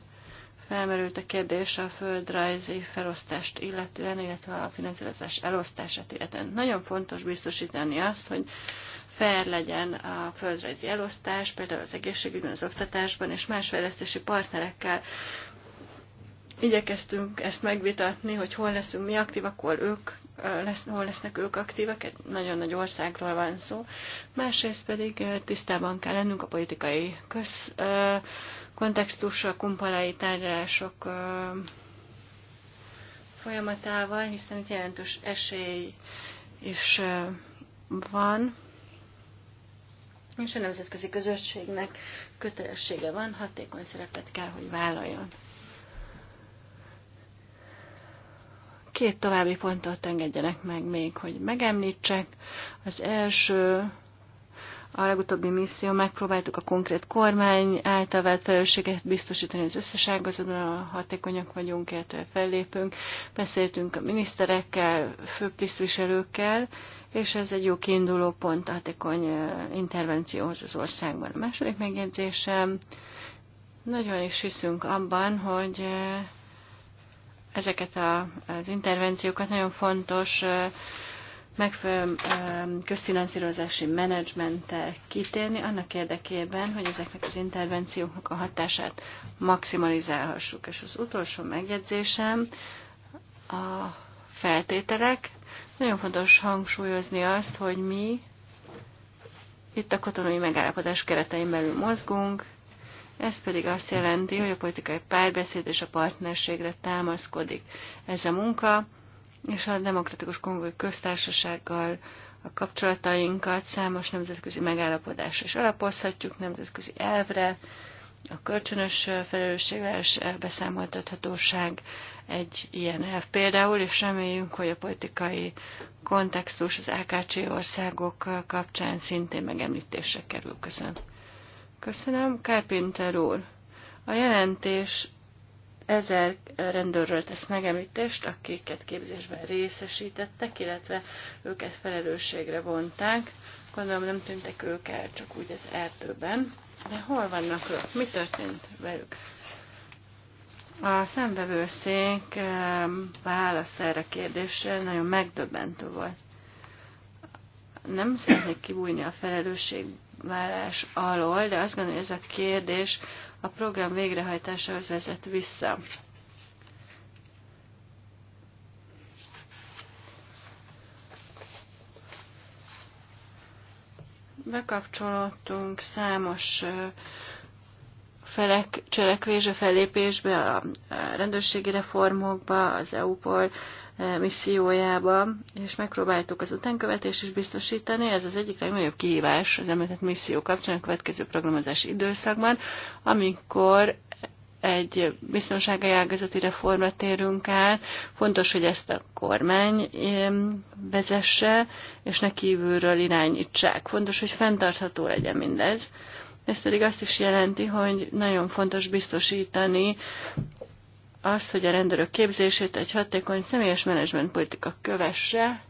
felmerült a kérdés a földrajzi felosztást illetően, illetve a finanszírozás elosztását illetően. Nagyon fontos biztosítani azt, hogy fair legyen a földrajzi elosztás, például az egészségügyben, az oktatásban és más fejlesztési partnerekkel igyekeztünk ezt megvitatni, hogy hol leszünk mi aktívak, hol, ők lesz, hol lesznek ők aktívak, nagyon nagy országról van szó. Másrészt pedig tisztában kell lennünk a politikai közkontextus, kontextussal, kumpalai tárgyalások folyamatával, hiszen itt jelentős esély is van, és a nemzetközi közösségnek kötelessége van, hatékony szerepet kell, hogy vállaljon. Két további pontot engedjenek meg még, hogy megemlítsek. Az első, a legutóbbi misszió megpróbáltuk a konkrét kormány által vett felelősséget biztosítani az összes ágazatban, hatékonyak vagyunk, illetve fellépünk. Beszéltünk a miniszterekkel, tisztviselőkkel, és ez egy jó kiinduló pont a hatékony intervencióhoz az országban. A második megjegyzésem, nagyon is hiszünk abban, hogy ezeket a, az intervenciókat nagyon fontos megfelelő közfinanszírozási menedzsmenttel kitérni annak érdekében, hogy ezeknek az intervencióknak a hatását maximalizálhassuk. És az utolsó megjegyzésem a feltételek. Nagyon fontos hangsúlyozni azt, hogy mi itt a katonai megállapodás keretein belül mozgunk, ez pedig azt jelenti, hogy a politikai párbeszéd és a partnerségre támaszkodik ez a munka, és a Demokratikus Kongói Köztársasággal a kapcsolatainkat számos nemzetközi megállapodásra is alapozhatjuk, nemzetközi elvre, a kölcsönös felelősségvállalás beszámoltathatóság egy ilyen elv például, és reméljünk, hogy a politikai kontextus az AKC országok kapcsán szintén megemlítésre kerül. Köszönöm. Köszönöm. Kárpinter úr, a jelentés ezer rendőrről tesz megemlítést, akiket képzésben részesítettek, illetve őket felelősségre vonták. Gondolom nem tűntek ők el csak úgy az erdőben. De hol vannak ők? Mi történt velük? A szembevőszék ehm, válasz erre kérdésre nagyon megdöbbentő volt nem szeretnék kibújni a felelősségvállás alól, de azt gondolom, hogy ez a kérdés a program végrehajtásához vezet vissza. Bekapcsolódtunk számos felek, cselekvésbe, fellépésbe, a rendőrségi reformokba, az EU-pol E, missziójába, és megpróbáltuk az utánkövetést is biztosítani. Ez az egyik legnagyobb kihívás az említett misszió kapcsán a következő programozási időszakban, amikor egy biztonsági ágazati reformra térünk át. Fontos, hogy ezt a kormány e, vezesse, és ne kívülről irányítsák. Fontos, hogy fenntartható legyen mindez. Ez pedig azt is jelenti, hogy nagyon fontos biztosítani azt, hogy a rendőrök képzését egy hatékony személyes menedzsment politika kövesse,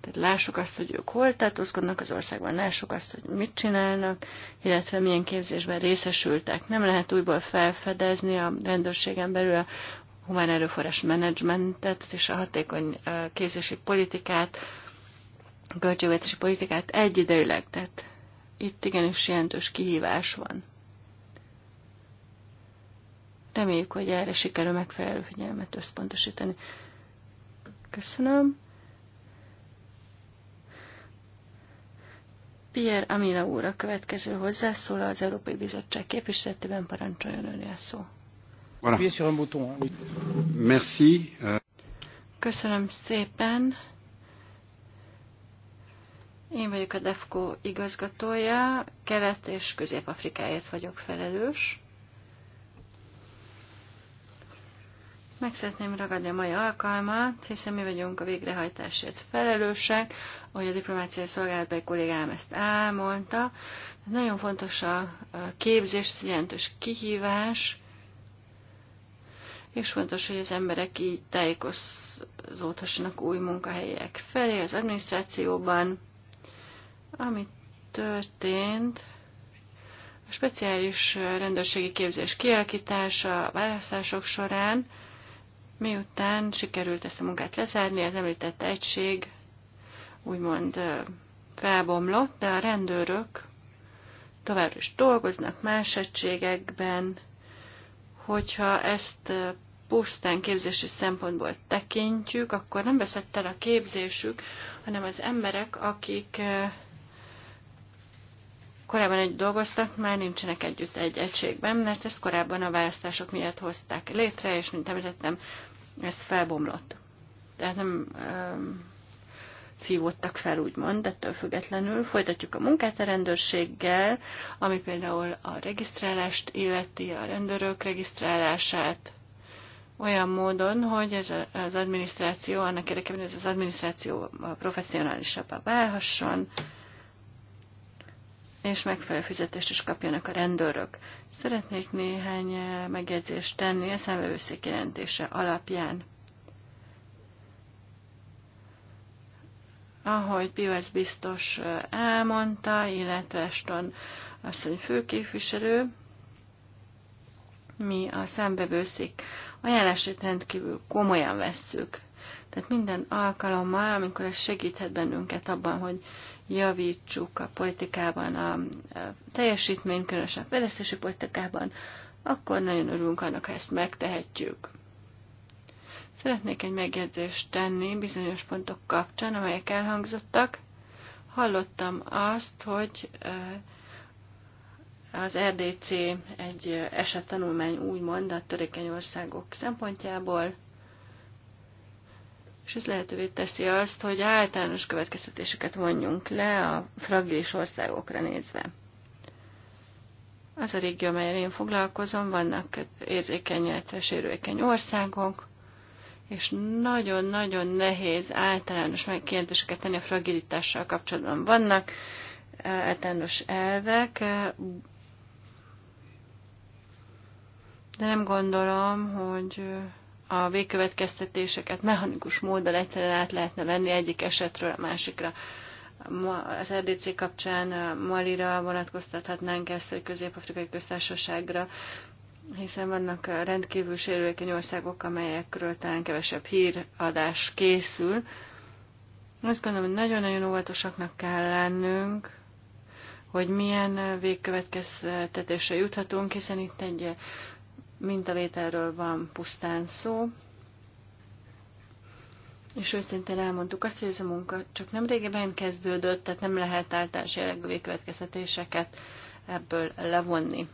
tehát lássuk azt, hogy ők hol tartózkodnak az országban, lássuk azt, hogy mit csinálnak, illetve milyen képzésben részesültek. Nem lehet újból felfedezni a rendőrségen belül a humán erőforrás menedzsmentet és a hatékony képzési politikát, a költségvetési politikát egyidejűleg. Tehát itt igenis jelentős kihívás van. Reméljük, hogy erre sikerül megfelelő figyelmet összpontosítani. Köszönöm. Pierre Amila úr a következő hozzászól az Európai Bizottság képviseletében parancsoljon önre szó. Köszönöm szépen. Én vagyok a DEFCO igazgatója, Kelet- és Közép-Afrikáért vagyok felelős. Meg szeretném ragadni a mai alkalmat, hiszen mi vagyunk a végrehajtásért felelősek, ahogy a diplomáciai szolgálatbeli kollégám ezt elmondta. Nagyon fontos a képzés, ez jelentős kihívás, és fontos, hogy az emberek így tájékozódhassanak új munkahelyek felé az adminisztrációban. Ami történt, a speciális rendőrségi képzés kialakítása a választások során, Miután sikerült ezt a munkát lezárni, az említett egység úgymond felbomlott, de a rendőrök továbbra is dolgoznak más egységekben, hogyha ezt pusztán képzési szempontból tekintjük, akkor nem veszett el a képzésük, hanem az emberek, akik korábban egy dolgoztak, már nincsenek együtt egy egységben, mert ezt korábban a választások miatt hozták létre, és mint említettem, ez felbomlott. Tehát nem um, szívottak fel, úgymond, ettől függetlenül. Folytatjuk a munkát a rendőrséggel, ami például a regisztrálást illeti, a rendőrök regisztrálását, olyan módon, hogy ez az adminisztráció, annak érdekében, hogy ez az adminisztráció professzionálisabbá válhasson, és megfelelő fizetést is kapjanak a rendőrök. Szeretnék néhány eh, megjegyzést tenni a számvevőszék jelentése alapján. Ahogy Pius biztos eh, elmondta, illetve Eston asszony főképviselő, mi a számbevőszik ajánlásait rendkívül komolyan vesszük. Tehát minden alkalommal, amikor ez segíthet bennünket abban, hogy javítsuk a politikában a teljesítmény, különösen a fejlesztési politikában, akkor nagyon örülünk annak, ha ezt megtehetjük. Szeretnék egy megjegyzést tenni bizonyos pontok kapcsán, amelyek elhangzottak. Hallottam azt, hogy az RDC egy esettanulmány úgymond a törékeny országok szempontjából, és ez lehetővé teszi azt, hogy általános következtetéseket vonjunk le a fragilis országokra nézve. Az a régió, amelyen én foglalkozom, vannak érzékeny, illetve sérülékeny országok, és nagyon-nagyon nehéz általános megkérdéseket tenni a fragilitással kapcsolatban. Vannak e, általános elvek, e, de nem gondolom, hogy e, a végkövetkeztetéseket mechanikus módon egyszerűen át lehetne venni egyik esetről a másikra. Az RDC kapcsán Malira vonatkoztathatnánk ezt a közép-afrikai köztársaságra, hiszen vannak rendkívül sérülékeny országok, amelyekről talán kevesebb híradás készül. Azt gondolom, hogy nagyon-nagyon óvatosaknak kell lennünk, hogy milyen végkövetkeztetésre juthatunk, hiszen itt egy mintavételről van pusztán szó, és őszintén elmondtuk azt, hogy ez a munka csak nem régebben kezdődött, tehát nem lehet általános jellegű következtetéseket ebből levonni.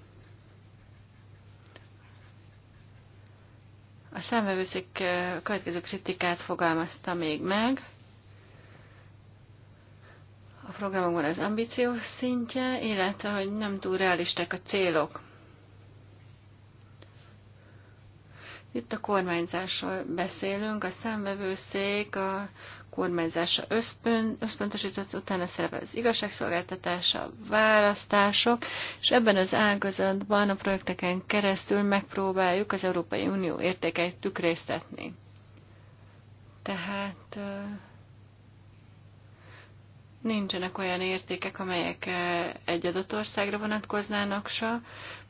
A számvevőszék eh, következő kritikát fogalmazta még meg. A programokban az ambíció szintje, illetve hogy nem túl realisták a célok. Itt a kormányzásról beszélünk, a számvevőszék a kormányzása összpön, összpontosított, utána szerepel az igazságszolgáltatása, a választások, és ebben az ágazatban a projekteken keresztül megpróbáljuk az Európai Unió értékeit tükréztetni. Tehát nincsenek olyan értékek, amelyek eh, egy adott országra vonatkoznának se.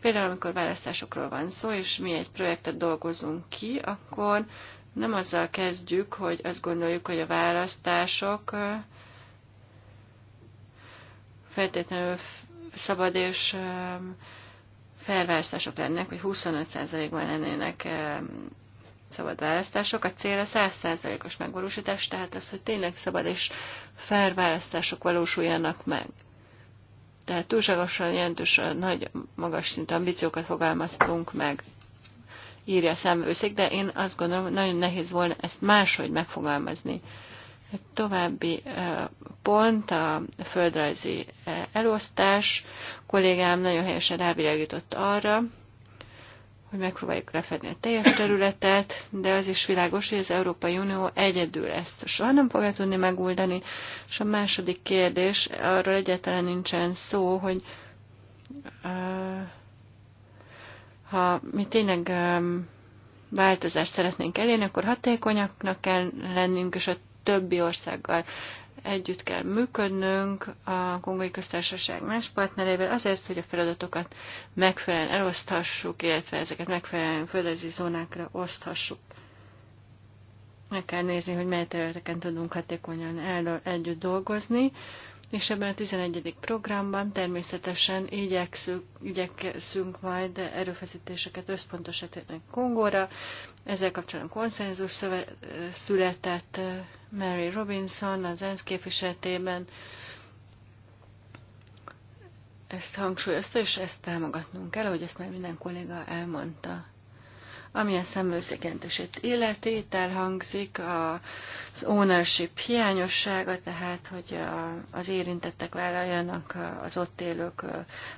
Például, amikor választásokról van szó, és mi egy projektet dolgozunk ki, akkor nem azzal kezdjük, hogy azt gondoljuk, hogy a választások eh, feltétlenül szabad és eh, felválasztások lennek, hogy 25%-ban lennének szabad választások, a cél a százszázalékos megvalósítás, tehát az, hogy tényleg szabad és fair választások valósuljanak meg. Tehát túlságosan jelentős nagy, magas szintű ambíciókat fogalmaztunk meg, írja a számvőszék, de én azt gondolom, hogy nagyon nehéz volna ezt máshogy megfogalmazni. Egy további eh, pont a földrajzi eh, elosztás. A kollégám nagyon helyesen rávilágított arra, hogy megpróbáljuk lefedni a teljes területet, de az is világos, hogy az Európai Unió egyedül ezt soha nem fogja tudni megoldani. És a második kérdés, arról egyáltalán nincsen szó, hogy uh, ha mi tényleg um, változást szeretnénk elérni, akkor hatékonyaknak kell lennünk, és a többi országgal Együtt kell működnünk a Kongai Köztársaság más partnerével azért, hogy a feladatokat megfelelően eloszthassuk, illetve ezeket megfelelően földrajzi zónákra oszthassuk. Meg kell nézni, hogy mely területeken tudunk hatékonyan el, együtt dolgozni és ebben a 11. programban természetesen igyekszünk, igyekszünk majd erőfeszítéseket összpontosítani Kongóra. Ezzel kapcsolatban konszenzus szöve, született eh, Mary Robinson az ENSZ képviseletében. Ezt hangsúlyozta, és ezt támogatnunk kell, ahogy ezt már minden kolléga elmondta ami a szemőszegentését illeti, elhangzik az ownership hiányossága, tehát hogy az érintettek vállaljanak az ott élők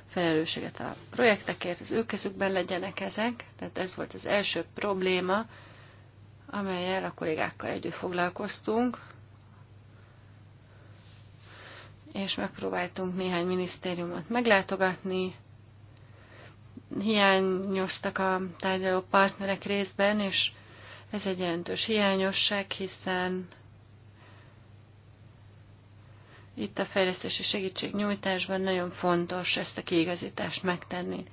felelősséget a projektekért, az ő kezükben legyenek ezek, tehát ez volt az első probléma, amelyel a kollégákkal együtt foglalkoztunk, és megpróbáltunk néhány minisztériumot meglátogatni, hiányoztak a tárgyaló partnerek részben, és ez egy jelentős hiányosság, hiszen itt a fejlesztési segítségnyújtásban nagyon fontos ezt a kiigazítást megtenni.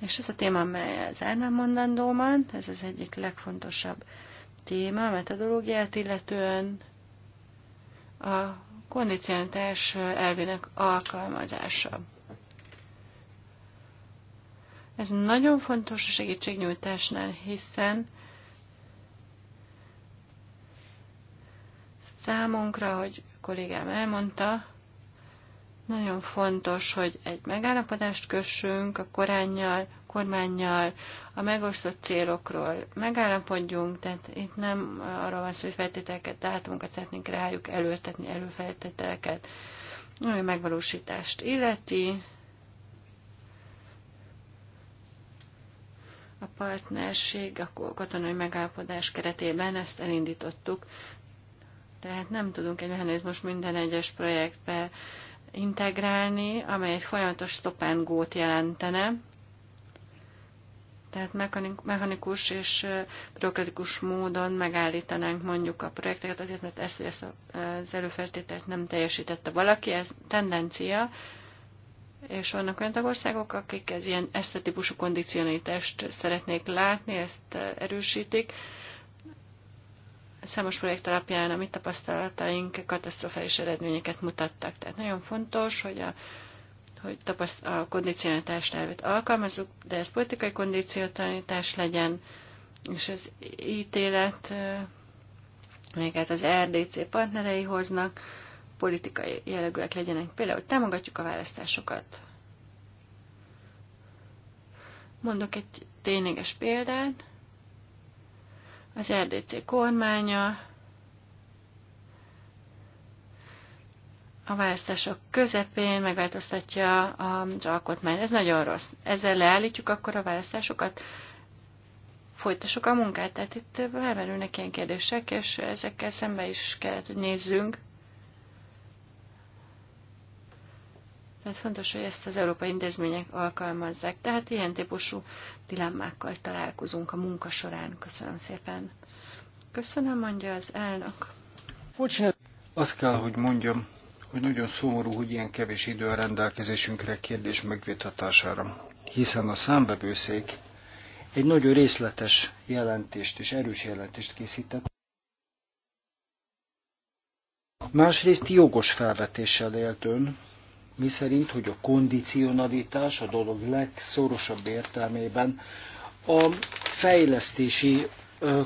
És ez a téma, amelyel zárnám mondandómat, ez az egyik legfontosabb téma a metodológiát illetően a kondicionitás elvének alkalmazása. Ez nagyon fontos a segítségnyújtásnál, hiszen számunkra, hogy kollégám elmondta, nagyon fontos, hogy egy megállapodást kössünk a korányjal, kormányjal, a megosztott célokról megállapodjunk, tehát itt nem arról van szó, hogy feltételeket, dátumokat szeretnénk rájuk előtetni, előfeltételeket, ami megvalósítást illeti, a partnerség, a katonai megállapodás keretében ezt elindítottuk. Tehát nem tudunk egy mechanizmus minden egyes projektbe integrálni, amely egy folyamatos stop and go-t jelentene. Tehát mechanikus és bürokratikus módon megállítanánk mondjuk a projekteket azért, mert ezt, ezt az előfeltételt nem teljesítette valaki, ez tendencia, és vannak olyan tagországok, akik ez ilyen, ezt a típusú kondicionalitást szeretnék látni, ezt eh, erősítik. Számos projekt alapján a mi tapasztalataink katasztrofális eredményeket mutattak. Tehát nagyon fontos, hogy a, hogy tapaszt- a kondicionalitást elvét alkalmazzuk, de ez politikai kondicionalitás legyen, és az ítélet, eh, amelyeket az RDC partnerei hoznak, politikai jellegűek legyenek. Például támogatjuk a választásokat. Mondok egy tényleges példát. Az RDC kormánya a választások közepén megváltoztatja az alkotmányt. Ez nagyon rossz. Ezzel leállítjuk akkor a választásokat, folytassuk a munkát. Tehát itt felmerülnek ilyen kérdések, és ezekkel szembe is kellett, hogy nézzünk. Tehát fontos, hogy ezt az európai intézmények alkalmazzák. Tehát ilyen típusú dilemmákkal találkozunk a munka során. Köszönöm szépen. Köszönöm, mondja az elnök. Azt kell, hogy mondjam, hogy nagyon szomorú, hogy ilyen kevés idő a rendelkezésünkre kérdés megvitatására, hiszen a számbevőszék egy nagyon részletes jelentést és erős jelentést készített. Másrészt jogos felvetéssel élt ön, mi szerint, hogy a kondicionalitás a dolog legszorosabb értelmében a fejlesztési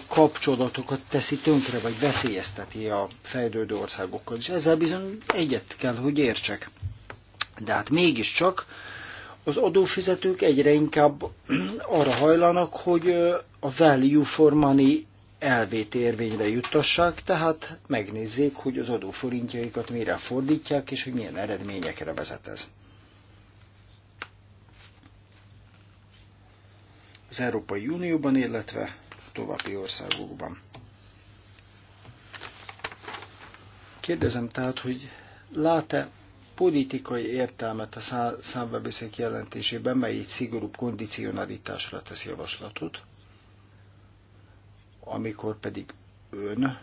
kapcsolatokat teszi tönkre, vagy veszélyezteti a fejlődő országokkal. És ezzel bizony egyet kell, hogy értsek. De hát mégiscsak az adófizetők egyre inkább [CLEARS THROAT] arra hajlanak, hogy a value for money elvét érvényre juttassak, tehát megnézzék, hogy az adóforintjaikat mire fordítják, és hogy milyen eredményekre vezet ez. Az Európai Unióban, illetve további országokban. Kérdezem tehát, hogy lát-e politikai értelmet a számvevőszék jelentésében, mely egy szigorúbb kondicionalitásra tesz javaslatot, amikor pedig ön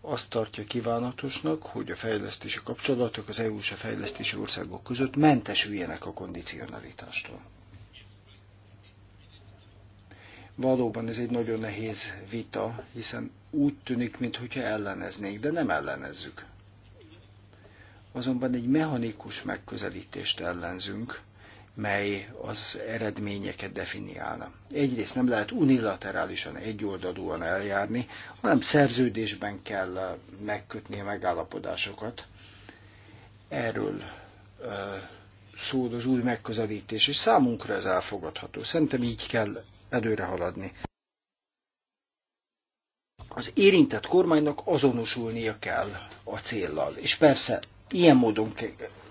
azt tartja kívánatosnak, hogy a fejlesztési kapcsolatok az EU s a fejlesztési országok között mentesüljenek a kondicionalitástól. Valóban ez egy nagyon nehéz vita, hiszen úgy tűnik, mintha elleneznék, de nem ellenezzük. Azonban egy mechanikus megközelítést ellenzünk, mely az eredményeket definiálna. Egyrészt nem lehet unilaterálisan, egyoldalúan eljárni, hanem szerződésben kell uh, megkötni a megállapodásokat. Erről uh, szól az új megközelítés, és számunkra ez elfogadható. Szerintem így kell előre haladni. Az érintett kormánynak azonosulnia kell a céllal, és persze Ilyen módon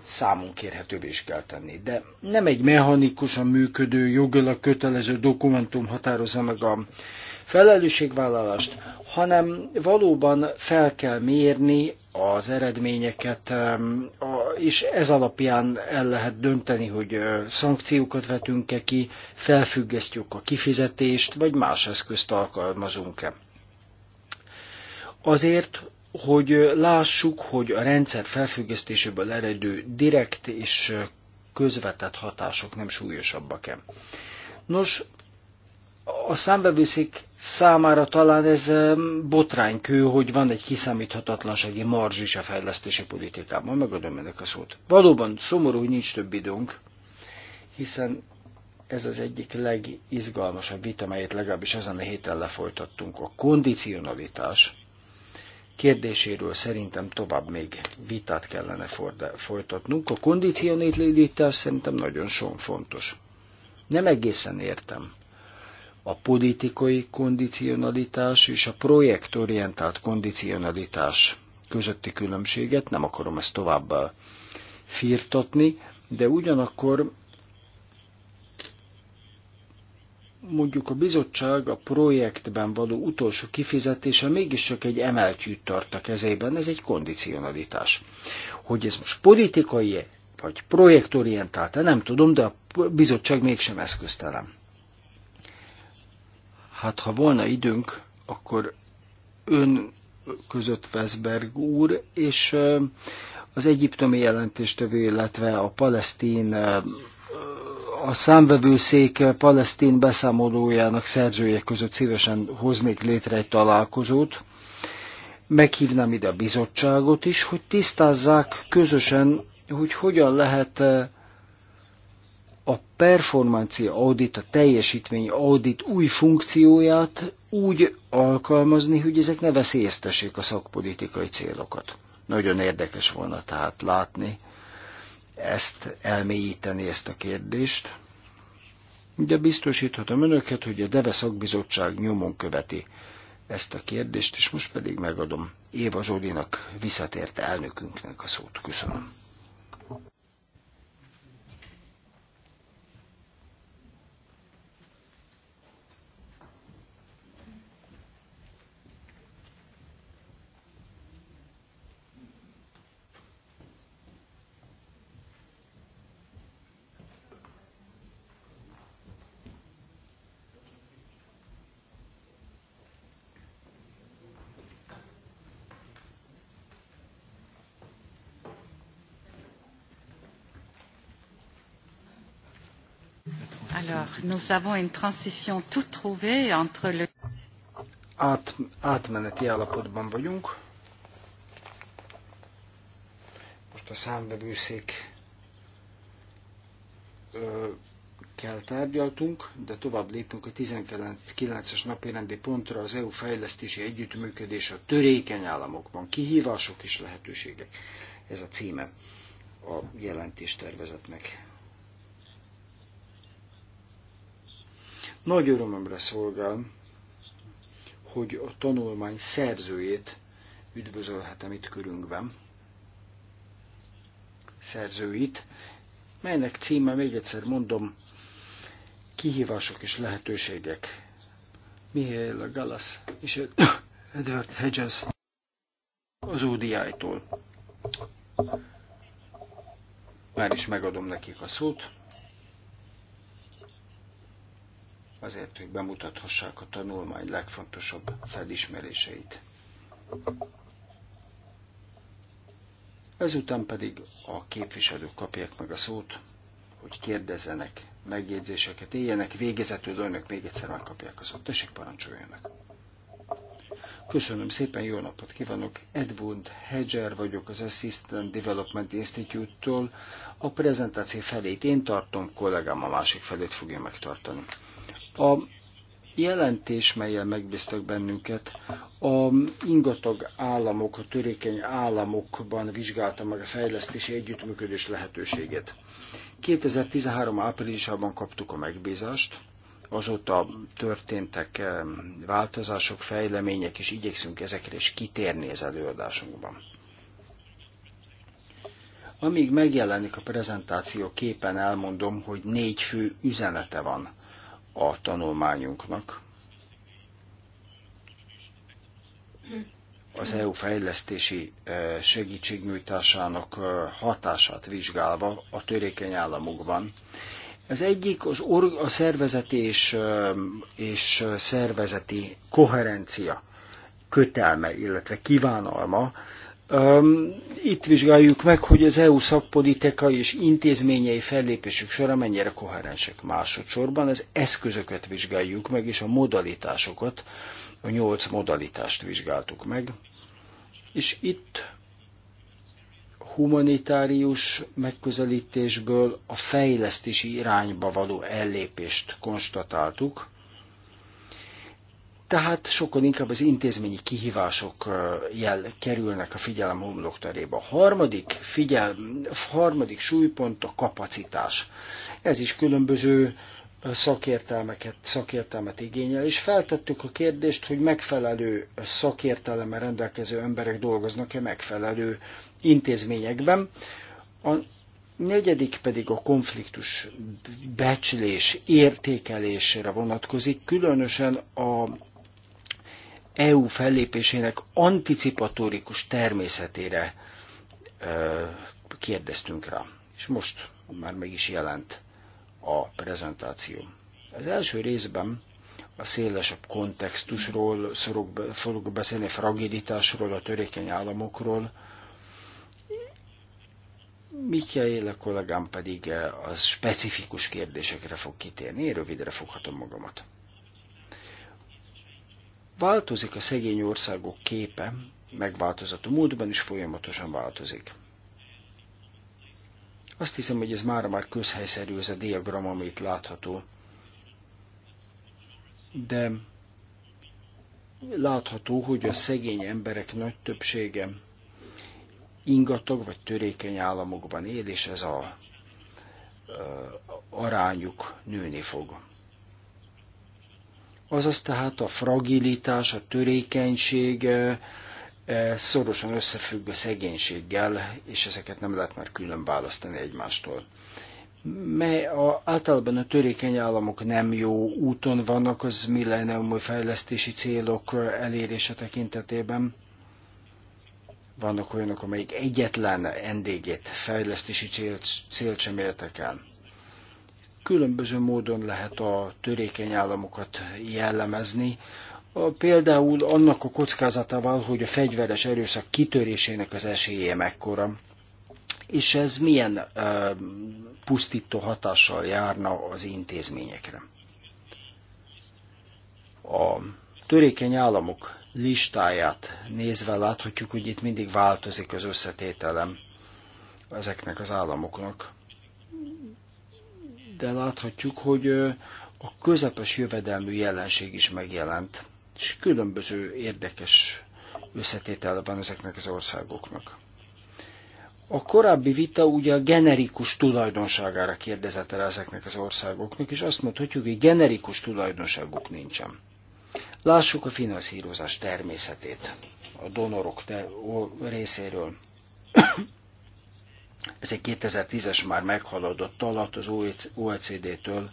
számunk kérhetővé is kell tenni. De nem egy mechanikusan működő, jogilag kötelező dokumentum határozza meg a felelősségvállalást, hanem valóban fel kell mérni az eredményeket, és ez alapján el lehet dönteni, hogy szankciókat vetünk-e ki, felfüggesztjük a kifizetést, vagy más eszközt alkalmazunk-e. Azért, hogy lássuk, hogy a rendszer felfüggesztéséből eredő direkt és közvetett hatások nem súlyosabbak-e. Nos, a számbevőszék számára talán ez botránykő, hogy van egy kiszámíthatatlansági marzs is a fejlesztési politikában. Megadom ennek a szót. Valóban szomorú, hogy nincs több időnk, hiszen ez az egyik legizgalmasabb vita, melyet legalábbis ezen a héten lefolytattunk, a kondicionalitás, kérdéséről szerintem tovább még vitát kellene folytatnunk. A lédítás szerintem nagyon son fontos. Nem egészen értem. A politikai kondicionalitás és a projektorientált kondicionalitás közötti különbséget, nem akarom ezt tovább firtatni, de ugyanakkor mondjuk a bizottság a projektben való utolsó kifizetése mégiscsak egy emelt tart a kezében, ez egy kondicionalitás. Hogy ez most politikai -e, vagy projektorientált -e, nem tudom, de a bizottság mégsem eszköztelem. Hát ha volna időnk, akkor ön között Veszberg úr, és az egyiptomi jelentéstevő, illetve a palesztin a számvevőszék palesztin beszámolójának szerzője között szívesen hoznék létre egy találkozót. Meghívnám ide a bizottságot is, hogy tisztázzák közösen, hogy hogyan lehet eh, a performancia audit, a teljesítmény audit új funkcióját úgy alkalmazni, hogy ezek ne veszélyeztessék a szakpolitikai célokat. Nagyon érdekes volna tehát látni, ezt elmélyíteni, ezt a kérdést. De biztosíthatom önöket, hogy a DEVE szakbizottság nyomon követi ezt a kérdést, és most pedig megadom Éva Zsolinak visszatért elnökünknek a szót. Köszönöm. nous avons une transition tout trouvée entre le... Át, átmeneti állapotban vagyunk. Most a számvevőszék kell tárgyaltunk, de tovább lépünk a 19-es napi rendi pontra az EU fejlesztési együttműködés a törékeny államokban, kihívások és lehetőségek. Ez a címe a jelentéstervezetnek. Nagy örömömre szolgál, hogy a tanulmány szerzőjét üdvözölhetem itt körünkben. Szerzőit, melynek címe, még egyszer mondom, kihívások és lehetőségek. Mihail Galas és Edward Hedges az ODI-tól. Már is megadom nekik a szót. azért, hogy bemutathassák a tanulmány legfontosabb felismeréseit. Ezután pedig a képviselők kapják meg a szót, hogy kérdezzenek, megjegyzéseket éljenek, végezetül önök még egyszer megkapják a szót. tessék parancsoljanak. Köszönöm szépen, jó napot kívánok! Edward Hedger vagyok az Assistant Development Institute-tól. A prezentáció felét én tartom, kollégám a másik felét fogja megtartani. A jelentés, melyen megbíztak bennünket, a ingatag államok, a törékeny államokban vizsgálta meg a fejlesztési együttműködés lehetőségét. 2013. áprilisában kaptuk a megbízást, azóta történtek változások, fejlemények, és igyekszünk ezekre is kitérni az előadásunkban. Amíg megjelenik a prezentáció képen, elmondom, hogy négy fő üzenete van a tanulmányunknak. Az EU fejlesztési e, segítségnyújtásának e, hatását vizsgálva a törékeny államokban. Ez egyik az org, a szervezeti és, e, és szervezeti koherencia kötelme, illetve kívánalma, itt vizsgáljuk meg, hogy az EU szakpolitika és intézményei fellépésük során mennyire koherensek. Másodszorban az eszközöket vizsgáljuk meg, és a modalitásokat, a nyolc modalitást vizsgáltuk meg, és itt humanitárius megközelítésből a fejlesztési irányba való ellépést konstatáltuk, tehát sokkal inkább az intézményi kihívások jel kerülnek a figyelem homlokterébe. A harmadik, figyel, harmadik súlypont a kapacitás. Ez is különböző szakértelmeket, szakértelmet igényel, és feltettük a kérdést, hogy megfelelő szakértelemmel rendelkező emberek dolgoznak-e megfelelő intézményekben. A negyedik pedig a konfliktus becslés, értékelésre vonatkozik, különösen a EU fellépésének anticipatórikus természetére ö, kérdeztünk rá. És most már meg is jelent a prezentáció. Az első részben a szélesebb kontextusról fogok beszélni, fragilitásról, a törékeny államokról. Mikkel a kollégám pedig az specifikus kérdésekre fog kitérni. Én rövidre foghatom magamat. Változik a szegény országok képe, megváltozott a múltban is folyamatosan változik. Azt hiszem, hogy ez már már közhelyszerű ez a diagram, amit látható. De látható, hogy a szegény emberek nagy többsége ingatag vagy törékeny államokban él, és ez a, a arányuk nőni fog. Azaz tehát a fragilitás, a törékenység szorosan összefügg a szegénységgel, és ezeket nem lehet már külön választani egymástól mely a, általában a törékeny államok nem jó úton vannak az millenniumi fejlesztési célok elérése tekintetében. Vannak olyanok, amelyik egyetlen NDG-t, fejlesztési célt, célt sem értek el. Különböző módon lehet a törékeny államokat jellemezni. Például annak a kockázatával, hogy a fegyveres erőszak kitörésének az esélye mekkora és ez milyen ö, pusztító hatással járna az intézményekre. A törékeny államok listáját nézve láthatjuk, hogy itt mindig változik az összetételem ezeknek az államoknak de láthatjuk, hogy a közepes jövedelmű jelenség is megjelent, és különböző érdekes összetétel van ezeknek az országoknak. A korábbi vita ugye a generikus tulajdonságára kérdezett el ezeknek az országoknak, és azt mondhatjuk, hogy generikus tulajdonságuk nincsen. Lássuk a finanszírozás természetét a donorok te- részéről ez egy 2010-es már meghaladott alatt az OECD-től. E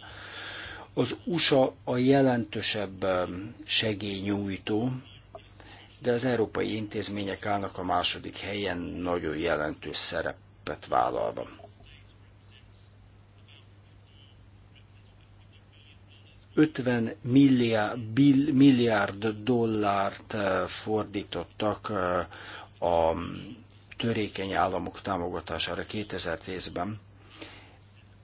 az USA a jelentősebb um, segélynyújtó, de az európai intézmények állnak a második helyen nagyon jelentős szerepet vállalva. Ötven milliárd dollárt uh, fordítottak uh, a törékeny államok támogatására 2010-ben.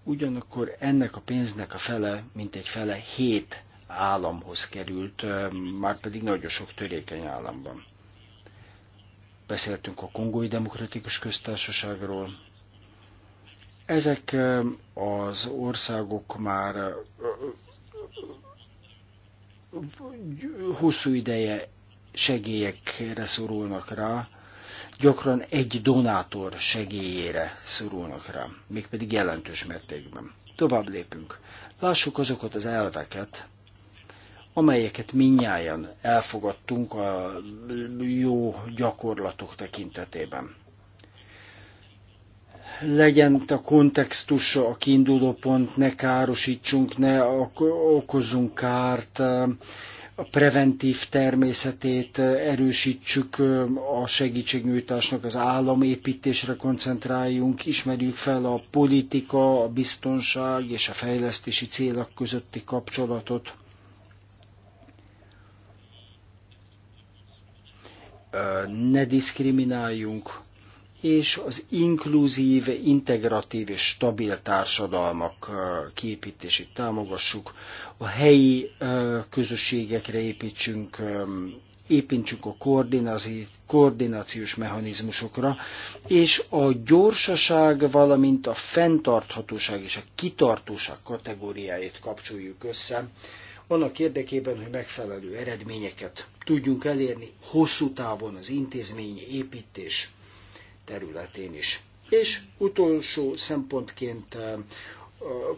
Ugyanakkor ennek a pénznek a fele, mint egy fele, hét államhoz került, már pedig nagyon sok törékeny államban. Beszéltünk a Kongói Demokratikus Köztársaságról. Ezek az országok már hosszú ideje segélyekre szorulnak rá, gyakran egy donátor segélyére szorulnak rá, mégpedig jelentős mértékben. Tovább lépünk. Lássuk azokat az elveket, amelyeket minnyáján elfogadtunk a jó gyakorlatok tekintetében. Legyen a kontextus a kiinduló pont, ne károsítsunk, ne okozzunk kárt, a preventív természetét erősítsük a segítségnyújtásnak, az államépítésre koncentráljunk, ismerjük fel a politika, a biztonság és a fejlesztési célok közötti kapcsolatot. Ne diszkrimináljunk, és az inkluzív, integratív és stabil társadalmak képítését támogassuk, a helyi közösségekre építsünk, építsünk a koordinációs mechanizmusokra, és a gyorsaság, valamint a fenntarthatóság és a kitartóság kategóriáit kapcsoljuk össze, annak érdekében, hogy megfelelő eredményeket tudjunk elérni hosszú távon az intézmény építés területén is. És utolsó szempontként eh,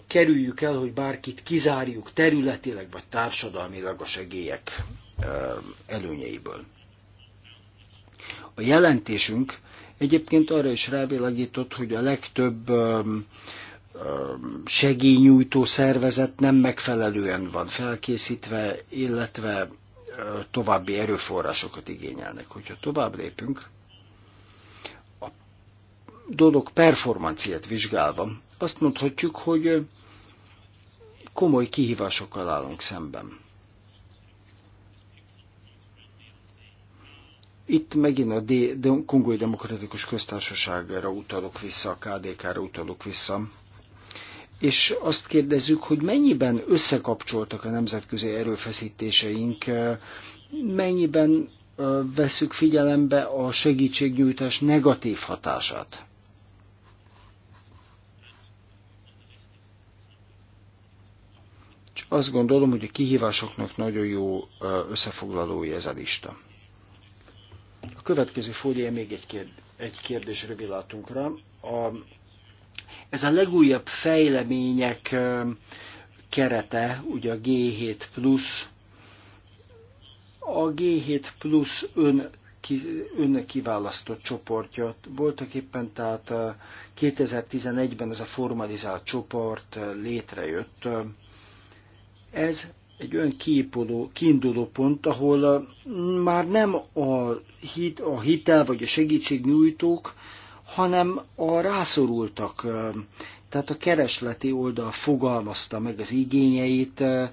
kerüljük el, hogy bárkit kizárjuk területileg vagy társadalmilag a segélyek eh, előnyeiből. A jelentésünk egyébként arra is rávilágított, hogy a legtöbb eh, segélynyújtó szervezet nem megfelelően van felkészítve, illetve további erőforrásokat igényelnek. Hogyha tovább lépünk, dolog performanciát vizsgálva, azt mondhatjuk, hogy komoly kihívásokkal állunk szemben. Itt megint a Kongói Demokratikus Köztársaságra utalok vissza, a KDK-ra utalok vissza, és azt kérdezzük, hogy mennyiben összekapcsoltak a nemzetközi erőfeszítéseink, mennyiben veszük figyelembe a segítségnyújtás negatív hatását. Azt gondolom, hogy a kihívásoknak nagyon jó összefoglalója ez a lista. A következő fólia még egy, kérd, egy kérdésre világunk rá. A, ez a legújabb fejlemények kerete, ugye a G7 plusz, a G7 plusz ön, ön kiválasztott csoportja. Voltak éppen, tehát 2011-ben ez a formalizált csoport létrejött ez egy olyan kiépoló, kiinduló pont, ahol uh, már nem a, hit, a hitel vagy a segítségnyújtók, hanem a rászorultak, uh, tehát a keresleti oldal fogalmazta meg az igényeit, uh,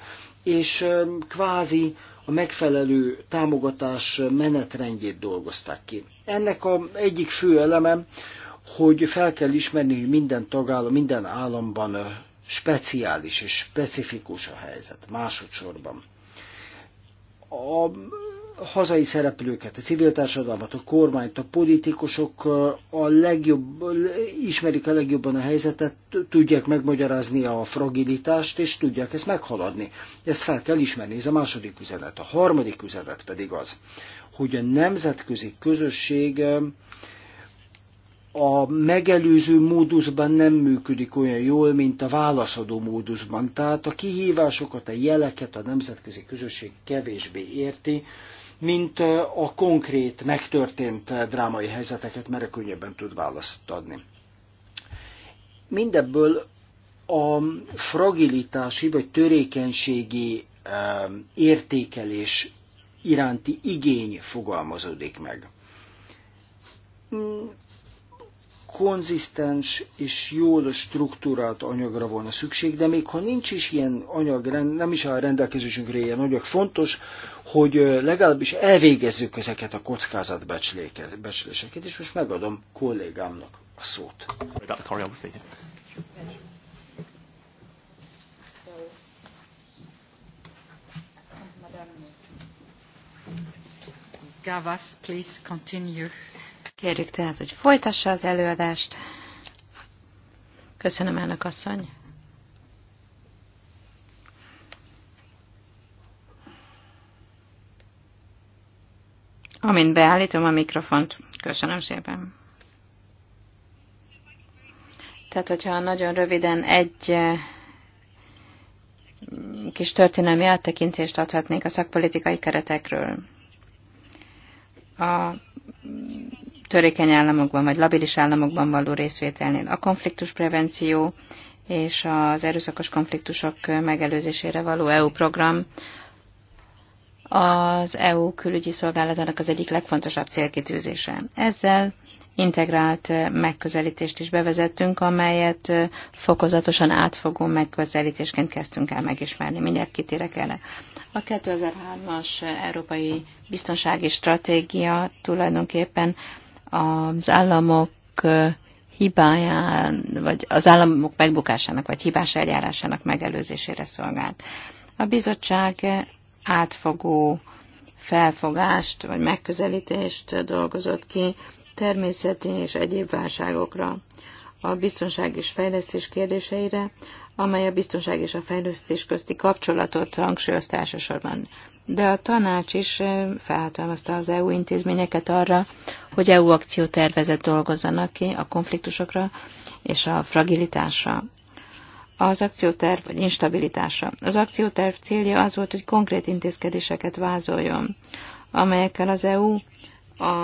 és kvázi a megfelelő támogatás menetrendjét dolgozták ki. Ennek a egyik fő eleme, hogy fel kell ismerni, hogy minden tagállam, minden államban speciális és specifikus a helyzet másodszorban. A hazai szereplőket, a civil társadalmat, a kormányt, a politikusok a legjobb, ismerik a legjobban a helyzetet, tudják megmagyarázni a fragilitást, és tudják ezt meghaladni. Ezt fel kell ismerni, ez a második üzenet. A harmadik üzenet pedig az, hogy a nemzetközi közösség a megelőző módusban nem működik olyan jól, mint a válaszadó módusban. Tehát a kihívásokat, a jeleket a nemzetközi közösség kevésbé érti, mint a konkrét, megtörtént drámai helyzeteket, mert könnyebben tud választ adni. Mindebből a fragilitási vagy törékenységi értékelés iránti igény fogalmazódik meg konzisztens és jól struktúrált anyagra volna szükség, de még ha nincs is ilyen anyag, nem is a rendelkezésünkre ilyen anyag, fontos, hogy legalábbis elvégezzük ezeket a kockázatbecsléseket, és most megadom kollégámnak a szót. Gavas, please continue. Kérjük tehát, hogy folytassa az előadást. Köszönöm, elnök asszony. Amint beállítom a mikrofont. Köszönöm szépen. Tehát, hogyha nagyon röviden egy eh, kis történelmi áttekintést adhatnék a szakpolitikai keretekről. A törékeny államokban vagy labilis államokban való részvételnél. A konfliktusprevenció és az erőszakos konfliktusok megelőzésére való EU program az EU külügyi szolgálatának az egyik legfontosabb célkitűzése. Ezzel integrált megközelítést is bevezettünk, amelyet fokozatosan átfogó megközelítésként kezdtünk el megismerni. Mindjárt kitérek erre. A 2003-as Európai Biztonsági Stratégia tulajdonképpen az államok hibáján, vagy az államok megbukásának, vagy hibás eljárásának megelőzésére szolgált. A bizottság átfogó felfogást, vagy megközelítést dolgozott ki természeti és egyéb válságokra, a biztonság és fejlesztés kérdéseire, amely a biztonság és a fejlesztés közti kapcsolatot hangsúlyozta elsősorban de a tanács is felhatalmazta az EU intézményeket arra, hogy EU akciótervezet dolgozzanak ki a konfliktusokra és a fragilitásra. Az akcióterv vagy instabilitásra. Az akcióterv célja az volt, hogy konkrét intézkedéseket vázoljon, amelyekkel az EU a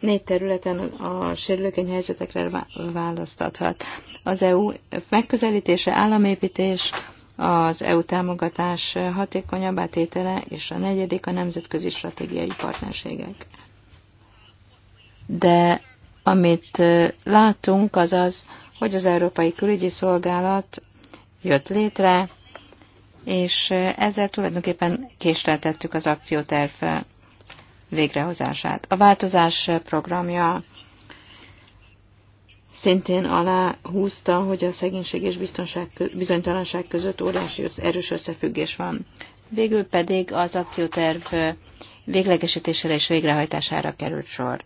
négy területen a sérülékeny helyzetekre választathat. Az EU megközelítése, államépítés, az EU támogatás hatékonyabb átétele, és a negyedik a nemzetközi stratégiai partnerségek. De amit látunk, az az, hogy az Európai Külügyi Szolgálat jött létre, és ezzel tulajdonképpen késleltettük az akcióterv végrehozását. A változás programja szintén alá húzta, hogy a szegénység és biztonság, bizonytalanság között óriási erős összefüggés van. Végül pedig az akcióterv véglegesítésére és végrehajtására került sor.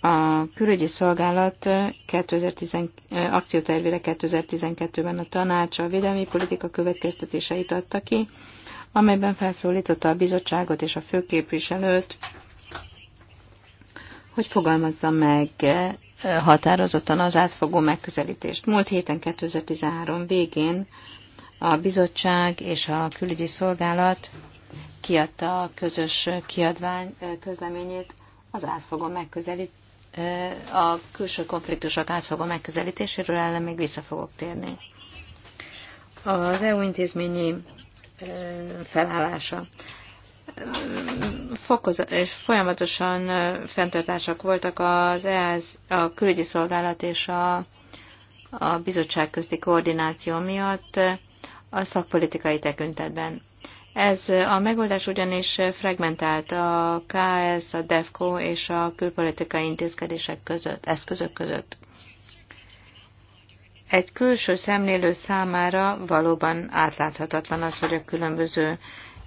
A külügyi szolgálat 2010, akciótervére 2012-ben a tanács a védelmi politika következtetéseit adta ki, amelyben felszólította a bizottságot és a főképviselőt, hogy fogalmazza meg határozottan az átfogó megközelítést. Múlt héten 2013 végén a bizottság és a külügyi szolgálat kiadta a közös kiadvány közleményét az átfogó megközelít, a külső konfliktusok átfogó megközelítéséről ellen még vissza fogok térni. Az EU intézményi felállása fokoz, és folyamatosan fenntartások voltak az EASZ, a külügyi szolgálat és a, a bizottság közti koordináció miatt a szakpolitikai tekintetben. Ez a megoldás ugyanis fragmentált a KS, a DEFCO és a külpolitikai intézkedések között, eszközök között. Egy külső szemlélő számára valóban átláthatatlan az, hogy a különböző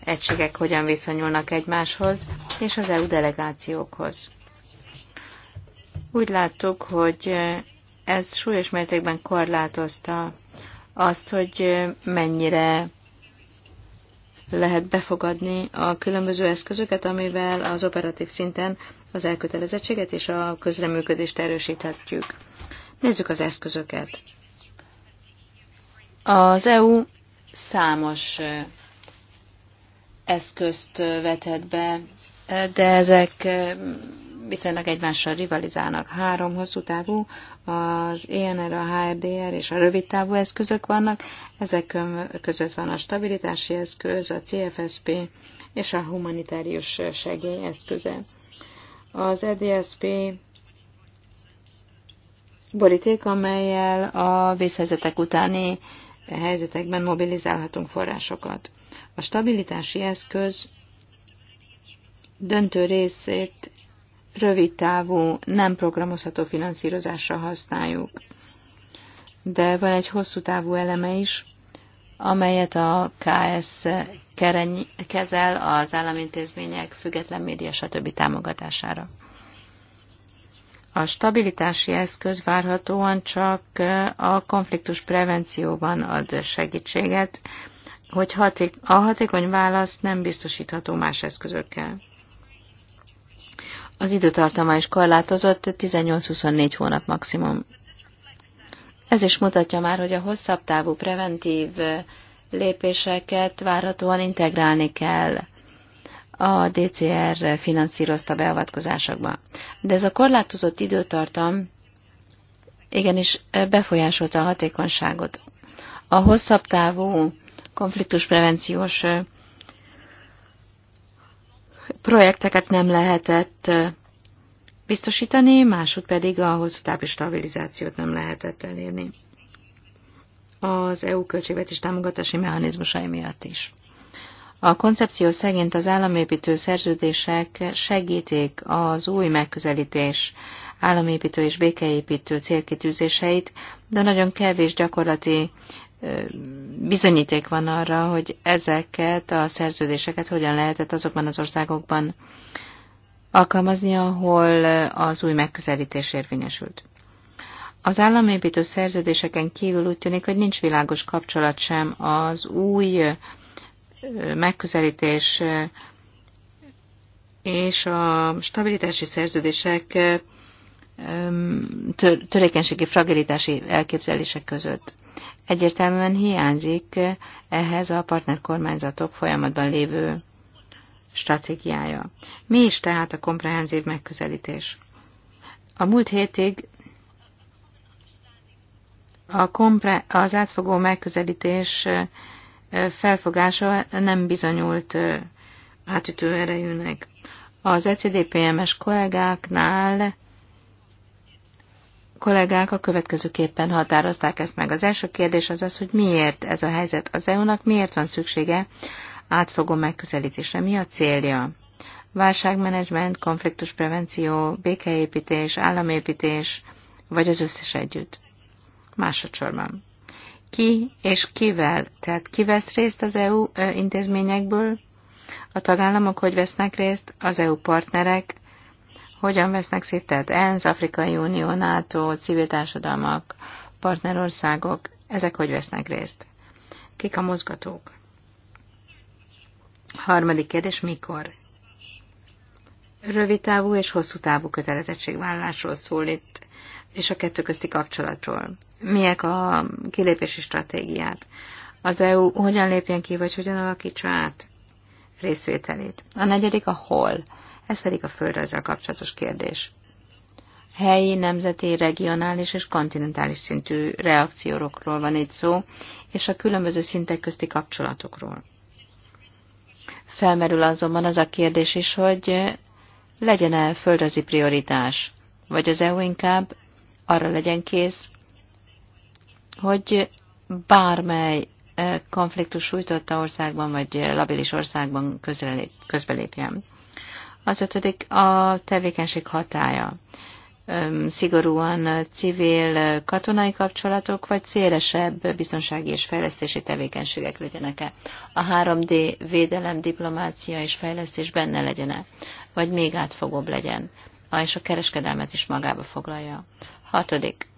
egységek hogyan viszonyulnak egymáshoz és az EU delegációkhoz. Úgy láttuk, hogy ez súlyos mértékben korlátozta azt, hogy mennyire lehet befogadni a különböző eszközöket, amivel az operatív szinten az elkötelezettséget és a közreműködést erősíthetjük. Nézzük az eszközöket. Az EU számos eszközt vetett be, de ezek viszonylag egymással rivalizálnak. Három hosszú távú, az ENR, a HRDR és a rövid távú eszközök vannak, ezek között van a stabilitási eszköz, a CFSP és a humanitárius segély eszköze. Az EDSP boríték, amelyel a vészhelyzetek utáni helyzetekben mobilizálhatunk forrásokat. A stabilitási eszköz döntő részét rövid távú, nem programozható finanszírozásra használjuk. De van egy hosszú távú eleme is, amelyet a KS kereny, kezel az államintézmények, független média, stb. támogatására. A stabilitási eszköz várhatóan csak a konfliktus prevencióban ad segítséget, hogy haték, a hatékony válasz nem biztosítható más eszközökkel. Az időtartama is korlátozott, 18-24 hónap maximum. Ez is mutatja már, hogy a hosszabb távú preventív lépéseket várhatóan integrálni kell a DCR finanszírozta beavatkozásokba. De ez a korlátozott időtartam igenis befolyásolta a hatékonyságot. A hosszabb távú konfliktusprevenciós projekteket nem lehetett biztosítani, másod pedig a hosszú távú stabilizációt nem lehetett elérni az EU költségvetés támogatási mechanizmusai miatt is. A koncepció szerint az államépítő szerződések segítik az új megközelítés államépítő és békeépítő célkitűzéseit, de nagyon kevés gyakorlati bizonyíték van arra, hogy ezeket a szerződéseket hogyan lehetett azokban az országokban alkalmazni, ahol az új megközelítés érvényesült. Az államépítő szerződéseken kívül úgy tűnik, hogy nincs világos kapcsolat sem az új megközelítés és a stabilitási szerződések törékenységi fragilitási elképzelések között. Egyértelműen hiányzik ehhez a partnerkormányzatok folyamatban lévő stratégiája. Mi is tehát a komprehenzív megközelítés? A múlt hétig a kompre, az átfogó megközelítés felfogása nem bizonyult átütő erejűnek. Az ECDPMS kollégáknál kollégák a következőképpen határozták ezt meg. Az első kérdés az az, hogy miért ez a helyzet az EU-nak, miért van szüksége átfogó megközelítésre, mi a célja? Válságmenedzsment, konfliktusprevenció, békeépítés, államépítés, vagy az összes együtt? Másodszorban. Ki és kivel? Tehát ki vesz részt az EU intézményekből? A tagállamok hogy vesznek részt? Az EU partnerek? Hogyan vesznek szintet ENSZ, Afrikai Unió, NATO, civil társadalmak, partnerországok, ezek hogy vesznek részt? Kik a mozgatók? Harmadik kérdés, mikor? Rövid távú és hosszú távú kötelezettségvállalásról szól itt, és a kettő közti kapcsolatról. Miek a kilépési stratégiát? Az EU hogyan lépjen ki, vagy hogyan alakítsa át részvételét? A negyedik a hol ez pedig a földrajzzal kapcsolatos kérdés. Helyi, nemzeti, regionális és kontinentális szintű reakciókról van itt szó, és a különböző szintek közti kapcsolatokról. Felmerül azonban az a kérdés is, hogy legyen-e földrajzi prioritás, vagy az EU inkább arra legyen kész, hogy bármely eh, konfliktus sújtotta országban, vagy labilis országban közbelépjen. Az ötödik a tevékenység hatája. Szigorúan civil katonai kapcsolatok, vagy szélesebb biztonsági és fejlesztési tevékenységek legyenek-e? A 3D védelem, diplomácia és fejlesztés benne legyen-e? Vagy még átfogóbb legyen? és a kereskedelmet is magába foglalja. Hatodik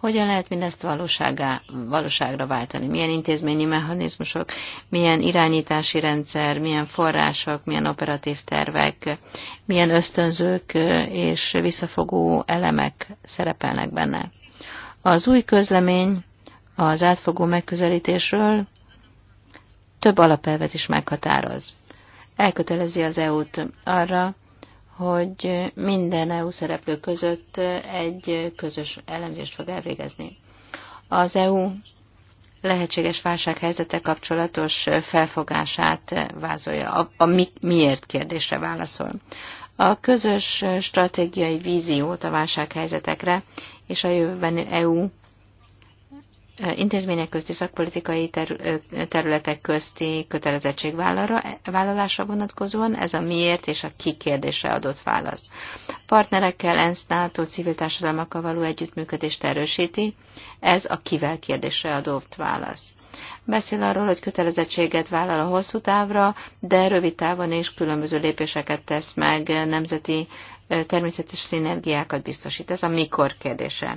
hogyan lehet mindezt valóságá, valóságra váltani? Milyen intézményi mechanizmusok, milyen irányítási rendszer, milyen források, milyen operatív tervek, milyen ösztönzők és visszafogó elemek szerepelnek benne? Az új közlemény az átfogó megközelítésről több alapelvet is meghatároz. Elkötelezi az EU-t arra, hogy minden EU szereplő között egy közös elemzést fog elvégezni. Az EU lehetséges válsághelyzete kapcsolatos felfogását vázolja, a, a mi, miért kérdésre válaszol. A közös stratégiai víziót a válsághelyzetekre és a jövőben EU intézmények közti szakpolitikai területek közti kötelezettségvállalásra vonatkozóan, ez a miért és a ki kérdésre adott választ. Partnerekkel, ENSZ, NATO, civil társadalmakkal való együttműködést erősíti, ez a kivel kérdésre adott válasz. Beszél arról, hogy kötelezettséget vállal a hosszú távra, de rövid távon is különböző lépéseket tesz meg, nemzeti természetes szinergiákat biztosít. Ez a mikor kérdése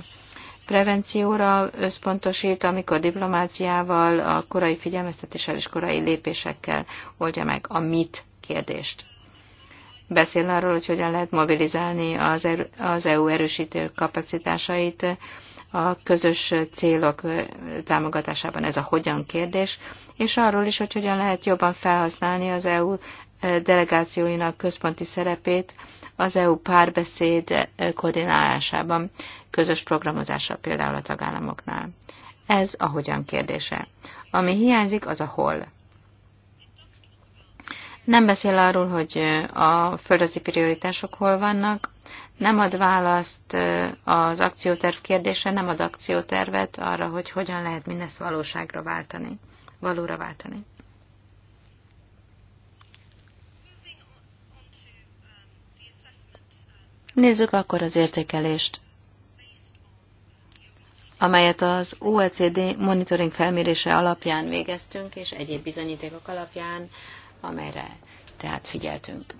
prevencióra összpontosít, amikor diplomáciával, a korai figyelmeztetéssel és korai lépésekkel oldja meg a mit kérdést. Beszél arról, hogy hogyan lehet mobilizálni az, erő, az EU erősítő kapacitásait a közös célok támogatásában. Ez a hogyan kérdés, és arról is, hogy hogyan lehet jobban felhasználni az EU delegációinak központi szerepét az EU párbeszéd koordinálásában közös programozással például a tagállamoknál. Ez a hogyan kérdése. Ami hiányzik, az a hol. Nem beszél arról, hogy a földrajzi prioritások hol vannak, nem ad választ az akcióterv kérdése, nem ad akciótervet arra, hogy hogyan lehet mindezt valóságra váltani, valóra váltani. Nézzük akkor az értékelést amelyet az OECD monitoring felmérése alapján végeztünk, és egyéb bizonyítékok alapján, amelyre tehát figyeltünk.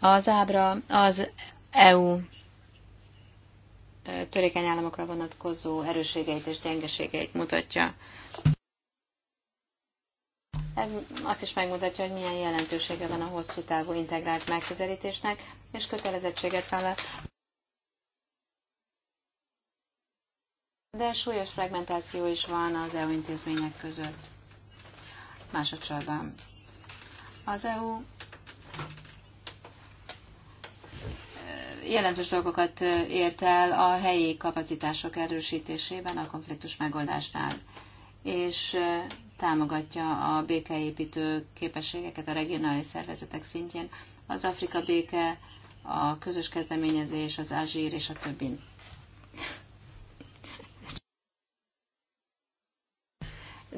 Az ábra az EU törékeny államokra vonatkozó erősségeit és gyengeségeit mutatja. Ez azt is megmutatja, hogy milyen jelentősége van a hosszú távú integrált megközelítésnek, és kötelezettséget vállal de súlyos fragmentáció is van az EU intézmények között. Másodszorban az EU eh, jelentős dolgokat eh, ért el a helyi kapacitások erősítésében a konfliktus megoldásnál, és eh, támogatja a békeépítő képességeket a regionális szervezetek szintjén, az Afrika béke, a közös kezdeményezés, az Ázsír és a többi.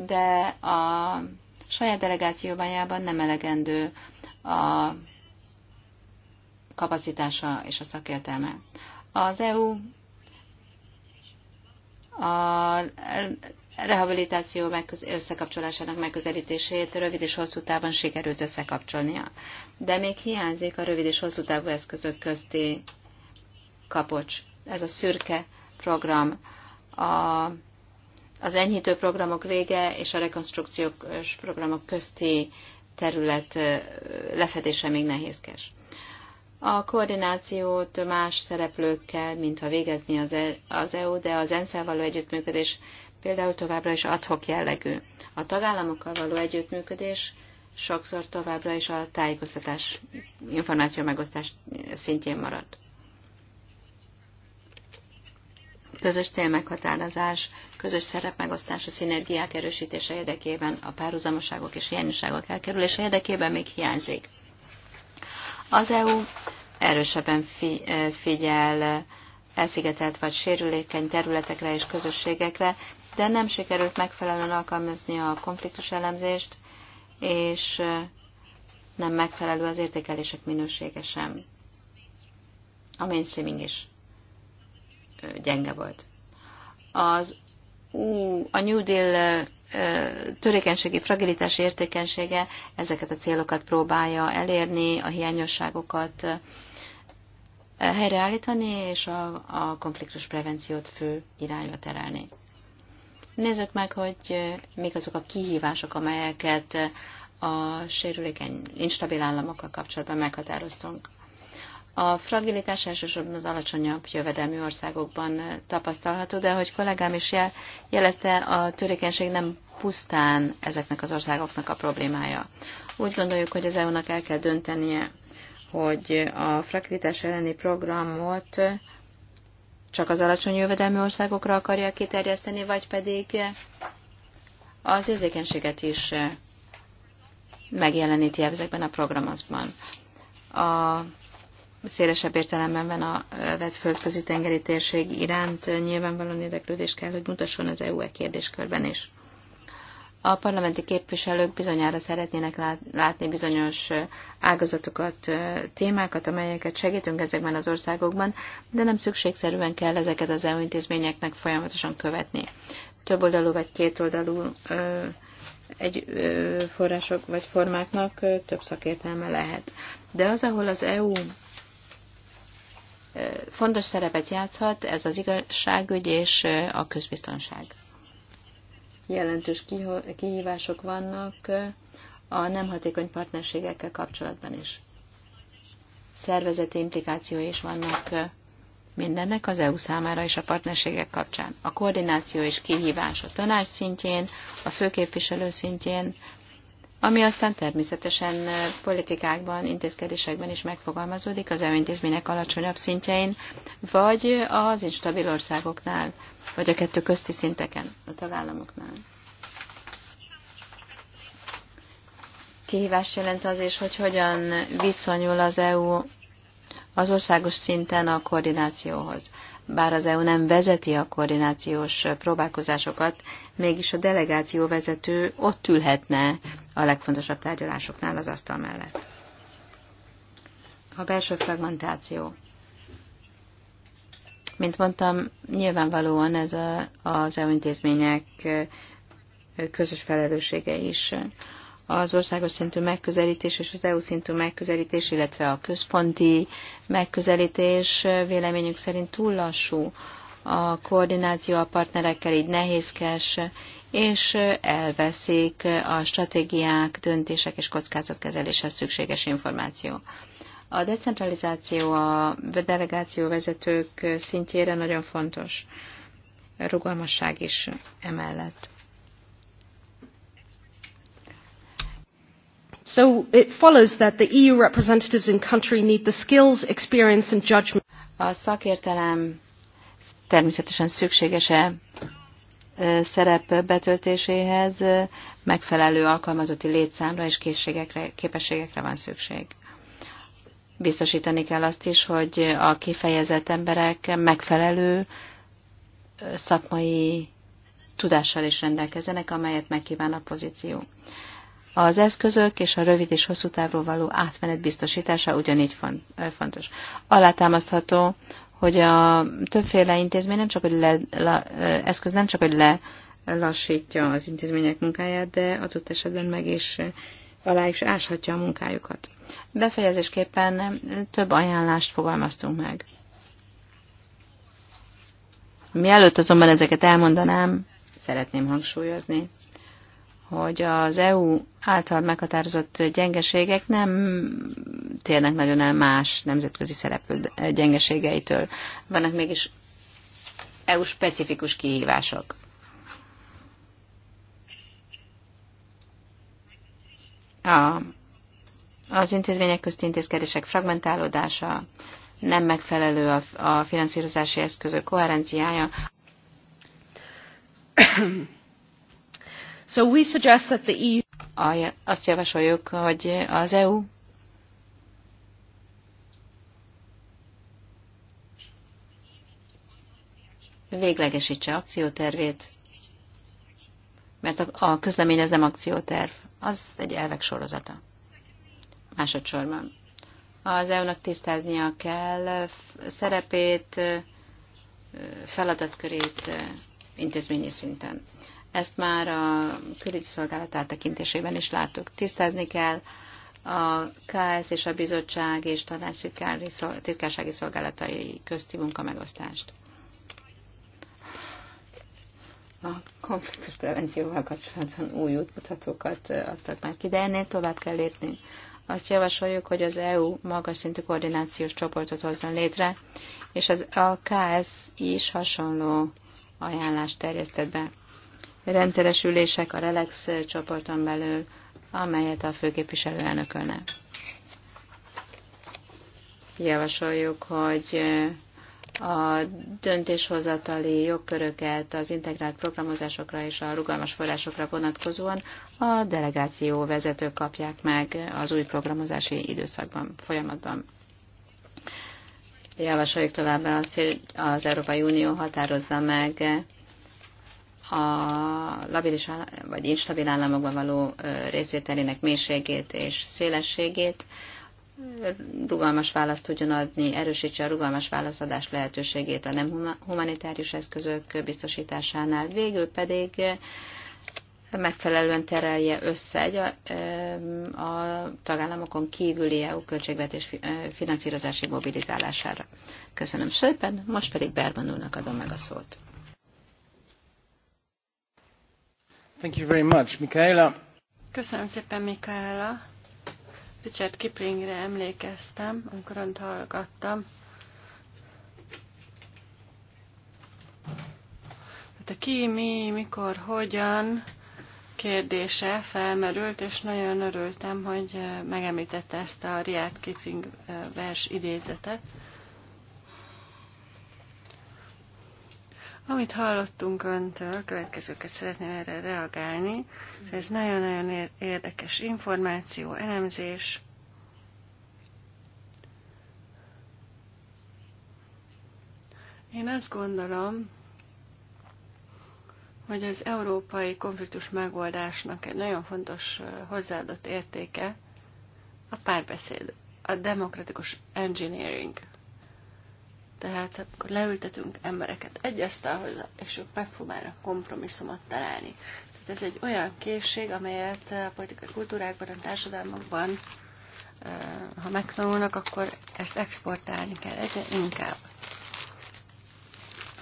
de a saját delegációbanyában nem elegendő a kapacitása és a szakértelme. Az EU a rehabilitáció összekapcsolásának megközelítését rövid és hosszú távon sikerült összekapcsolnia. De még hiányzik a rövid és hosszú távú eszközök közti kapocs. Ez a szürke program a az enyhítő programok vége és a rekonstrukciós programok közti terület lefedése még nehézkes. A koordinációt más szereplőkkel, mint ha végezni az EU, e de az ensz való együttműködés például továbbra is adhok jellegű. A tagállamokkal való együttműködés sokszor továbbra is a tájékoztatás, információ megosztás szintjén maradt. közös célmeghatározás, közös szerepmegosztás a szinergiák erősítése érdekében, a párhuzamoságok és hiányosságok elkerülése érdekében még hiányzik. Az EU erősebben figyel elszigetelt vagy sérülékeny területekre és közösségekre, de nem sikerült megfelelően alkalmazni a konfliktus elemzést, és nem megfelelő az értékelések minősége sem. A mainstreaming is gyenge volt. Az ú, a New Deal törékenységi, fragilitás értékenysége ezeket a célokat próbálja elérni, a hiányosságokat helyreállítani, és a, a konfliktus prevenciót fő irányba terelni. Nézzük meg, hogy mik azok a kihívások, amelyeket a sérülékeny, instabil államokkal kapcsolatban meghatároztunk. A fragilitás elsősorban az alacsonyabb jövedelmi országokban tapasztalható, de ahogy kollégám is jelezte, a törékenység nem pusztán ezeknek az országoknak a problémája. Úgy gondoljuk, hogy az EU-nak el kell döntenie, hogy a fragilitás elleni programot csak az alacsony jövedelmi országokra akarja kiterjeszteni, vagy pedig az érzékenységet is megjeleníti ezekben a programozban. A szélesebb értelemben van a vett földközi tengeri térség iránt, nyilvánvalóan érdeklődés kell, hogy mutasson az EU-e e kérdéskörben is. A parlamenti képviselők bizonyára szeretnének látni bizonyos ágazatokat, témákat, amelyeket segítünk ezekben az országokban, de nem szükségszerűen kell ezeket az EU intézményeknek folyamatosan követni. Több oldalú vagy kétoldalú egy források vagy formáknak több szakértelme lehet. De az, ahol az EU fontos szerepet játszhat ez az igazságügy és a közbiztonság. Jelentős kihívások vannak a nem hatékony partnerségekkel kapcsolatban is. Szervezeti implikációi is vannak mindennek az EU számára és a partnerségek kapcsán. A koordináció és kihívás a tanács szintjén, a főképviselő szintjén, ami aztán természetesen politikákban, intézkedésekben is megfogalmazódik az elintézmények alacsonyabb szintjein, vagy az instabil országoknál, vagy a kettő közti szinteken, a tagállamoknál. Kihívást jelent az is, hogy hogyan viszonyul az EU az országos szinten a koordinációhoz. Bár az EU nem vezeti a koordinációs próbálkozásokat, mégis a delegáció vezető ott ülhetne a legfontosabb tárgyalásoknál az asztal mellett. A belső fragmentáció. Mint mondtam, nyilvánvalóan ez a, az EU intézmények közös felelőssége is az országos szintű megközelítés és az EU szintű megközelítés, illetve a központi megközelítés véleményük szerint túl lassú. A koordináció a partnerekkel így nehézkes, és elveszik a stratégiák, döntések és kockázatkezeléshez szükséges információ. A decentralizáció a delegáció vezetők szintjére nagyon fontos rugalmasság is emellett. So it follows that the EU representatives in country need the skills, experience and judgment. A szakértelem természetesen szükséges-e szerep betöltéséhez megfelelő alkalmazotti létszámra és készségekre, képességekre van szükség. Biztosítani kell azt is, hogy a kifejezett emberek megfelelő szakmai tudással is rendelkezenek, amelyet megkíván a pozíció az eszközök és a rövid és hosszú távról való átmenet biztosítása ugyanígy fontos. Alátámasztható, hogy a többféle intézmény nem csak, hogy le, la, eszköz nem csak, hogy lelassítja az intézmények munkáját, de adott esetben meg is alá is áshatja a munkájukat. Befejezésképpen több ajánlást fogalmaztunk meg. Mielőtt azonban ezeket elmondanám, szeretném hangsúlyozni, hogy az EU által meghatározott gyengeségek nem térnek nagyon el más nemzetközi szereplő eh, gyengeségeitől. Vannak mégis EU-specifikus kihívások. A, az intézmények közti intézkedések fragmentálódása, nem megfelelő a, a finanszírozási eszközök koherenciája. [COUGHS] So we suggest that the EU azt javasoljuk, hogy az EU véglegesítse akciótervét, mert a közlemény ez nem akcióterv, az egy elvek sorozata. Másodszorban. Az EU-nak tisztáznia kell szerepét, feladatkörét intézményi szinten. Ezt már a külügyi szolgálat áttekintésében is láttuk. Tisztázni kell a KS és a bizottság és titkársági szolgálatai közti megosztást. A konfliktus prevencióval kapcsolatban új útmutatókat adtak már ki, de ennél tovább kell lépni. Azt javasoljuk, hogy az EU magas szintű koordinációs csoportot hozzon létre, és az, a KS is hasonló ajánlást terjesztett be rendszeres ülések a Relax csoporton belül, amelyet a főképviselő elnökölne. Javasoljuk, hogy eh, a döntéshozatali jogköröket az integrált programozásokra és a rugalmas forrásokra vonatkozóan a delegáció vezetők kapják meg az új programozási időszakban, folyamatban. Javasoljuk továbbá azt, hogy az Európai Unió határozza meg a labilis vagy instabil államokban való részvételének mélységét és szélességét, rugalmas választ tudjon adni, erősítse a rugalmas válaszadás lehetőségét a nem humanitárius eszközök biztosításánál. Végül pedig megfelelően terelje össze egy a, a tagállamokon kívüli EU költségvetés finanszírozási mobilizálására. Köszönöm szépen, most pedig Berman úrnak adom meg a szót. Thank you very much, Köszönöm szépen, Mikaela. Richard Kiplingre emlékeztem, amikor önt hallgattam. Tehát a ki, mi, mikor, hogyan kérdése felmerült, és nagyon örültem, hogy megemlítette ezt a Riad Kipling vers idézetet. Amit hallottunk öntől, a következőket szeretném erre reagálni. Ez nagyon-nagyon érdekes információ, elemzés. Én azt gondolom, hogy az európai konfliktus megoldásnak egy nagyon fontos hozzáadott értéke a párbeszéd, a demokratikus engineering. Tehát akkor leültetünk embereket egy asztalhoz, és ők megpróbálnak kompromisszumot találni. Tehát ez egy olyan készség, amelyet a politikai kultúrákban, a társadalmakban, ha megtanulnak, akkor ezt exportálni kell egyre inkább.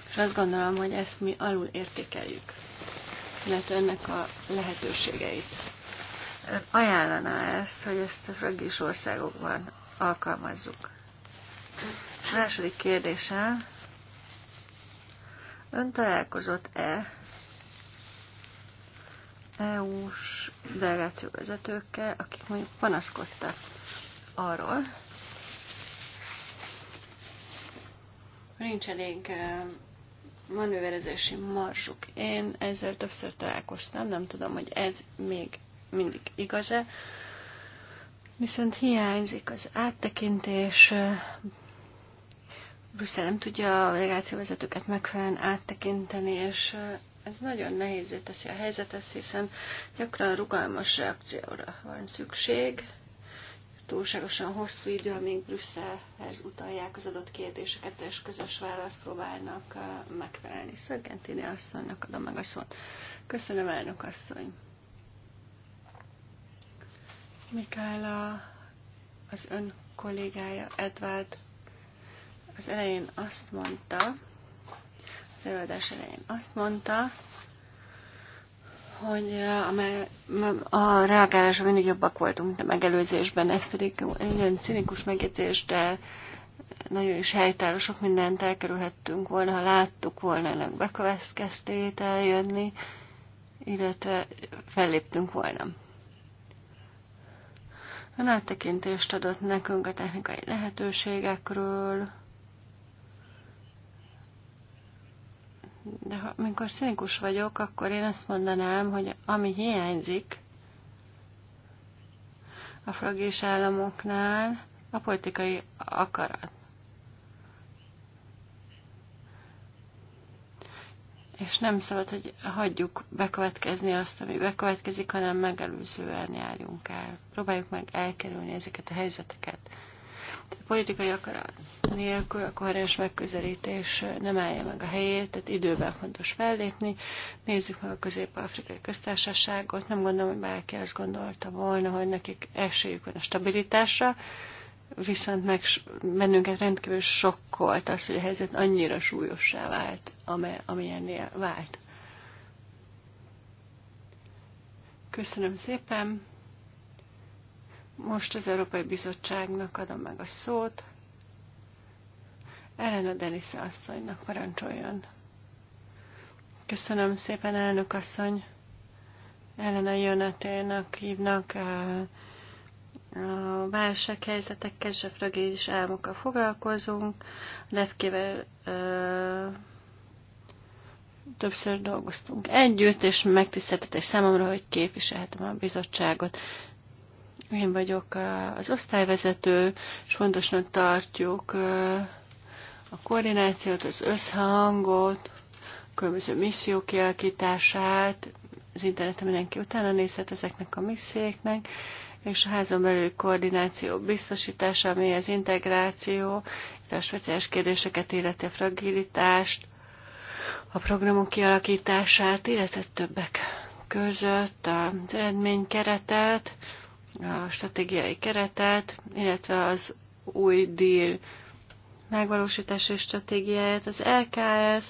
És azt gondolom, hogy ezt mi alul értékeljük, illetve ennek a lehetőségeit. Ajánlana ezt, hogy ezt a fraggis országokban alkalmazzuk második kérdése. Ön találkozott-e EU-s delegáció vezetőkkel, akik mondjuk panaszkodtak arról, nincs elég eh, manőverezési marsuk. Én ezzel többször találkoztam, nem tudom, hogy ez még mindig igaz-e. Viszont hiányzik az áttekintés, eh, Brüsszel nem tudja a delegációvezetőket megfelelően áttekinteni, és ez nagyon nehézé teszi a helyzetet, hiszen gyakran rugalmas reakcióra van szükség, túlságosan hosszú idő, amíg Brüsszelhez utalják az adott kérdéseket, és közös választ próbálnak megtalálni. Szörgentini asszonynak adom meg a szót. Köszönöm, elnök asszony. Mikála, az ön kollégája Edvard az elején azt mondta, az előadás elején azt mondta, hogy a, a reagálásra mindig jobbak voltunk, mint a megelőzésben. Ez pedig egy olyan cinikus megjegyzés, de nagyon is sok mindent elkerülhettünk volna, ha láttuk volna ennek bekövetkeztét eljönni, illetve felléptünk volna. A áttekintést adott nekünk a technikai lehetőségekről, De ha, amikor színikus vagyok, akkor én azt mondanám, hogy ami hiányzik a fragilis államoknál, a politikai akarat. És nem szabad, hogy hagyjuk bekövetkezni azt, ami bekövetkezik, hanem megelőzően járjunk el. Próbáljuk meg elkerülni ezeket a helyzeteket politikai akarat nélkül a koherens megközelítés nem állja meg a helyét, tehát időben fontos fellépni. Nézzük meg a közép-afrikai köztársaságot. Nem gondolom, hogy bárki azt gondolta volna, hogy nekik esélyük van a stabilitásra, viszont meg, bennünket rendkívül sokkolt az, hogy a helyzet annyira súlyossá vált, amilyennél vált. Köszönöm szépen! Most az Európai Bizottságnak adom meg a szót. Elena Denisza asszonynak parancsoljon. Köszönöm szépen, elnök asszony. Elena Jönetének hívnak eh, a válsághelyzetekkel, zsefragélis álmokkal foglalkozunk. Levkével eh, többször dolgoztunk együtt, és megtiszteltetés számomra, hogy képviselhetem a bizottságot. Én vagyok az osztályvezető, és fontosnak tartjuk a koordinációt, az összhangot, a különböző misszió kialakítását, az interneten mindenki utána nézhet ezeknek a missziéknek, és a házon belül koordináció biztosítása, ami az integráció, a speciális kérdéseket illeti a fragilitást, a programok kialakítását, illetve többek között az eredménykeretet, a stratégiai keretet, illetve az új deal megvalósítási stratégiáját, az LKS,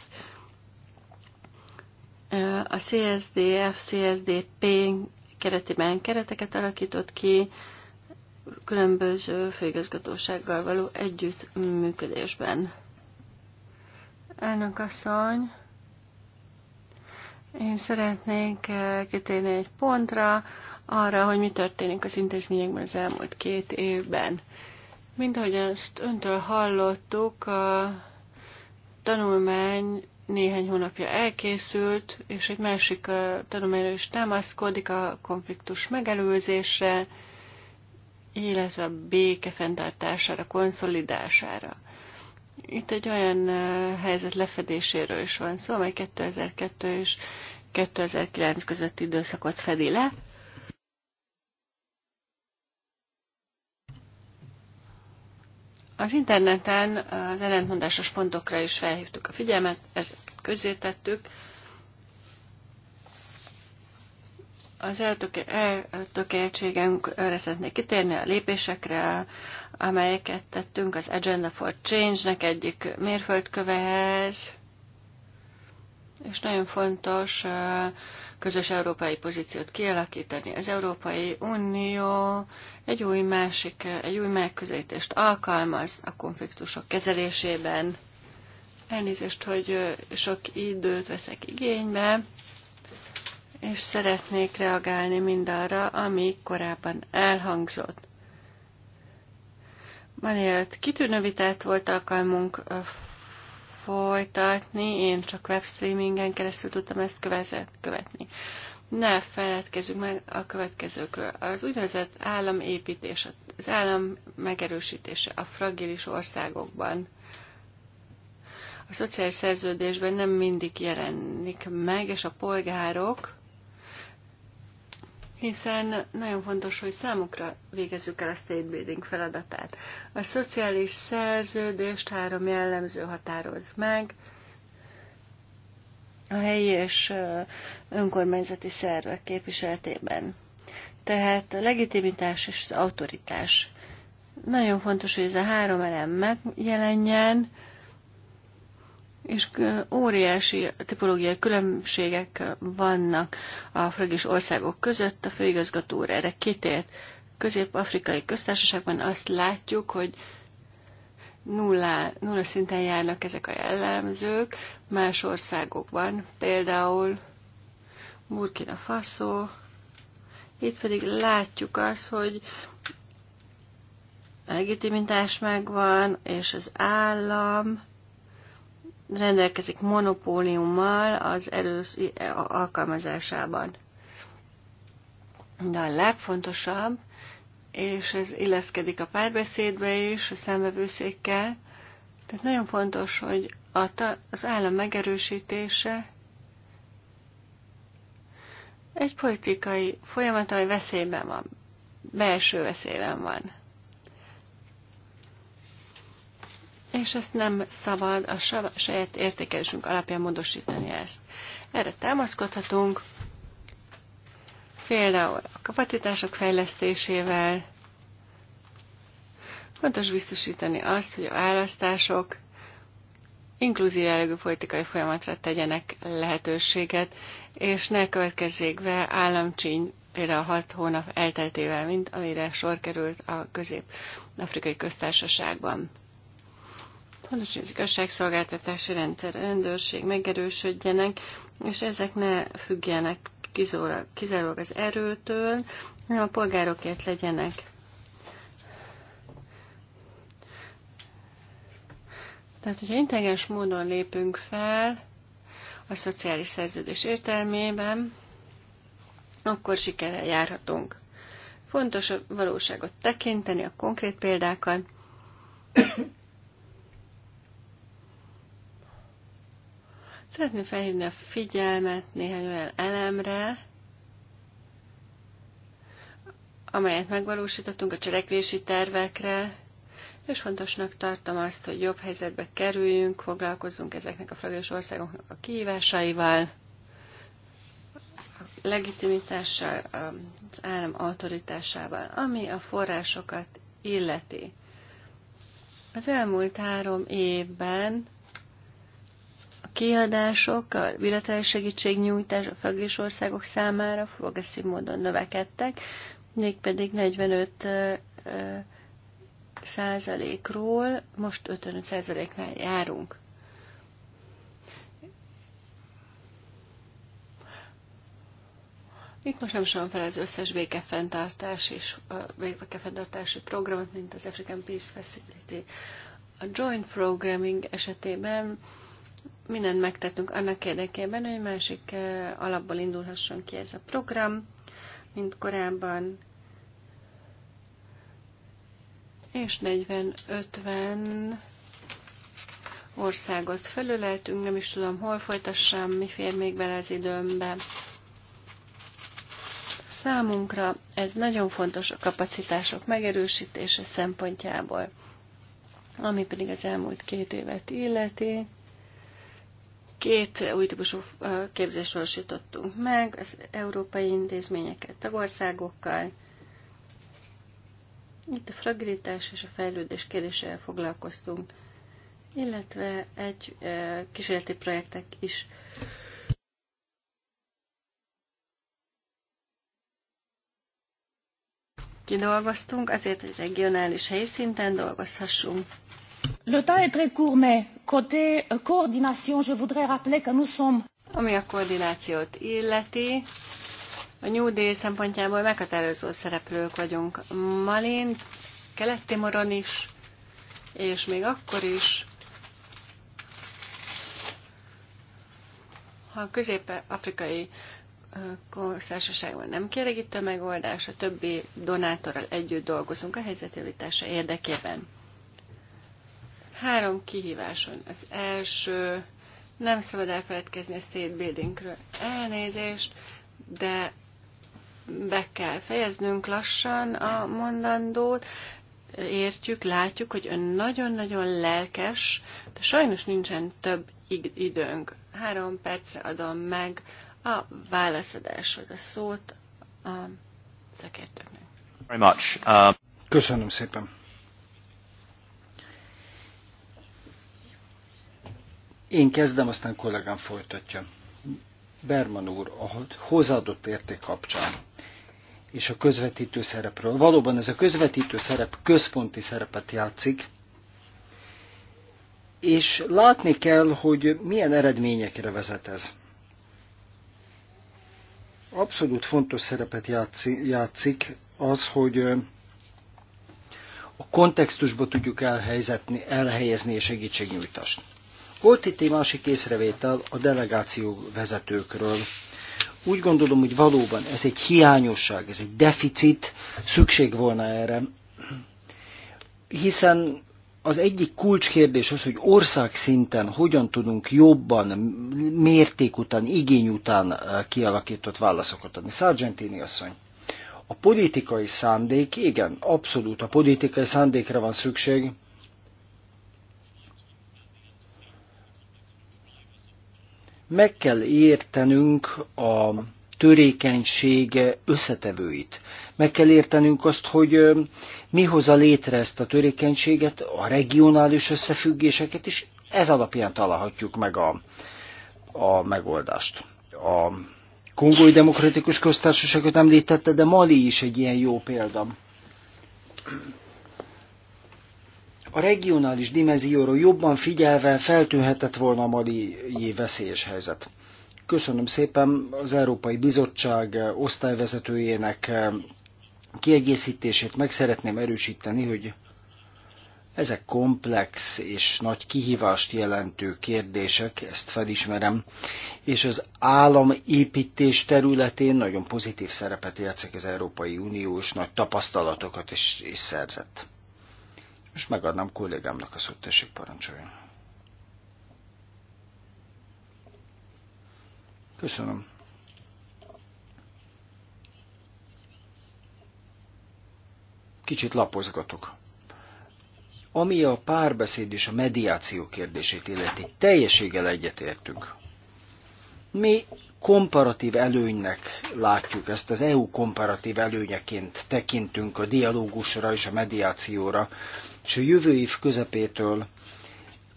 a CSDF, CSDP keretében kereteket alakított ki, különböző főigazgatósággal való együttműködésben. Elnök asszony, én szeretnék kitérni egy pontra, arra, hogy mi történik az intézményekben az elmúlt két évben. Mint ahogy ezt öntől hallottuk, a tanulmány néhány hónapja elkészült, és egy másik tanulmányra is támaszkodik a konfliktus megelőzésre, illetve a béke fenntartására, konszolidására. Itt egy olyan helyzet lefedéséről is van szó, amely 2002 és 2009 közötti időszakot fedi le, Az interneten az ellentmondásos pontokra is felhívtuk a figyelmet, ezt közé tettük. Az eltökéltségünkre szeretnék kitérni a lépésekre, amelyeket tettünk az Agenda for Change-nek egyik mérföldkövehez, és nagyon fontos közös európai pozíciót kialakítani. Az Európai Unió egy új másik, egy új megközelítést alkalmaz a konfliktusok kezelésében. Elnézést, hogy sok időt veszek igénybe, és szeretnék reagálni mindarra, ami korábban elhangzott. Manélt kitűnő vitát volt alkalmunk folytatni, én csak webstreamingen keresztül tudtam ezt követni. Ne feledkezzünk meg a következőkről. Az úgynevezett államépítés, az állam megerősítése a fragilis országokban. A szociális szerződésben nem mindig jelenik meg, és a polgárok hiszen nagyon fontos, hogy számukra végezzük el a state building feladatát. A szociális szerződést három jellemző határoz meg, a helyi és önkormányzati szervek képviseletében. Tehát a legitimitás és az autoritás. Nagyon fontos, hogy ez a három elem megjelenjen, és óriási tipológiai különbségek vannak a frigis országok között. A főigazgató úr erre kitért. Közép-afrikai köztársaságban azt látjuk, hogy nulla, nulla szinten járnak ezek a jellemzők, más országokban, például Burkina Faso, itt pedig látjuk azt, hogy a legitimitás megvan, és az állam rendelkezik monopóliummal az erős alkalmazásában. De a legfontosabb, és ez illeszkedik a párbeszédbe is, a számvevőszékkel, tehát nagyon fontos, hogy az állam megerősítése egy politikai folyamat, ami veszélyben van, belső veszélyben van. és ezt nem szabad a saját értékelésünk alapján módosítani ezt. Erre támaszkodhatunk, például a kapacitások fejlesztésével, Fontos biztosítani azt, hogy a választások inkluzív jellegű politikai folyamatra tegyenek lehetőséget, és ne következzék be államcsíny például hat hónap elteltével, mint amire sor került a közép-afrikai köztársaságban. Fontos, hogy az igazságszolgáltatási rendszer, rendőrség megerősödjenek, és ezek ne függjenek kizárólag az erőtől, hanem a polgárokért legyenek. Tehát, hogyha intelligens módon lépünk fel a szociális szerződés értelmében, akkor sikerrel járhatunk. Fontos a valóságot tekinteni, a konkrét példákat, Szeretném felhívni a figyelmet néhány olyan elemre, amelyet megvalósítottunk a cselekvési tervekre, és fontosnak tartom azt, hogy jobb helyzetbe kerüljünk, foglalkozzunk ezeknek a fragilis országoknak a kihívásaival, a legitimitással, az állam autoritásával, ami a forrásokat illeti. Az elmúlt három évben kiadások, a bilaterális segítségnyújtás a fragilis országok számára progresszív módon növekedtek, mégpedig 45 százalékról most 55 százaléknál járunk. Itt most nem sem fel az összes békefenntartás és békefenntartási programot, mint az African Peace Facility. A joint programming esetében mindent megtettünk annak érdekében, hogy másik eh, alapból indulhasson ki ez a program, mint korábban. És 40-50 országot felöleltünk, nem is tudom, hol folytassam, mi fér még bele az időmbe. Számunkra ez nagyon fontos a kapacitások megerősítése szempontjából, ami pedig az elmúlt két évet illeti. Két új típusú képzést valósítottunk meg az európai intézményeket tagországokkal. Itt a fragilitás és a fejlődés kérdéssel foglalkoztunk, illetve egy kísérleti projektek is kidolgoztunk, azért, hogy regionális helyszinten szinten dolgozhassunk. Le temps est très court, mais côté euh, coordination, je voudrais rappeler que nous sommes... Ami a koordinációt illeti, a New Day szempontjából meghatározó szereplők vagyunk. Malin, Kelet-Timoron is, és még akkor is, ha a közép-afrikai korszársaságban nem kielégítő megoldás, a többi donátorral együtt dolgozunk a helyzetjavítása érdekében. Három kihíváson. Az első, nem szabad elfeledkezni a state buildingről. Elnézést, de be kell fejeznünk lassan a mondandót. Értjük, látjuk, hogy ön nagyon-nagyon lelkes, de sajnos nincsen több időnk. Három percre adom meg a válaszadáshoz a szót a szakértőknek. Uh, Köszönöm szépen. Én kezdem, aztán kollégám folytatja. Berman úr, a hozzáadott érték kapcsán és a közvetítő szerepről. Valóban ez a közvetítő szerep központi szerepet játszik, és látni kell, hogy milyen eredményekre vezet ez. Abszolút fontos szerepet játszik az, hogy a kontextusba tudjuk elhelyezni, elhelyezni a segítségnyújtást. Volt itt egy másik észrevétel a delegáció vezetőkről. Úgy gondolom, hogy valóban ez egy hiányosság, ez egy deficit, szükség volna erre. Hiszen az egyik kulcskérdés az, hogy ország szinten hogyan tudunk jobban, mérték után, igény után eh, kialakított válaszokat adni. Sargentini asszony. A politikai szándék, igen, abszolút a politikai szándékra van szükség, Meg kell értenünk a törékenység összetevőit. Meg kell értenünk azt, hogy mi hozza létre ezt a törékenységet, a regionális összefüggéseket, és ez alapján találhatjuk meg a, a megoldást. A Kongói Demokratikus Köztársaságot említette, de Mali is egy ilyen jó példa a regionális dimenzióra jobban figyelve feltűnhetett volna a mali veszélyes helyzet. Köszönöm szépen az Európai Bizottság osztályvezetőjének kiegészítését meg szeretném erősíteni, hogy ezek komplex és nagy kihívást jelentő kérdések, ezt felismerem, és az államépítés területén nagyon pozitív szerepet játszik az Európai Unió, és nagy tapasztalatokat is, is szerzett. Most megadnám kollégámnak a szöttesség parancsolja. Köszönöm. Kicsit lapozgatok. Ami a párbeszéd és a mediáció kérdését illeti, teljeséggel egyetértünk. Mi komparatív előnynek látjuk ezt, az EU komparatív előnyeként tekintünk a dialógusra és a mediációra, és a jövő év közepétől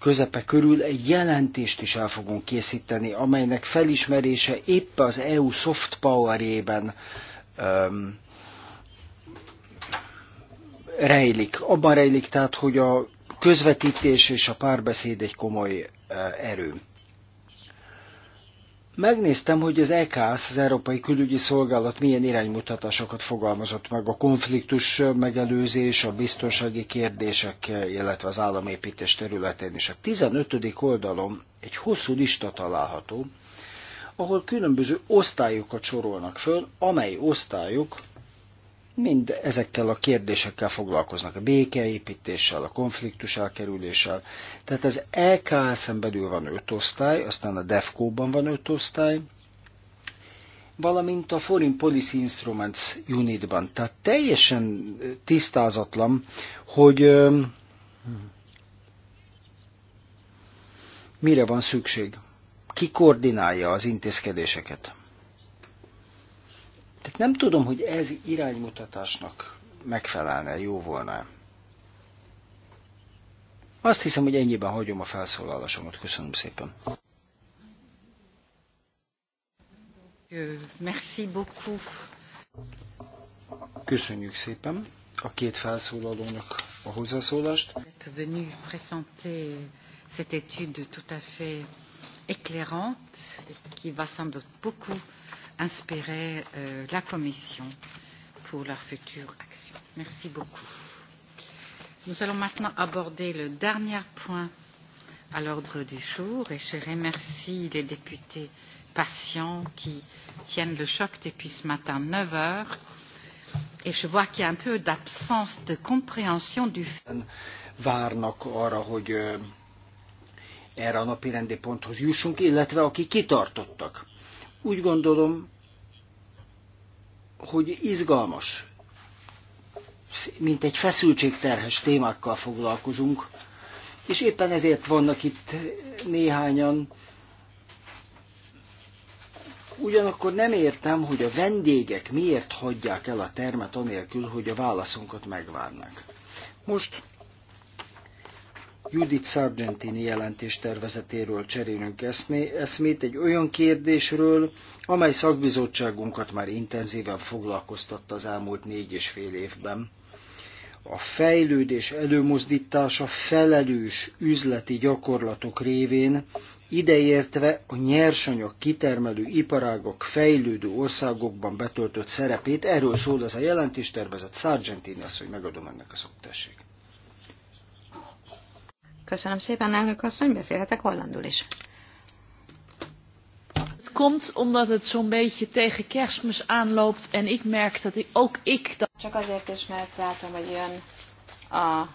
közepe körül egy jelentést is el fogunk készíteni, amelynek felismerése épp az EU soft power-ében um, rejlik. Abban rejlik tehát, hogy a közvetítés és a párbeszéd egy komoly uh, erő. Megnéztem, hogy az EKS, az Európai Külügyi Szolgálat milyen iránymutatásokat fogalmazott meg a konfliktus megelőzés, a biztonsági kérdések, illetve az államépítés területén is. A 15. oldalon egy hosszú lista található, ahol különböző osztályokat sorolnak föl, amely osztályok mind ezekkel a kérdésekkel foglalkoznak, a békeépítéssel, a konfliktus elkerüléssel. Tehát az lks en belül van öt osztály, aztán a DEFCO-ban van öt osztály, valamint a Foreign Policy Instruments Unitban. Tehát teljesen tisztázatlan, hogy mire van szükség. Ki koordinálja az intézkedéseket? Tehát nem tudom, hogy ez iránymutatásnak megfelelne, jó volna. Azt hiszem, hogy ennyiben hagyom a felszólalásomat. Köszönöm szépen. Euh, merci beaucoup. Köszönjük szépen a két felszólalónak a hozzászólást. venu présenter cette étude tout à fait éclairante et qui va sans doute beaucoup inspirer euh, la Commission pour leur future action. Merci beaucoup. Nous allons maintenant aborder le dernier point à l'ordre du jour et je remercie les députés patients qui tiennent le choc depuis ce matin 9 heures és je vois qu'il y a un peu d'absence de compréhension du várnak arra, hogy euh, erre a napi rendi ponthoz jussunk, illetve akik kitartottak. Úgy gondolom, hogy izgalmas, mint egy feszültségterhes témákkal foglalkozunk, és éppen ezért vannak itt néhányan. Ugyanakkor nem értem, hogy a vendégek miért hagyják el a termet anélkül, hogy a válaszunkat megvárnak. Most Judith Sargentini jelentés tervezetéről cserélünk eszmét egy olyan kérdésről, amely szakbizottságunkat már intenzíven foglalkoztatta az elmúlt négy és fél évben. A fejlődés előmozdítása felelős üzleti gyakorlatok révén, ideértve a nyersanyag kitermelő iparágok fejlődő országokban betöltött szerepét, erről szól ez a jelentéstervezet. Sargentini azt, hogy megadom ennek a szoktességet. Köszönöm szépen, elnök asszony, beszélhetek hollandul is. Het komt omdat het zo'n beetje tegen kerstmis aanloopt en ik merk dat ik, ook ik... Dat... Csak azért is, mert látom, hogy jön a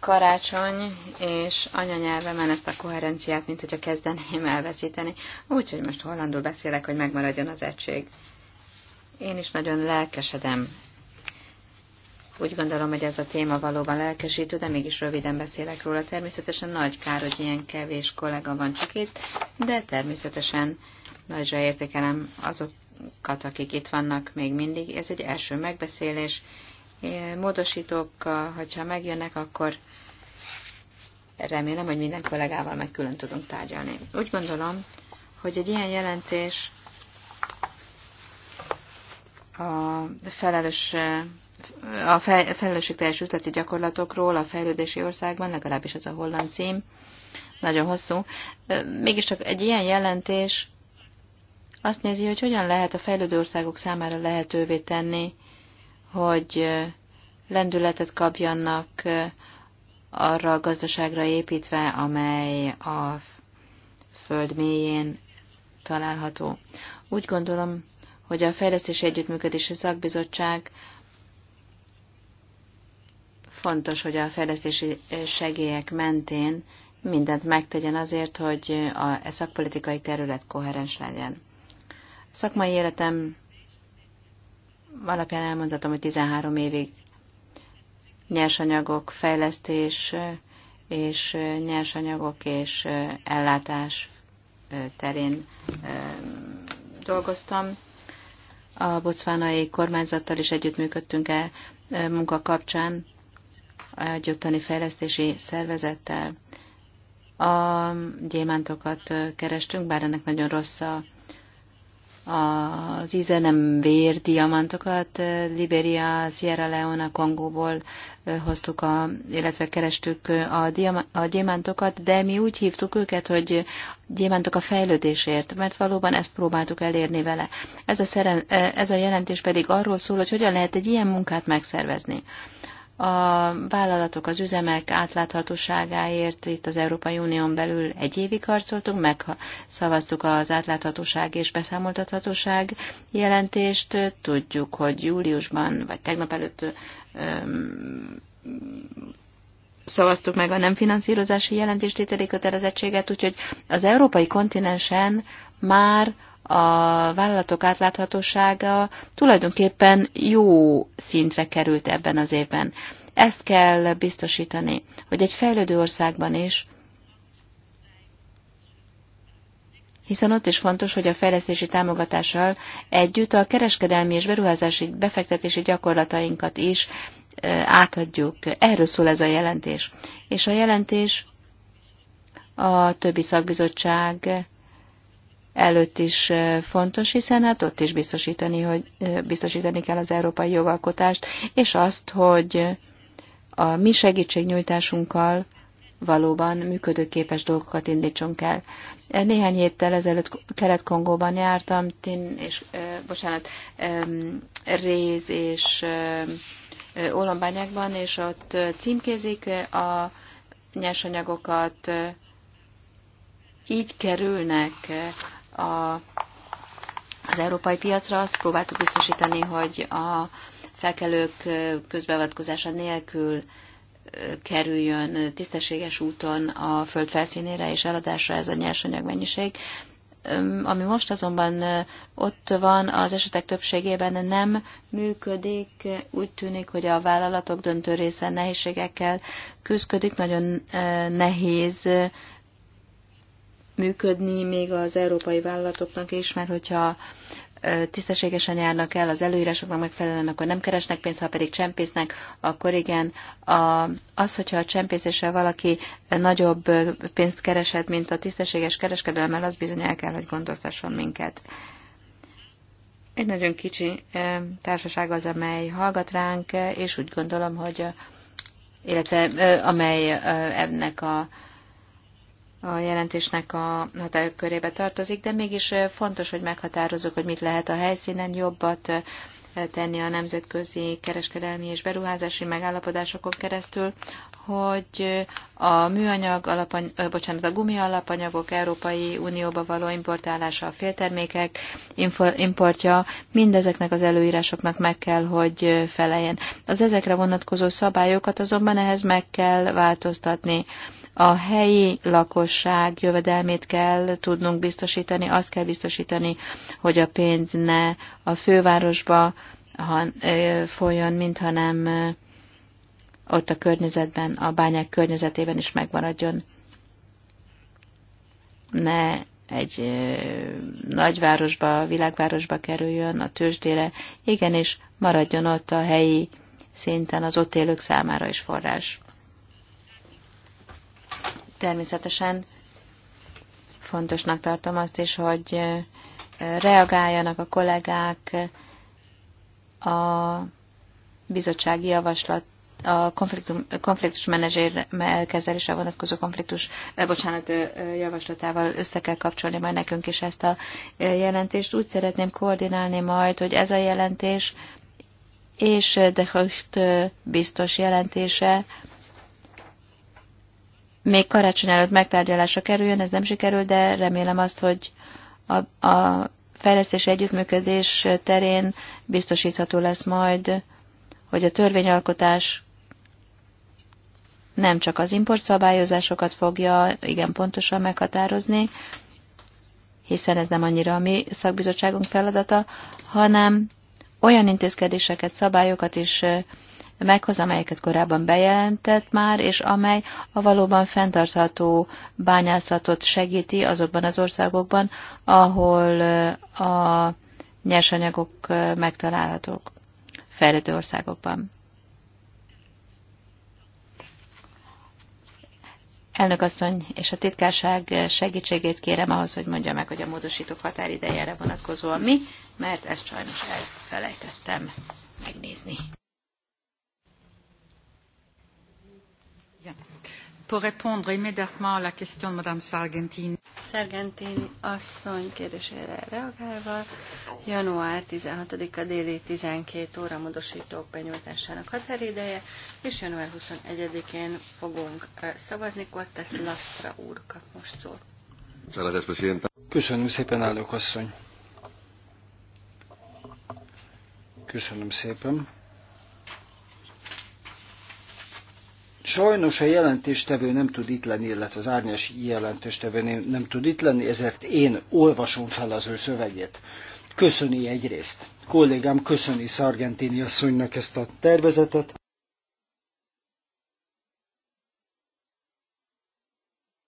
karácsony, és anyanyelvemen ezt a koherenciát, mint hogyha kezdeném elveszíteni. Úgyhogy most hollandul beszélek, hogy megmaradjon az egység. Én is nagyon lelkesedem úgy gondolom, hogy ez a téma valóban lelkesítő, de mégis röviden beszélek róla. Természetesen nagy kár, hogy ilyen kevés kollega van csak itt, de természetesen nagyra értékelem azokat, akik itt vannak még mindig. Ez egy első megbeszélés. Módosítók, hogyha megjönnek, akkor remélem, hogy minden kollégával meg külön tudunk tárgyalni. Úgy gondolom, hogy egy ilyen jelentés a felelős a felelősségteljes üzleti gyakorlatokról a fejlődési országban, legalábbis ez a holland cím, nagyon hosszú. Mégiscsak egy ilyen jelentés azt nézi, hogy hogyan lehet a fejlődő országok számára lehetővé tenni, hogy lendületet kapjanak arra a gazdaságra építve, amely a föld mélyén található. Úgy gondolom, hogy a Fejlesztési Együttműködési Szakbizottság fontos, hogy a fejlesztési segélyek mentén mindent megtegyen azért, hogy a e szakpolitikai terület koherens legyen. A szakmai életem alapján elmondhatom, hogy 13 évig nyersanyagok fejlesztés és nyersanyagok és ellátás terén dolgoztam a bocvánai kormányzattal is együttműködtünk el e, munka kapcsán, egy ottani fejlesztési szervezettel. A gyémántokat kerestünk, bár ennek nagyon rossz a az íze nem vér diamantokat. Liberia, Sierra Leone, Kongóból hoztuk, a, illetve kerestük a, diamant, a gyémántokat, de mi úgy hívtuk őket, hogy gyémántok a fejlődésért, mert valóban ezt próbáltuk elérni vele. Ez a, szeren, ez a jelentés pedig arról szól, hogy hogyan lehet egy ilyen munkát megszervezni a vállalatok, az üzemek átláthatóságáért itt az Európai Unión belül egy évig harcoltunk, megszavaztuk az átláthatóság és beszámoltathatóság jelentést. Tudjuk, hogy júliusban, vagy tegnap előtt öm, szavaztuk meg a nem finanszírozási jelentéstételi kötelezettséget, úgyhogy az európai kontinensen már a vállalatok átláthatósága tulajdonképpen jó szintre került ebben az évben. Ezt kell biztosítani, hogy egy fejlődő országban is, hiszen ott is fontos, hogy a fejlesztési támogatással együtt a kereskedelmi és beruházási befektetési gyakorlatainkat is átadjuk. Erről szól ez a jelentés. És a jelentés a többi szakbizottság előtt is fontos, hiszen hát ott is biztosítani, hogy biztosítani kell az európai jogalkotást, és azt, hogy a mi segítségnyújtásunkkal valóban működőképes dolgokat indítsunk el. Néhány héttel ezelőtt Kelet-Kongóban jártam, tin, és, bocsánat, réz és olombányákban, és ott címkézik a nyersanyagokat, így kerülnek a, az európai piacra. Azt próbáltuk biztosítani, hogy a felkelők közbeavatkozása nélkül kerüljön tisztességes úton a föld felszínére és eladásra ez a nyersanyag mennyiség. Ami most azonban ott van, az esetek többségében nem működik. Úgy tűnik, hogy a vállalatok döntő része nehézségekkel küzdködik, nagyon nehéz működni még az európai vállalatoknak is, mert hogyha tisztességesen járnak el az előírásoknak megfelelően, akkor nem keresnek pénzt, ha pedig csempésznek, akkor igen. A, az, hogyha a csempészéssel valaki nagyobb pénzt keresett, mint a tisztességes kereskedelemmel, az bizony el kell, hogy gondoltasson minket. Egy nagyon kicsi társaság az, amely hallgat ránk, és úgy gondolom, hogy illetve amely ennek a a jelentésnek a hatálykörébe tartozik, de mégis fontos, hogy meghatározzuk, hogy mit lehet a helyszínen jobbat tenni a nemzetközi kereskedelmi és beruházási megállapodásokon keresztül, hogy a műanyag, alapany, bocsánat, a gumi alapanyagok Európai Unióba való importálása, a féltermékek importja, mindezeknek az előírásoknak meg kell, hogy feleljen. Az ezekre vonatkozó szabályokat azonban ehhez meg kell változtatni. A helyi lakosság jövedelmét kell tudnunk biztosítani, azt kell biztosítani, hogy a pénz ne a fővárosba folyjon, mint hanem ott a környezetben, a bányák környezetében is megmaradjon. Ne egy nagyvárosba, világvárosba kerüljön, a tőzsdére, igenis maradjon ott a helyi szinten az ott élők számára is forrás természetesen fontosnak tartom azt is, hogy reagáljanak a kollégák a bizottsági javaslat a konfliktum, konfliktus menedzser elkezelése vonatkozó konfliktus, bocsánat, javaslatával össze kell kapcsolni majd nekünk is ezt a jelentést. Úgy szeretném koordinálni majd, hogy ez a jelentés és de Höcht biztos jelentése még karácsony előtt megtárgyalásra kerüljön, ez nem sikerül, de remélem azt, hogy a, a fejlesztési együttműködés terén biztosítható lesz majd, hogy a törvényalkotás nem csak az importszabályozásokat fogja igen pontosan meghatározni, hiszen ez nem annyira a mi szakbizottságunk feladata, hanem olyan intézkedéseket, szabályokat is meghoz, amelyeket korábban bejelentett már, és amely a valóban fenntartható bányászatot segíti azokban az országokban, ahol a nyersanyagok megtalálhatók fejlődő országokban. Elnök asszony és a titkárság segítségét kérem ahhoz, hogy mondja meg, hogy a módosítók határidejére vonatkozóan mi, mert ezt sajnos elfelejtettem megnézni. Pour répondre immédiatement à la question de Madame Sargentini. Sargentini asszony kérdésére reagálva, január 16-a déli 12 óra módosítók benyújtásának határideje, és január 21-én fogunk szavazni, Cortes Lastra úr kap most szót. Köszönöm szépen, állok asszony. Köszönöm szépen. Sajnos a jelentéstevő nem tud itt lenni, illetve az árnyas jelentéstevő nem, nem tud itt lenni, ezért én olvasom fel az ő szövegét. Köszöni egyrészt. Kollégám köszöni Szargentini asszonynak ezt a tervezetet.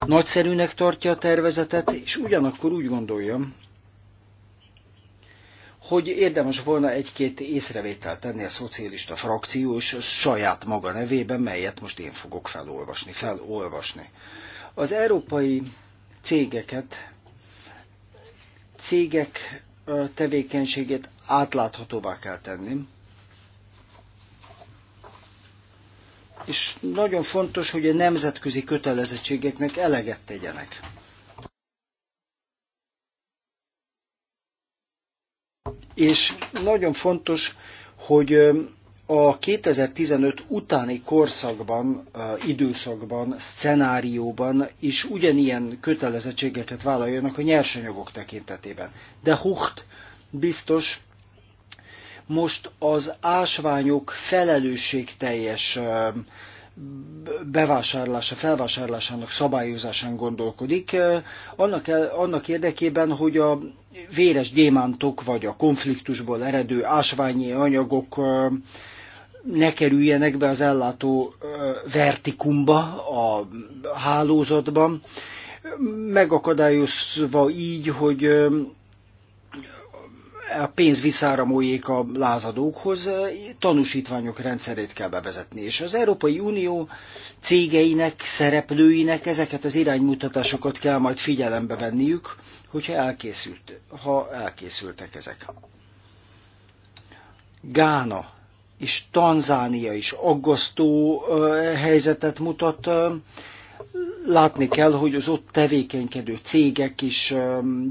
Nagyszerűnek tartja a tervezetet, és ugyanakkor úgy gondoljam, hogy érdemes volna egy-két észrevételt tenni a szocialista frakció és a saját maga nevében, melyet most én fogok felolvasni. felolvasni. Az európai cégeket, cégek tevékenységét átláthatóvá kell tenni, és nagyon fontos, hogy a nemzetközi kötelezettségeknek eleget tegyenek. és nagyon fontos, hogy a 2015 utáni korszakban, időszakban, szcenárióban is ugyanilyen kötelezettségeket vállaljanak a nyersanyagok tekintetében. De Hucht biztos most az ásványok felelősségteljes bevásárlása, felvásárlásának szabályozásán gondolkodik, eh, annak, el, annak érdekében, hogy a véres gyémántok vagy a konfliktusból eredő ásványi anyagok eh, ne kerüljenek be az ellátó eh, vertikumba, a hálózatban, megakadályozva így, hogy a pénz visszáramoljék a lázadókhoz, tanúsítványok rendszerét kell bevezetni. És az Európai Unió cégeinek, szereplőinek ezeket az iránymutatásokat kell majd figyelembe venniük, hogyha elkészült, ha elkészültek ezek. Gána és Tanzánia is aggasztó helyzetet mutat látni kell, hogy az ott tevékenykedő cégek is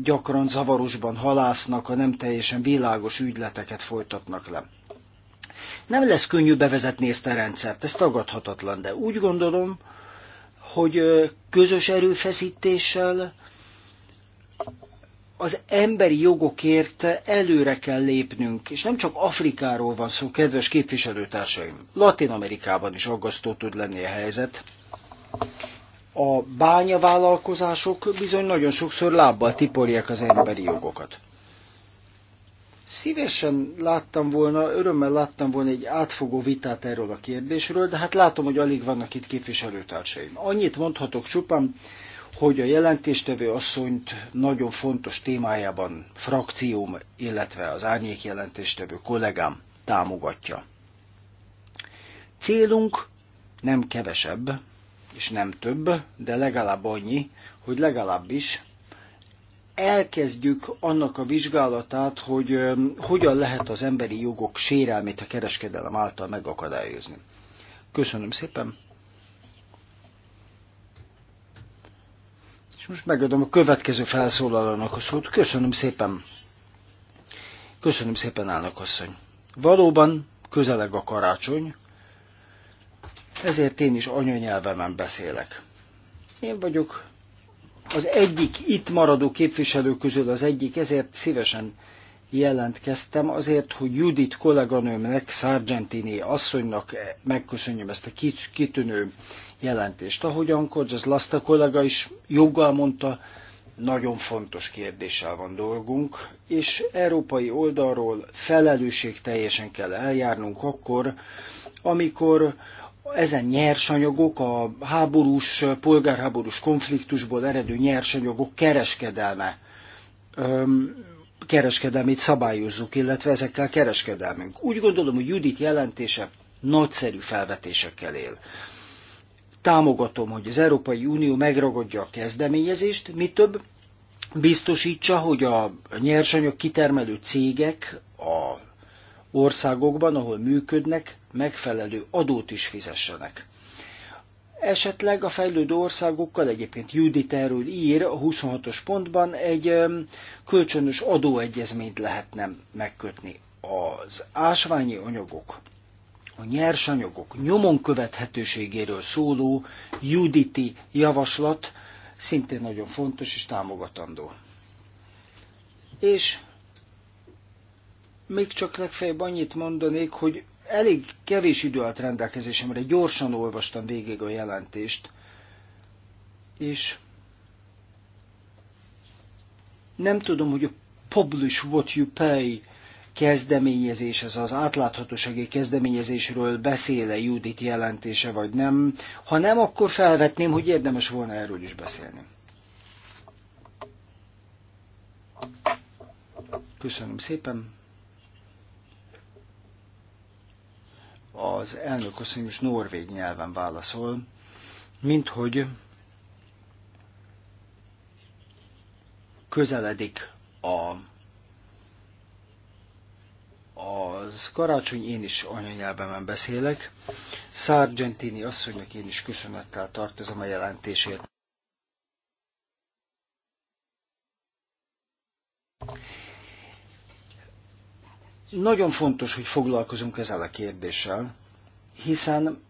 gyakran zavarosban halásznak, a nem teljesen világos ügyleteket folytatnak le. Nem lesz könnyű bevezetni ezt a rendszert, ez tagadhatatlan, de úgy gondolom, hogy közös erőfeszítéssel az emberi jogokért előre kell lépnünk, és nem csak Afrikáról van szó, kedves képviselőtársaim. Latin Amerikában is aggasztó tud lenni a helyzet a bányavállalkozások bizony nagyon sokszor lábbal tiporják az emberi jogokat. Szívesen láttam volna, örömmel láttam volna egy átfogó vitát erről a kérdésről, de hát látom, hogy alig vannak itt képviselőtársaim. Annyit mondhatok csupán, hogy a jelentéstevő asszonyt nagyon fontos témájában frakcióm, illetve az árnyék jelentéstevő kollégám támogatja. Célunk nem kevesebb, és nem több, de legalább annyi, hogy legalábbis elkezdjük annak a vizsgálatát, hogy hogyan lehet az emberi jogok sérelmét a kereskedelem által megakadályozni. Köszönöm szépen! És most megadom a következő felszólalónak a szót. Köszönöm szépen! Köszönöm szépen, állnak asszony! Valóban közeleg a karácsony, ezért én is anyanyelvemen beszélek. Én vagyok az egyik itt maradó képviselő közül az egyik, ezért szívesen jelentkeztem, azért, hogy Judit kolléganőmnek, Sargentini asszonynak megköszönjem ezt a kitűnő jelentést. Ahogyan az Laszta kollega is joggal mondta, nagyon fontos kérdéssel van dolgunk, és európai oldalról felelősség teljesen kell eljárnunk akkor, amikor ezen nyersanyagok, a háborús, polgárháborús konfliktusból eredő nyersanyagok kereskedelme, öm, kereskedelmét szabályozzuk, illetve ezekkel kereskedelmünk. Úgy gondolom, hogy Judit jelentése nagyszerű felvetésekkel él. Támogatom, hogy az Európai Unió megragadja a kezdeményezést, mi több, biztosítsa, hogy a nyersanyag kitermelő cégek, a országokban, ahol működnek, megfelelő adót is fizessenek. Esetleg a fejlődő országokkal egyébként Judit erről ír a 26-os pontban egy kölcsönös adóegyezményt lehetne megkötni. Az ásványi anyagok, a nyersanyagok nyomon követhetőségéről szóló Juditi javaslat szintén nagyon fontos és támogatandó. És még csak legfeljebb annyit mondanék, hogy elég kevés idő állt rendelkezésemre, gyorsan olvastam végig a jelentést, és nem tudom, hogy a Publish What You Pay kezdeményezés, ez az átláthatósági kezdeményezésről beszéle Judit jelentése, vagy nem. Ha nem, akkor felvetném, hogy érdemes volna erről is beszélni. Köszönöm szépen. az elnök asszony most norvég nyelven válaszol, mint hogy közeledik a az karácsony, én is anyanyelvemen beszélek. Sargentini asszonynak én is köszönettel tartozom a jelentését. Nagyon fontos, hogy foglalkozunk ezzel a kérdéssel, hiszen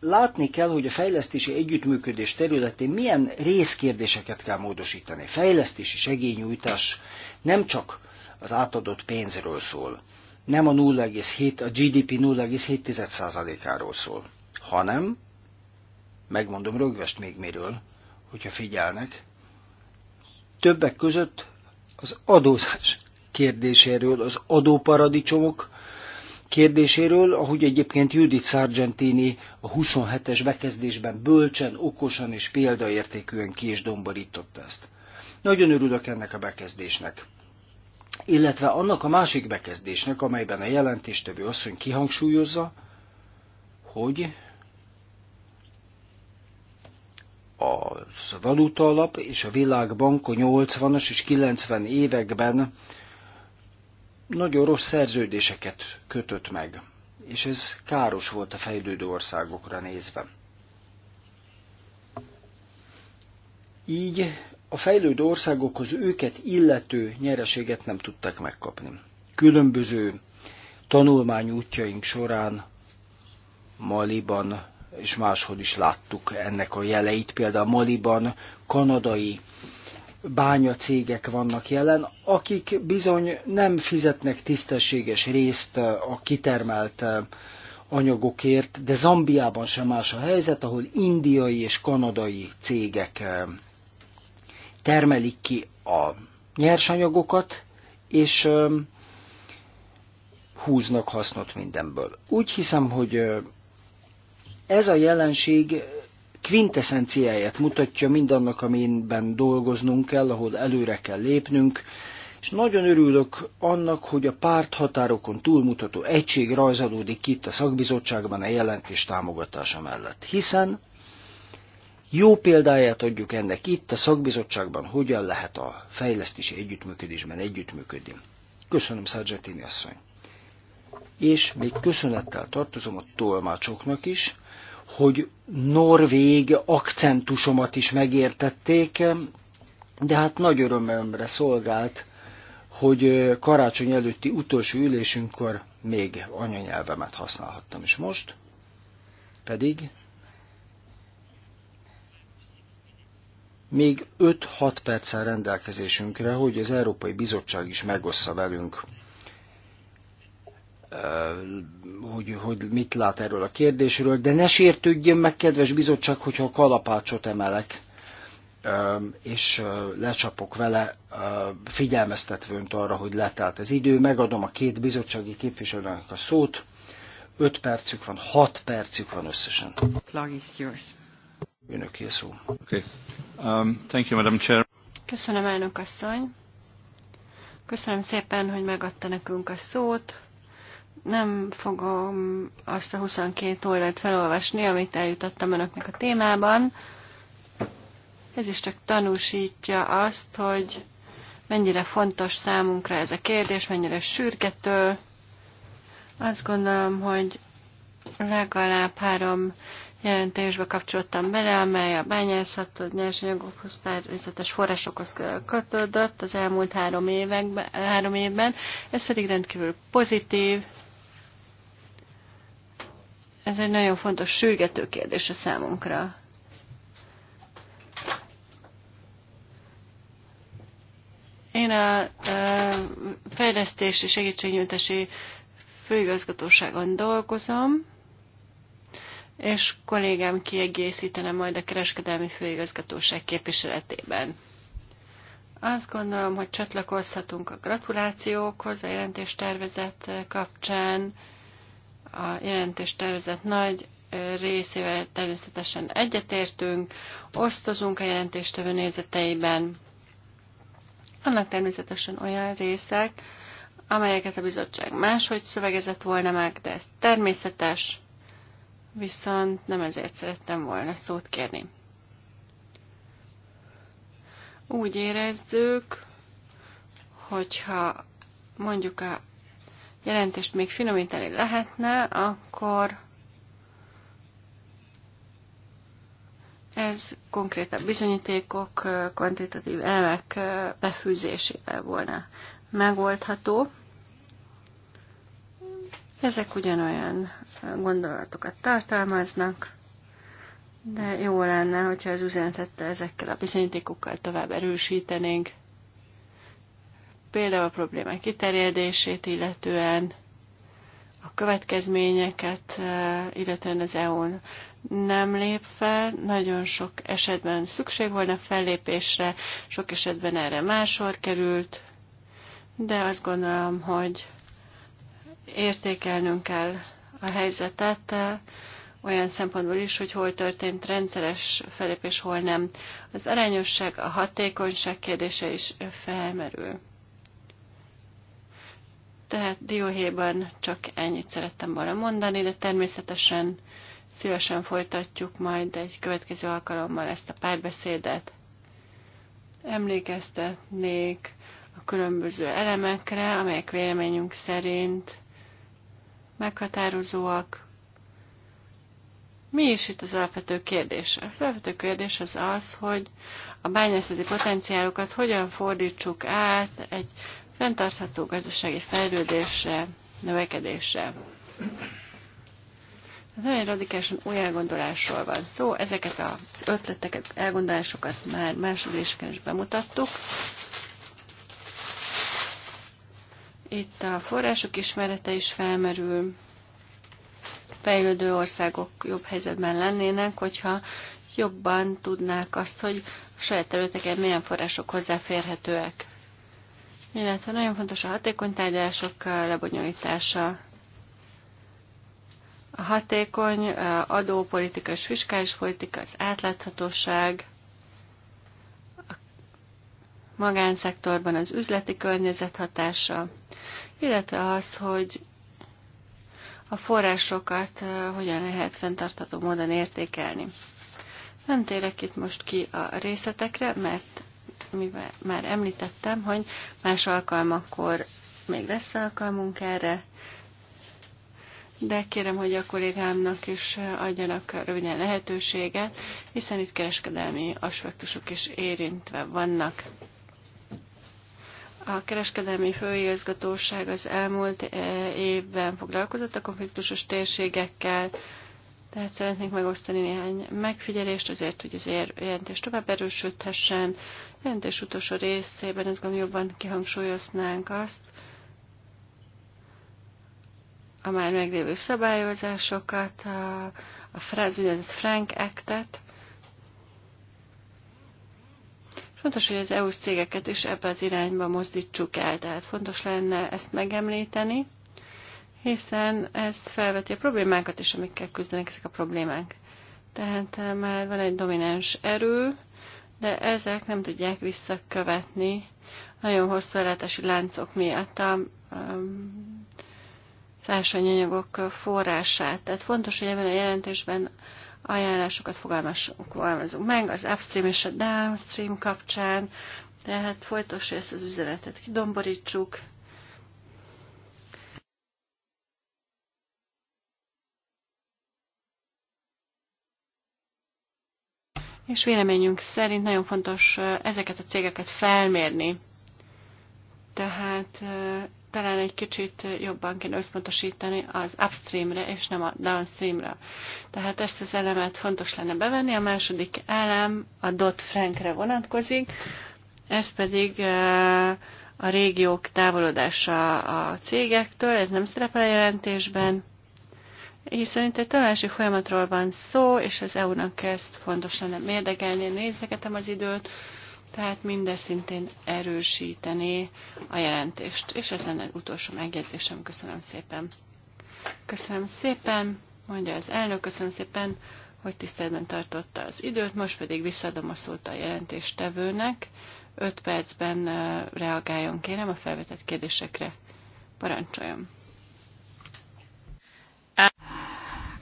látni kell, hogy a fejlesztési együttműködés területén milyen részkérdéseket kell módosítani. Fejlesztési segélynyújtás nem csak az átadott pénzről szól, nem a 0,7, a GDP 0,7%-áról szól, hanem, megmondom rögvest még miről, hogyha figyelnek, többek között az adózás kérdéséről, az adóparadicsomok kérdéséről, ahogy egyébként Judith Sargentini a 27-es bekezdésben bölcsen, okosan és példaértékűen ki is domborította ezt. Nagyon örülök ennek a bekezdésnek. Illetve annak a másik bekezdésnek, amelyben a jelentéstevő asszony kihangsúlyozza, hogy a valuta alap és a világbank a 80-as és 90 években nagyon rossz szerződéseket kötött meg, és ez káros volt a fejlődő országokra nézve. Így a fejlődő országokhoz őket illető nyereséget nem tudták megkapni. Különböző útjaink során Maliban és máshol is láttuk ennek a jeleit, például Maliban kanadai bányacégek vannak jelen, akik bizony nem fizetnek tisztességes részt a kitermelt anyagokért, de Zambiában sem más a helyzet, ahol indiai és kanadai cégek termelik ki a nyersanyagokat, és húznak hasznot mindenből. Úgy hiszem, hogy ez a jelenség kvinteszenciáját mutatja mindannak, amiben dolgoznunk kell, ahol előre kell lépnünk, és nagyon örülök annak, hogy a párthatárokon túlmutató egység rajzolódik itt a szakbizottságban a jelentés támogatása mellett, hiszen jó példáját adjuk ennek itt a szakbizottságban, hogyan lehet a fejlesztési együttműködésben együttműködni. Köszönöm, Sargentini asszony! És még köszönettel tartozom a tolmácsoknak is, hogy norvég akcentusomat is megértették, de hát nagy örömömre szolgált, hogy karácsony előtti utolsó ülésünkkor még anyanyelvemet használhattam. is most pedig még 5-6 perccel rendelkezésünkre, hogy az Európai Bizottság is megossza velünk hogy, hogy mit lát erről a kérdésről, de ne sértődjön meg, kedves bizottság, hogyha a kalapácsot emelek, és lecsapok vele, figyelmeztetvőnt arra, hogy letelt az idő, megadom a két bizottsági képviselőnek a szót, 5 percük van, 6 percük van összesen. Plug is Önöké szó. Okay. Um, thank you, Madam Chair. Köszönöm, elnök asszony. Köszönöm szépen, hogy megadta nekünk a szót nem fogom azt a 22 oldalt felolvasni, amit eljutottam önöknek a témában. Ez is csak tanúsítja azt, hogy mennyire fontos számunkra ez a kérdés, mennyire sürgető. Azt gondolom, hogy legalább három jelentésbe kapcsoltam bele, amely a bányászatot, nyersanyagokhoz, természetes forrásokhoz kötődött az elmúlt három, években, három évben. Ez pedig rendkívül pozitív, ez egy nagyon fontos sürgető kérdés a számunkra. Én a fejlesztési segítségnyújtási főigazgatóságon dolgozom, és kollégám kiegészítene majd a kereskedelmi főigazgatóság képviseletében. Azt gondolom, hogy csatlakozhatunk a gratulációkhoz a jelentéstervezet kapcsán a jelentés tervezet nagy részével természetesen egyetértünk, osztozunk a jelentéstevő nézeteiben. Annak természetesen olyan részek, amelyeket a bizottság máshogy szövegezett volna meg, de ez természetes, viszont nem ezért szerettem volna szót kérni. Úgy érezzük, hogyha mondjuk a jelentést még finomítani lehetne, akkor ez konkrétabb bizonyítékok, kvantitatív elemek befűzésével volna megoldható. Ezek ugyanolyan gondolatokat tartalmaznak, de jó lenne, hogyha az üzenetet ezekkel a bizonyítékokkal tovább erősítenénk például a problémák kiterjedését illetően, a következményeket, eh, illetően az EU-n nem lép fel. Nagyon sok esetben szükség volna fellépésre, sok esetben erre másor került, de azt gondolom, hogy értékelnünk kell a helyzetet eh, olyan szempontból is, hogy hol történt rendszeres fellépés, hol nem. Az arányosság, a hatékonyság kérdése is felmerül. Tehát dióhéjban csak ennyit szerettem volna mondani, de természetesen szívesen folytatjuk majd egy következő alkalommal ezt a párbeszédet. Emlékeztetnék a különböző elemekre, amelyek véleményünk szerint meghatározóak. Mi is itt az alapvető kérdés? Az alapvető kérdés az az, hogy a bányászati potenciálokat hogyan fordítsuk át egy fenntartható gazdasági fejlődésre, növekedésre. Ez nagyon radikálisan új elgondolásról van szó, ezeket az ötleteket, elgondolásokat már más is bemutattuk. Itt a források ismerete is felmerül, fejlődő országok jobb helyzetben lennének, hogyha jobban tudnák azt, hogy a saját területeken milyen források hozzáférhetőek illetve nagyon fontos a hatékony tárgyalások lebonyolítása. A hatékony adópolitika és fiskális politika, az átláthatóság, a magánszektorban az üzleti környezet hatása, illetve az, hogy a forrásokat hogyan lehet fenntartható módon értékelni. Nem térek itt most ki a részletekre, mert mivel már említettem, hogy más alkalmakkor még lesz alkalmunk erre, de kérem, hogy a kollégámnak is adjanak röviden lehetőséget, hiszen itt kereskedelmi aspektusok is érintve vannak. A kereskedelmi főigazgatóság az elmúlt eh, évben foglalkozott a konfliktusos térségekkel, tehát szeretnék megosztani néhány megfigyelést azért, hogy az jelentés tovább erősödhessen jelentés utolsó részében ezt gondolom jobban kihangsúlyoznánk azt, a már meglévő szabályozásokat, a, a Franz, úgynevezett Frank Act-et. Fontos, hogy az EU cégeket is ebbe az irányba mozdítsuk el, tehát fontos lenne ezt megemlíteni, hiszen ez felveti a problémákat is, amikkel küzdenek ezek a problémák. Tehát eh, már van egy domináns erő, de ezek nem tudják visszakövetni nagyon hosszú ellátási láncok miatt a szársanyanyagok um, forrását. Tehát fontos, hogy ebben a jelentésben ajánlásokat fogalmazunk meg az upstream és a downstream kapcsán, tehát folytos, hogy ezt az üzenetet kidomborítsuk, és véleményünk szerint nagyon fontos ezeket a cégeket felmérni. Tehát talán egy kicsit jobban kell összpontosítani az upstreamre és nem a downstreamre, Tehát ezt az elemet fontos lenne bevenni. A második elem a dot frankre vonatkozik, ez pedig a régiók távolodása a cégektől, ez nem szerepel a jelentésben. És itt egy tanulási folyamatról van szó, és az EU-nak ezt fontosan nem érdekelni, nézegetem az időt, tehát mindez szintén erősítené a jelentést. És ez lenne utolsó megjegyzésem. Köszönöm szépen. Köszönöm szépen, mondja az elnök, köszönöm szépen, hogy tiszteletben tartotta az időt, most pedig visszaadom a szót a jelentéstevőnek. Öt percben reagáljon kérem a felvetett kérdésekre. Parancsoljon.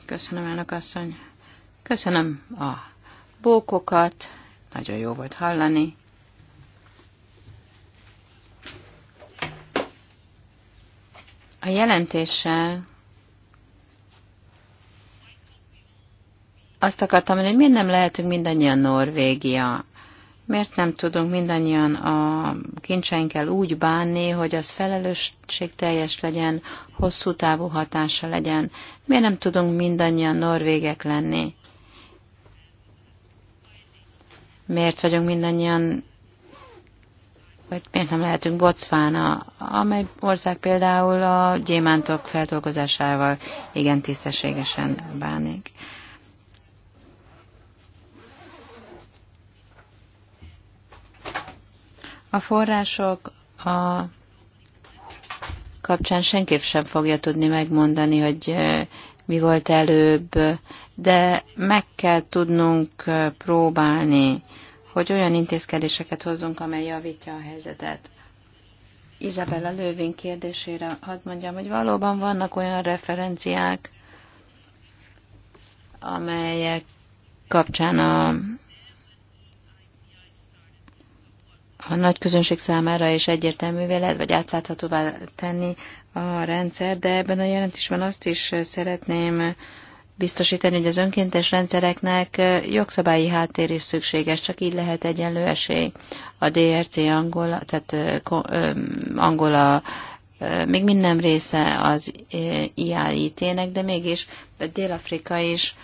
Köszönöm, elnök asszony. Köszönöm a bókokat, nagyon jó volt hallani. A jelentéssel azt akartam mondani, hogy miért nem lehetünk mindannyian Norvégia Miért nem tudunk mindannyian a kincseinkkel úgy bánni, hogy az teljes legyen, hosszú távú hatása legyen? Miért nem tudunk mindannyian norvégek lenni? Miért vagyunk mindannyian, vagy miért nem lehetünk Bocvána, amely ország például a gyémántok feldolgozásával igen tisztességesen bánik? A források a kapcsán senképp sem fogja tudni megmondani, hogy mi volt előbb, de meg kell tudnunk próbálni, hogy olyan intézkedéseket hozzunk, amely javítja a helyzetet. Izabella Lővin kérdésére hadd mondjam, hogy valóban vannak olyan referenciák, amelyek kapcsán a a nagy közönség számára is egyértelművé lehet, vagy átláthatóvá tenni a rendszer, de ebben a jelentésben azt is szeretném biztosítani, hogy az önkéntes rendszereknek jogszabályi háttér is szükséges, csak így lehet egyenlő esély. A DRC angol, tehát angola még mind nem része az IAIT-nek, de mégis Dél-Afrika is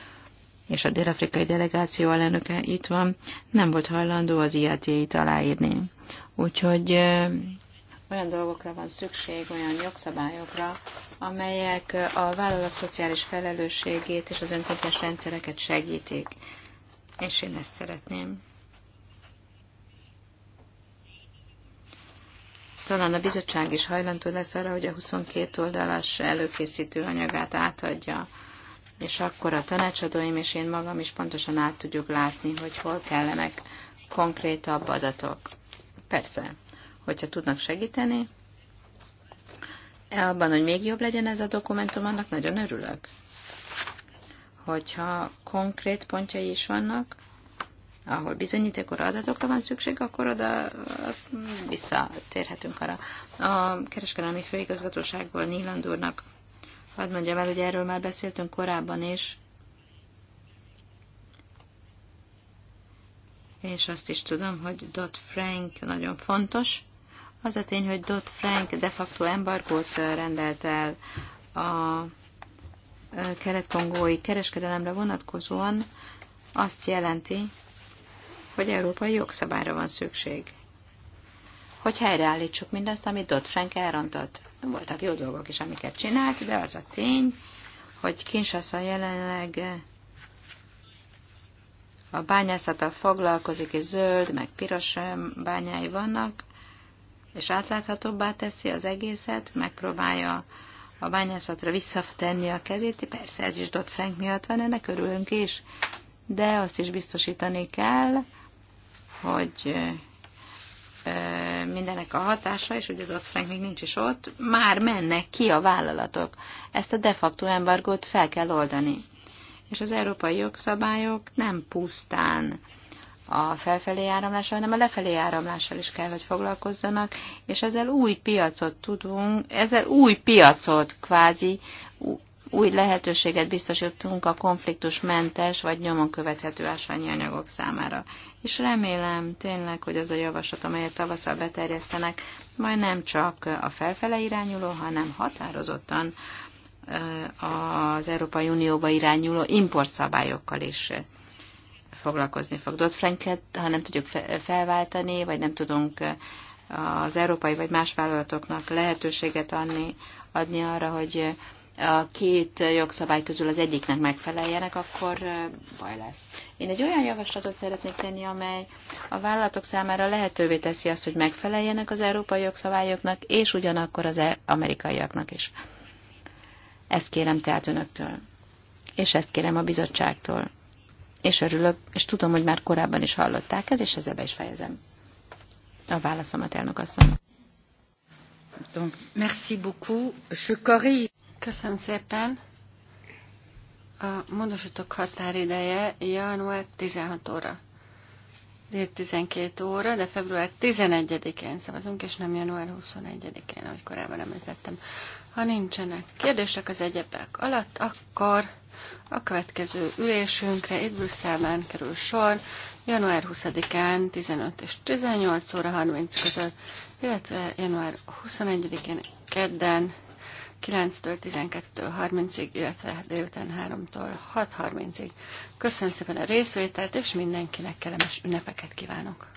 és a dél-afrikai delegáció alelnöke itt van, nem volt hajlandó az IAT-t aláírni. Úgyhogy olyan dolgokra van szükség, olyan jogszabályokra, amelyek a vállalat szociális felelősségét és az önkéntes rendszereket segítik. És én ezt szeretném. Talán a bizottság is hajlandó lesz arra, hogy a 22 oldalas előkészítő anyagát átadja és akkor a tanácsadóim és én magam is pontosan át tudjuk látni, hogy hol kellenek konkrétabb adatok. Persze, hogyha tudnak segíteni, e abban, hogy még jobb legyen ez a dokumentum, annak nagyon örülök. Hogyha konkrét pontjai is vannak, ahol bizonyítékor adatokra van szükség, akkor oda visszatérhetünk arra. A kereskedelmi főigazgatóságból Nílandúrnak Hadd mondjam el, hogy erről már beszéltünk korábban is, és azt is tudom, hogy Dot Frank nagyon fontos. Az a tény, hogy Dot Frank de facto embargót rendelt el a kelet-kongói kereskedelemre vonatkozóan, azt jelenti, hogy európai jogszabályra van szükség hogy helyreállítsuk mindazt, amit Dodd-Frank elrontott. Voltak jó dolgok is, amiket csinált, de az a tény, hogy Kinshasa jelenleg a bányászattal foglalkozik, és zöld, meg piros bányái vannak, és átláthatóbbá teszi az egészet, megpróbálja a bányászatra visszatenni a kezét, persze ez is Dodd Frank miatt van, ennek örülünk is, de azt is biztosítani kell, hogy mindenek a hatása, és ugye ott Frank még nincs is ott, már mennek ki a vállalatok. Ezt a de facto embargót fel kell oldani. És az európai jogszabályok nem pusztán a felfelé áramlással, hanem a lefelé áramlással is kell, hogy foglalkozzanak, és ezzel új piacot tudunk, ezzel új piacot kvázi új lehetőséget biztosítunk a konfliktusmentes vagy nyomon követhető ásványi anyagok számára. És remélem tényleg, hogy az a javaslat, amelyet tavasszal beterjesztenek, majd nem csak a felfele irányuló, hanem határozottan az Európai Unióba irányuló importszabályokkal is foglalkozni fog. Dodd-Franket, ha nem tudjuk felváltani, vagy nem tudunk az európai vagy más vállalatoknak lehetőséget adni, adni arra, hogy a két jogszabály közül az egyiknek megfeleljenek, akkor baj lesz. Én egy olyan javaslatot szeretnék tenni, amely a vállalatok számára lehetővé teszi azt, hogy megfeleljenek az európai jogszabályoknak, és ugyanakkor az e- amerikaiaknak is. Ezt kérem tehát önöktől. És ezt kérem a bizottságtól. És örülök, és tudom, hogy már korábban is hallották ez, és ezzel be is fejezem a válaszomat, elnök asszony. Donc, merci beaucoup. Je corrige. Köszönöm szépen. A módosítók határideje január 16 óra. Dél 12 óra, de február 11-én szavazunk, és nem január 21-én, ahogy korábban említettem. Ha nincsenek kérdések az egyebek alatt, akkor a következő ülésünkre itt Brüsszelben kerül sor január 20-án 15 és 18 óra 30 között, illetve január 21-én kedden 9-től 12 30 ig illetve délután 3-tól 6 30 ig Köszönöm szépen a részvételt, és mindenkinek kellemes ünnepeket kívánok!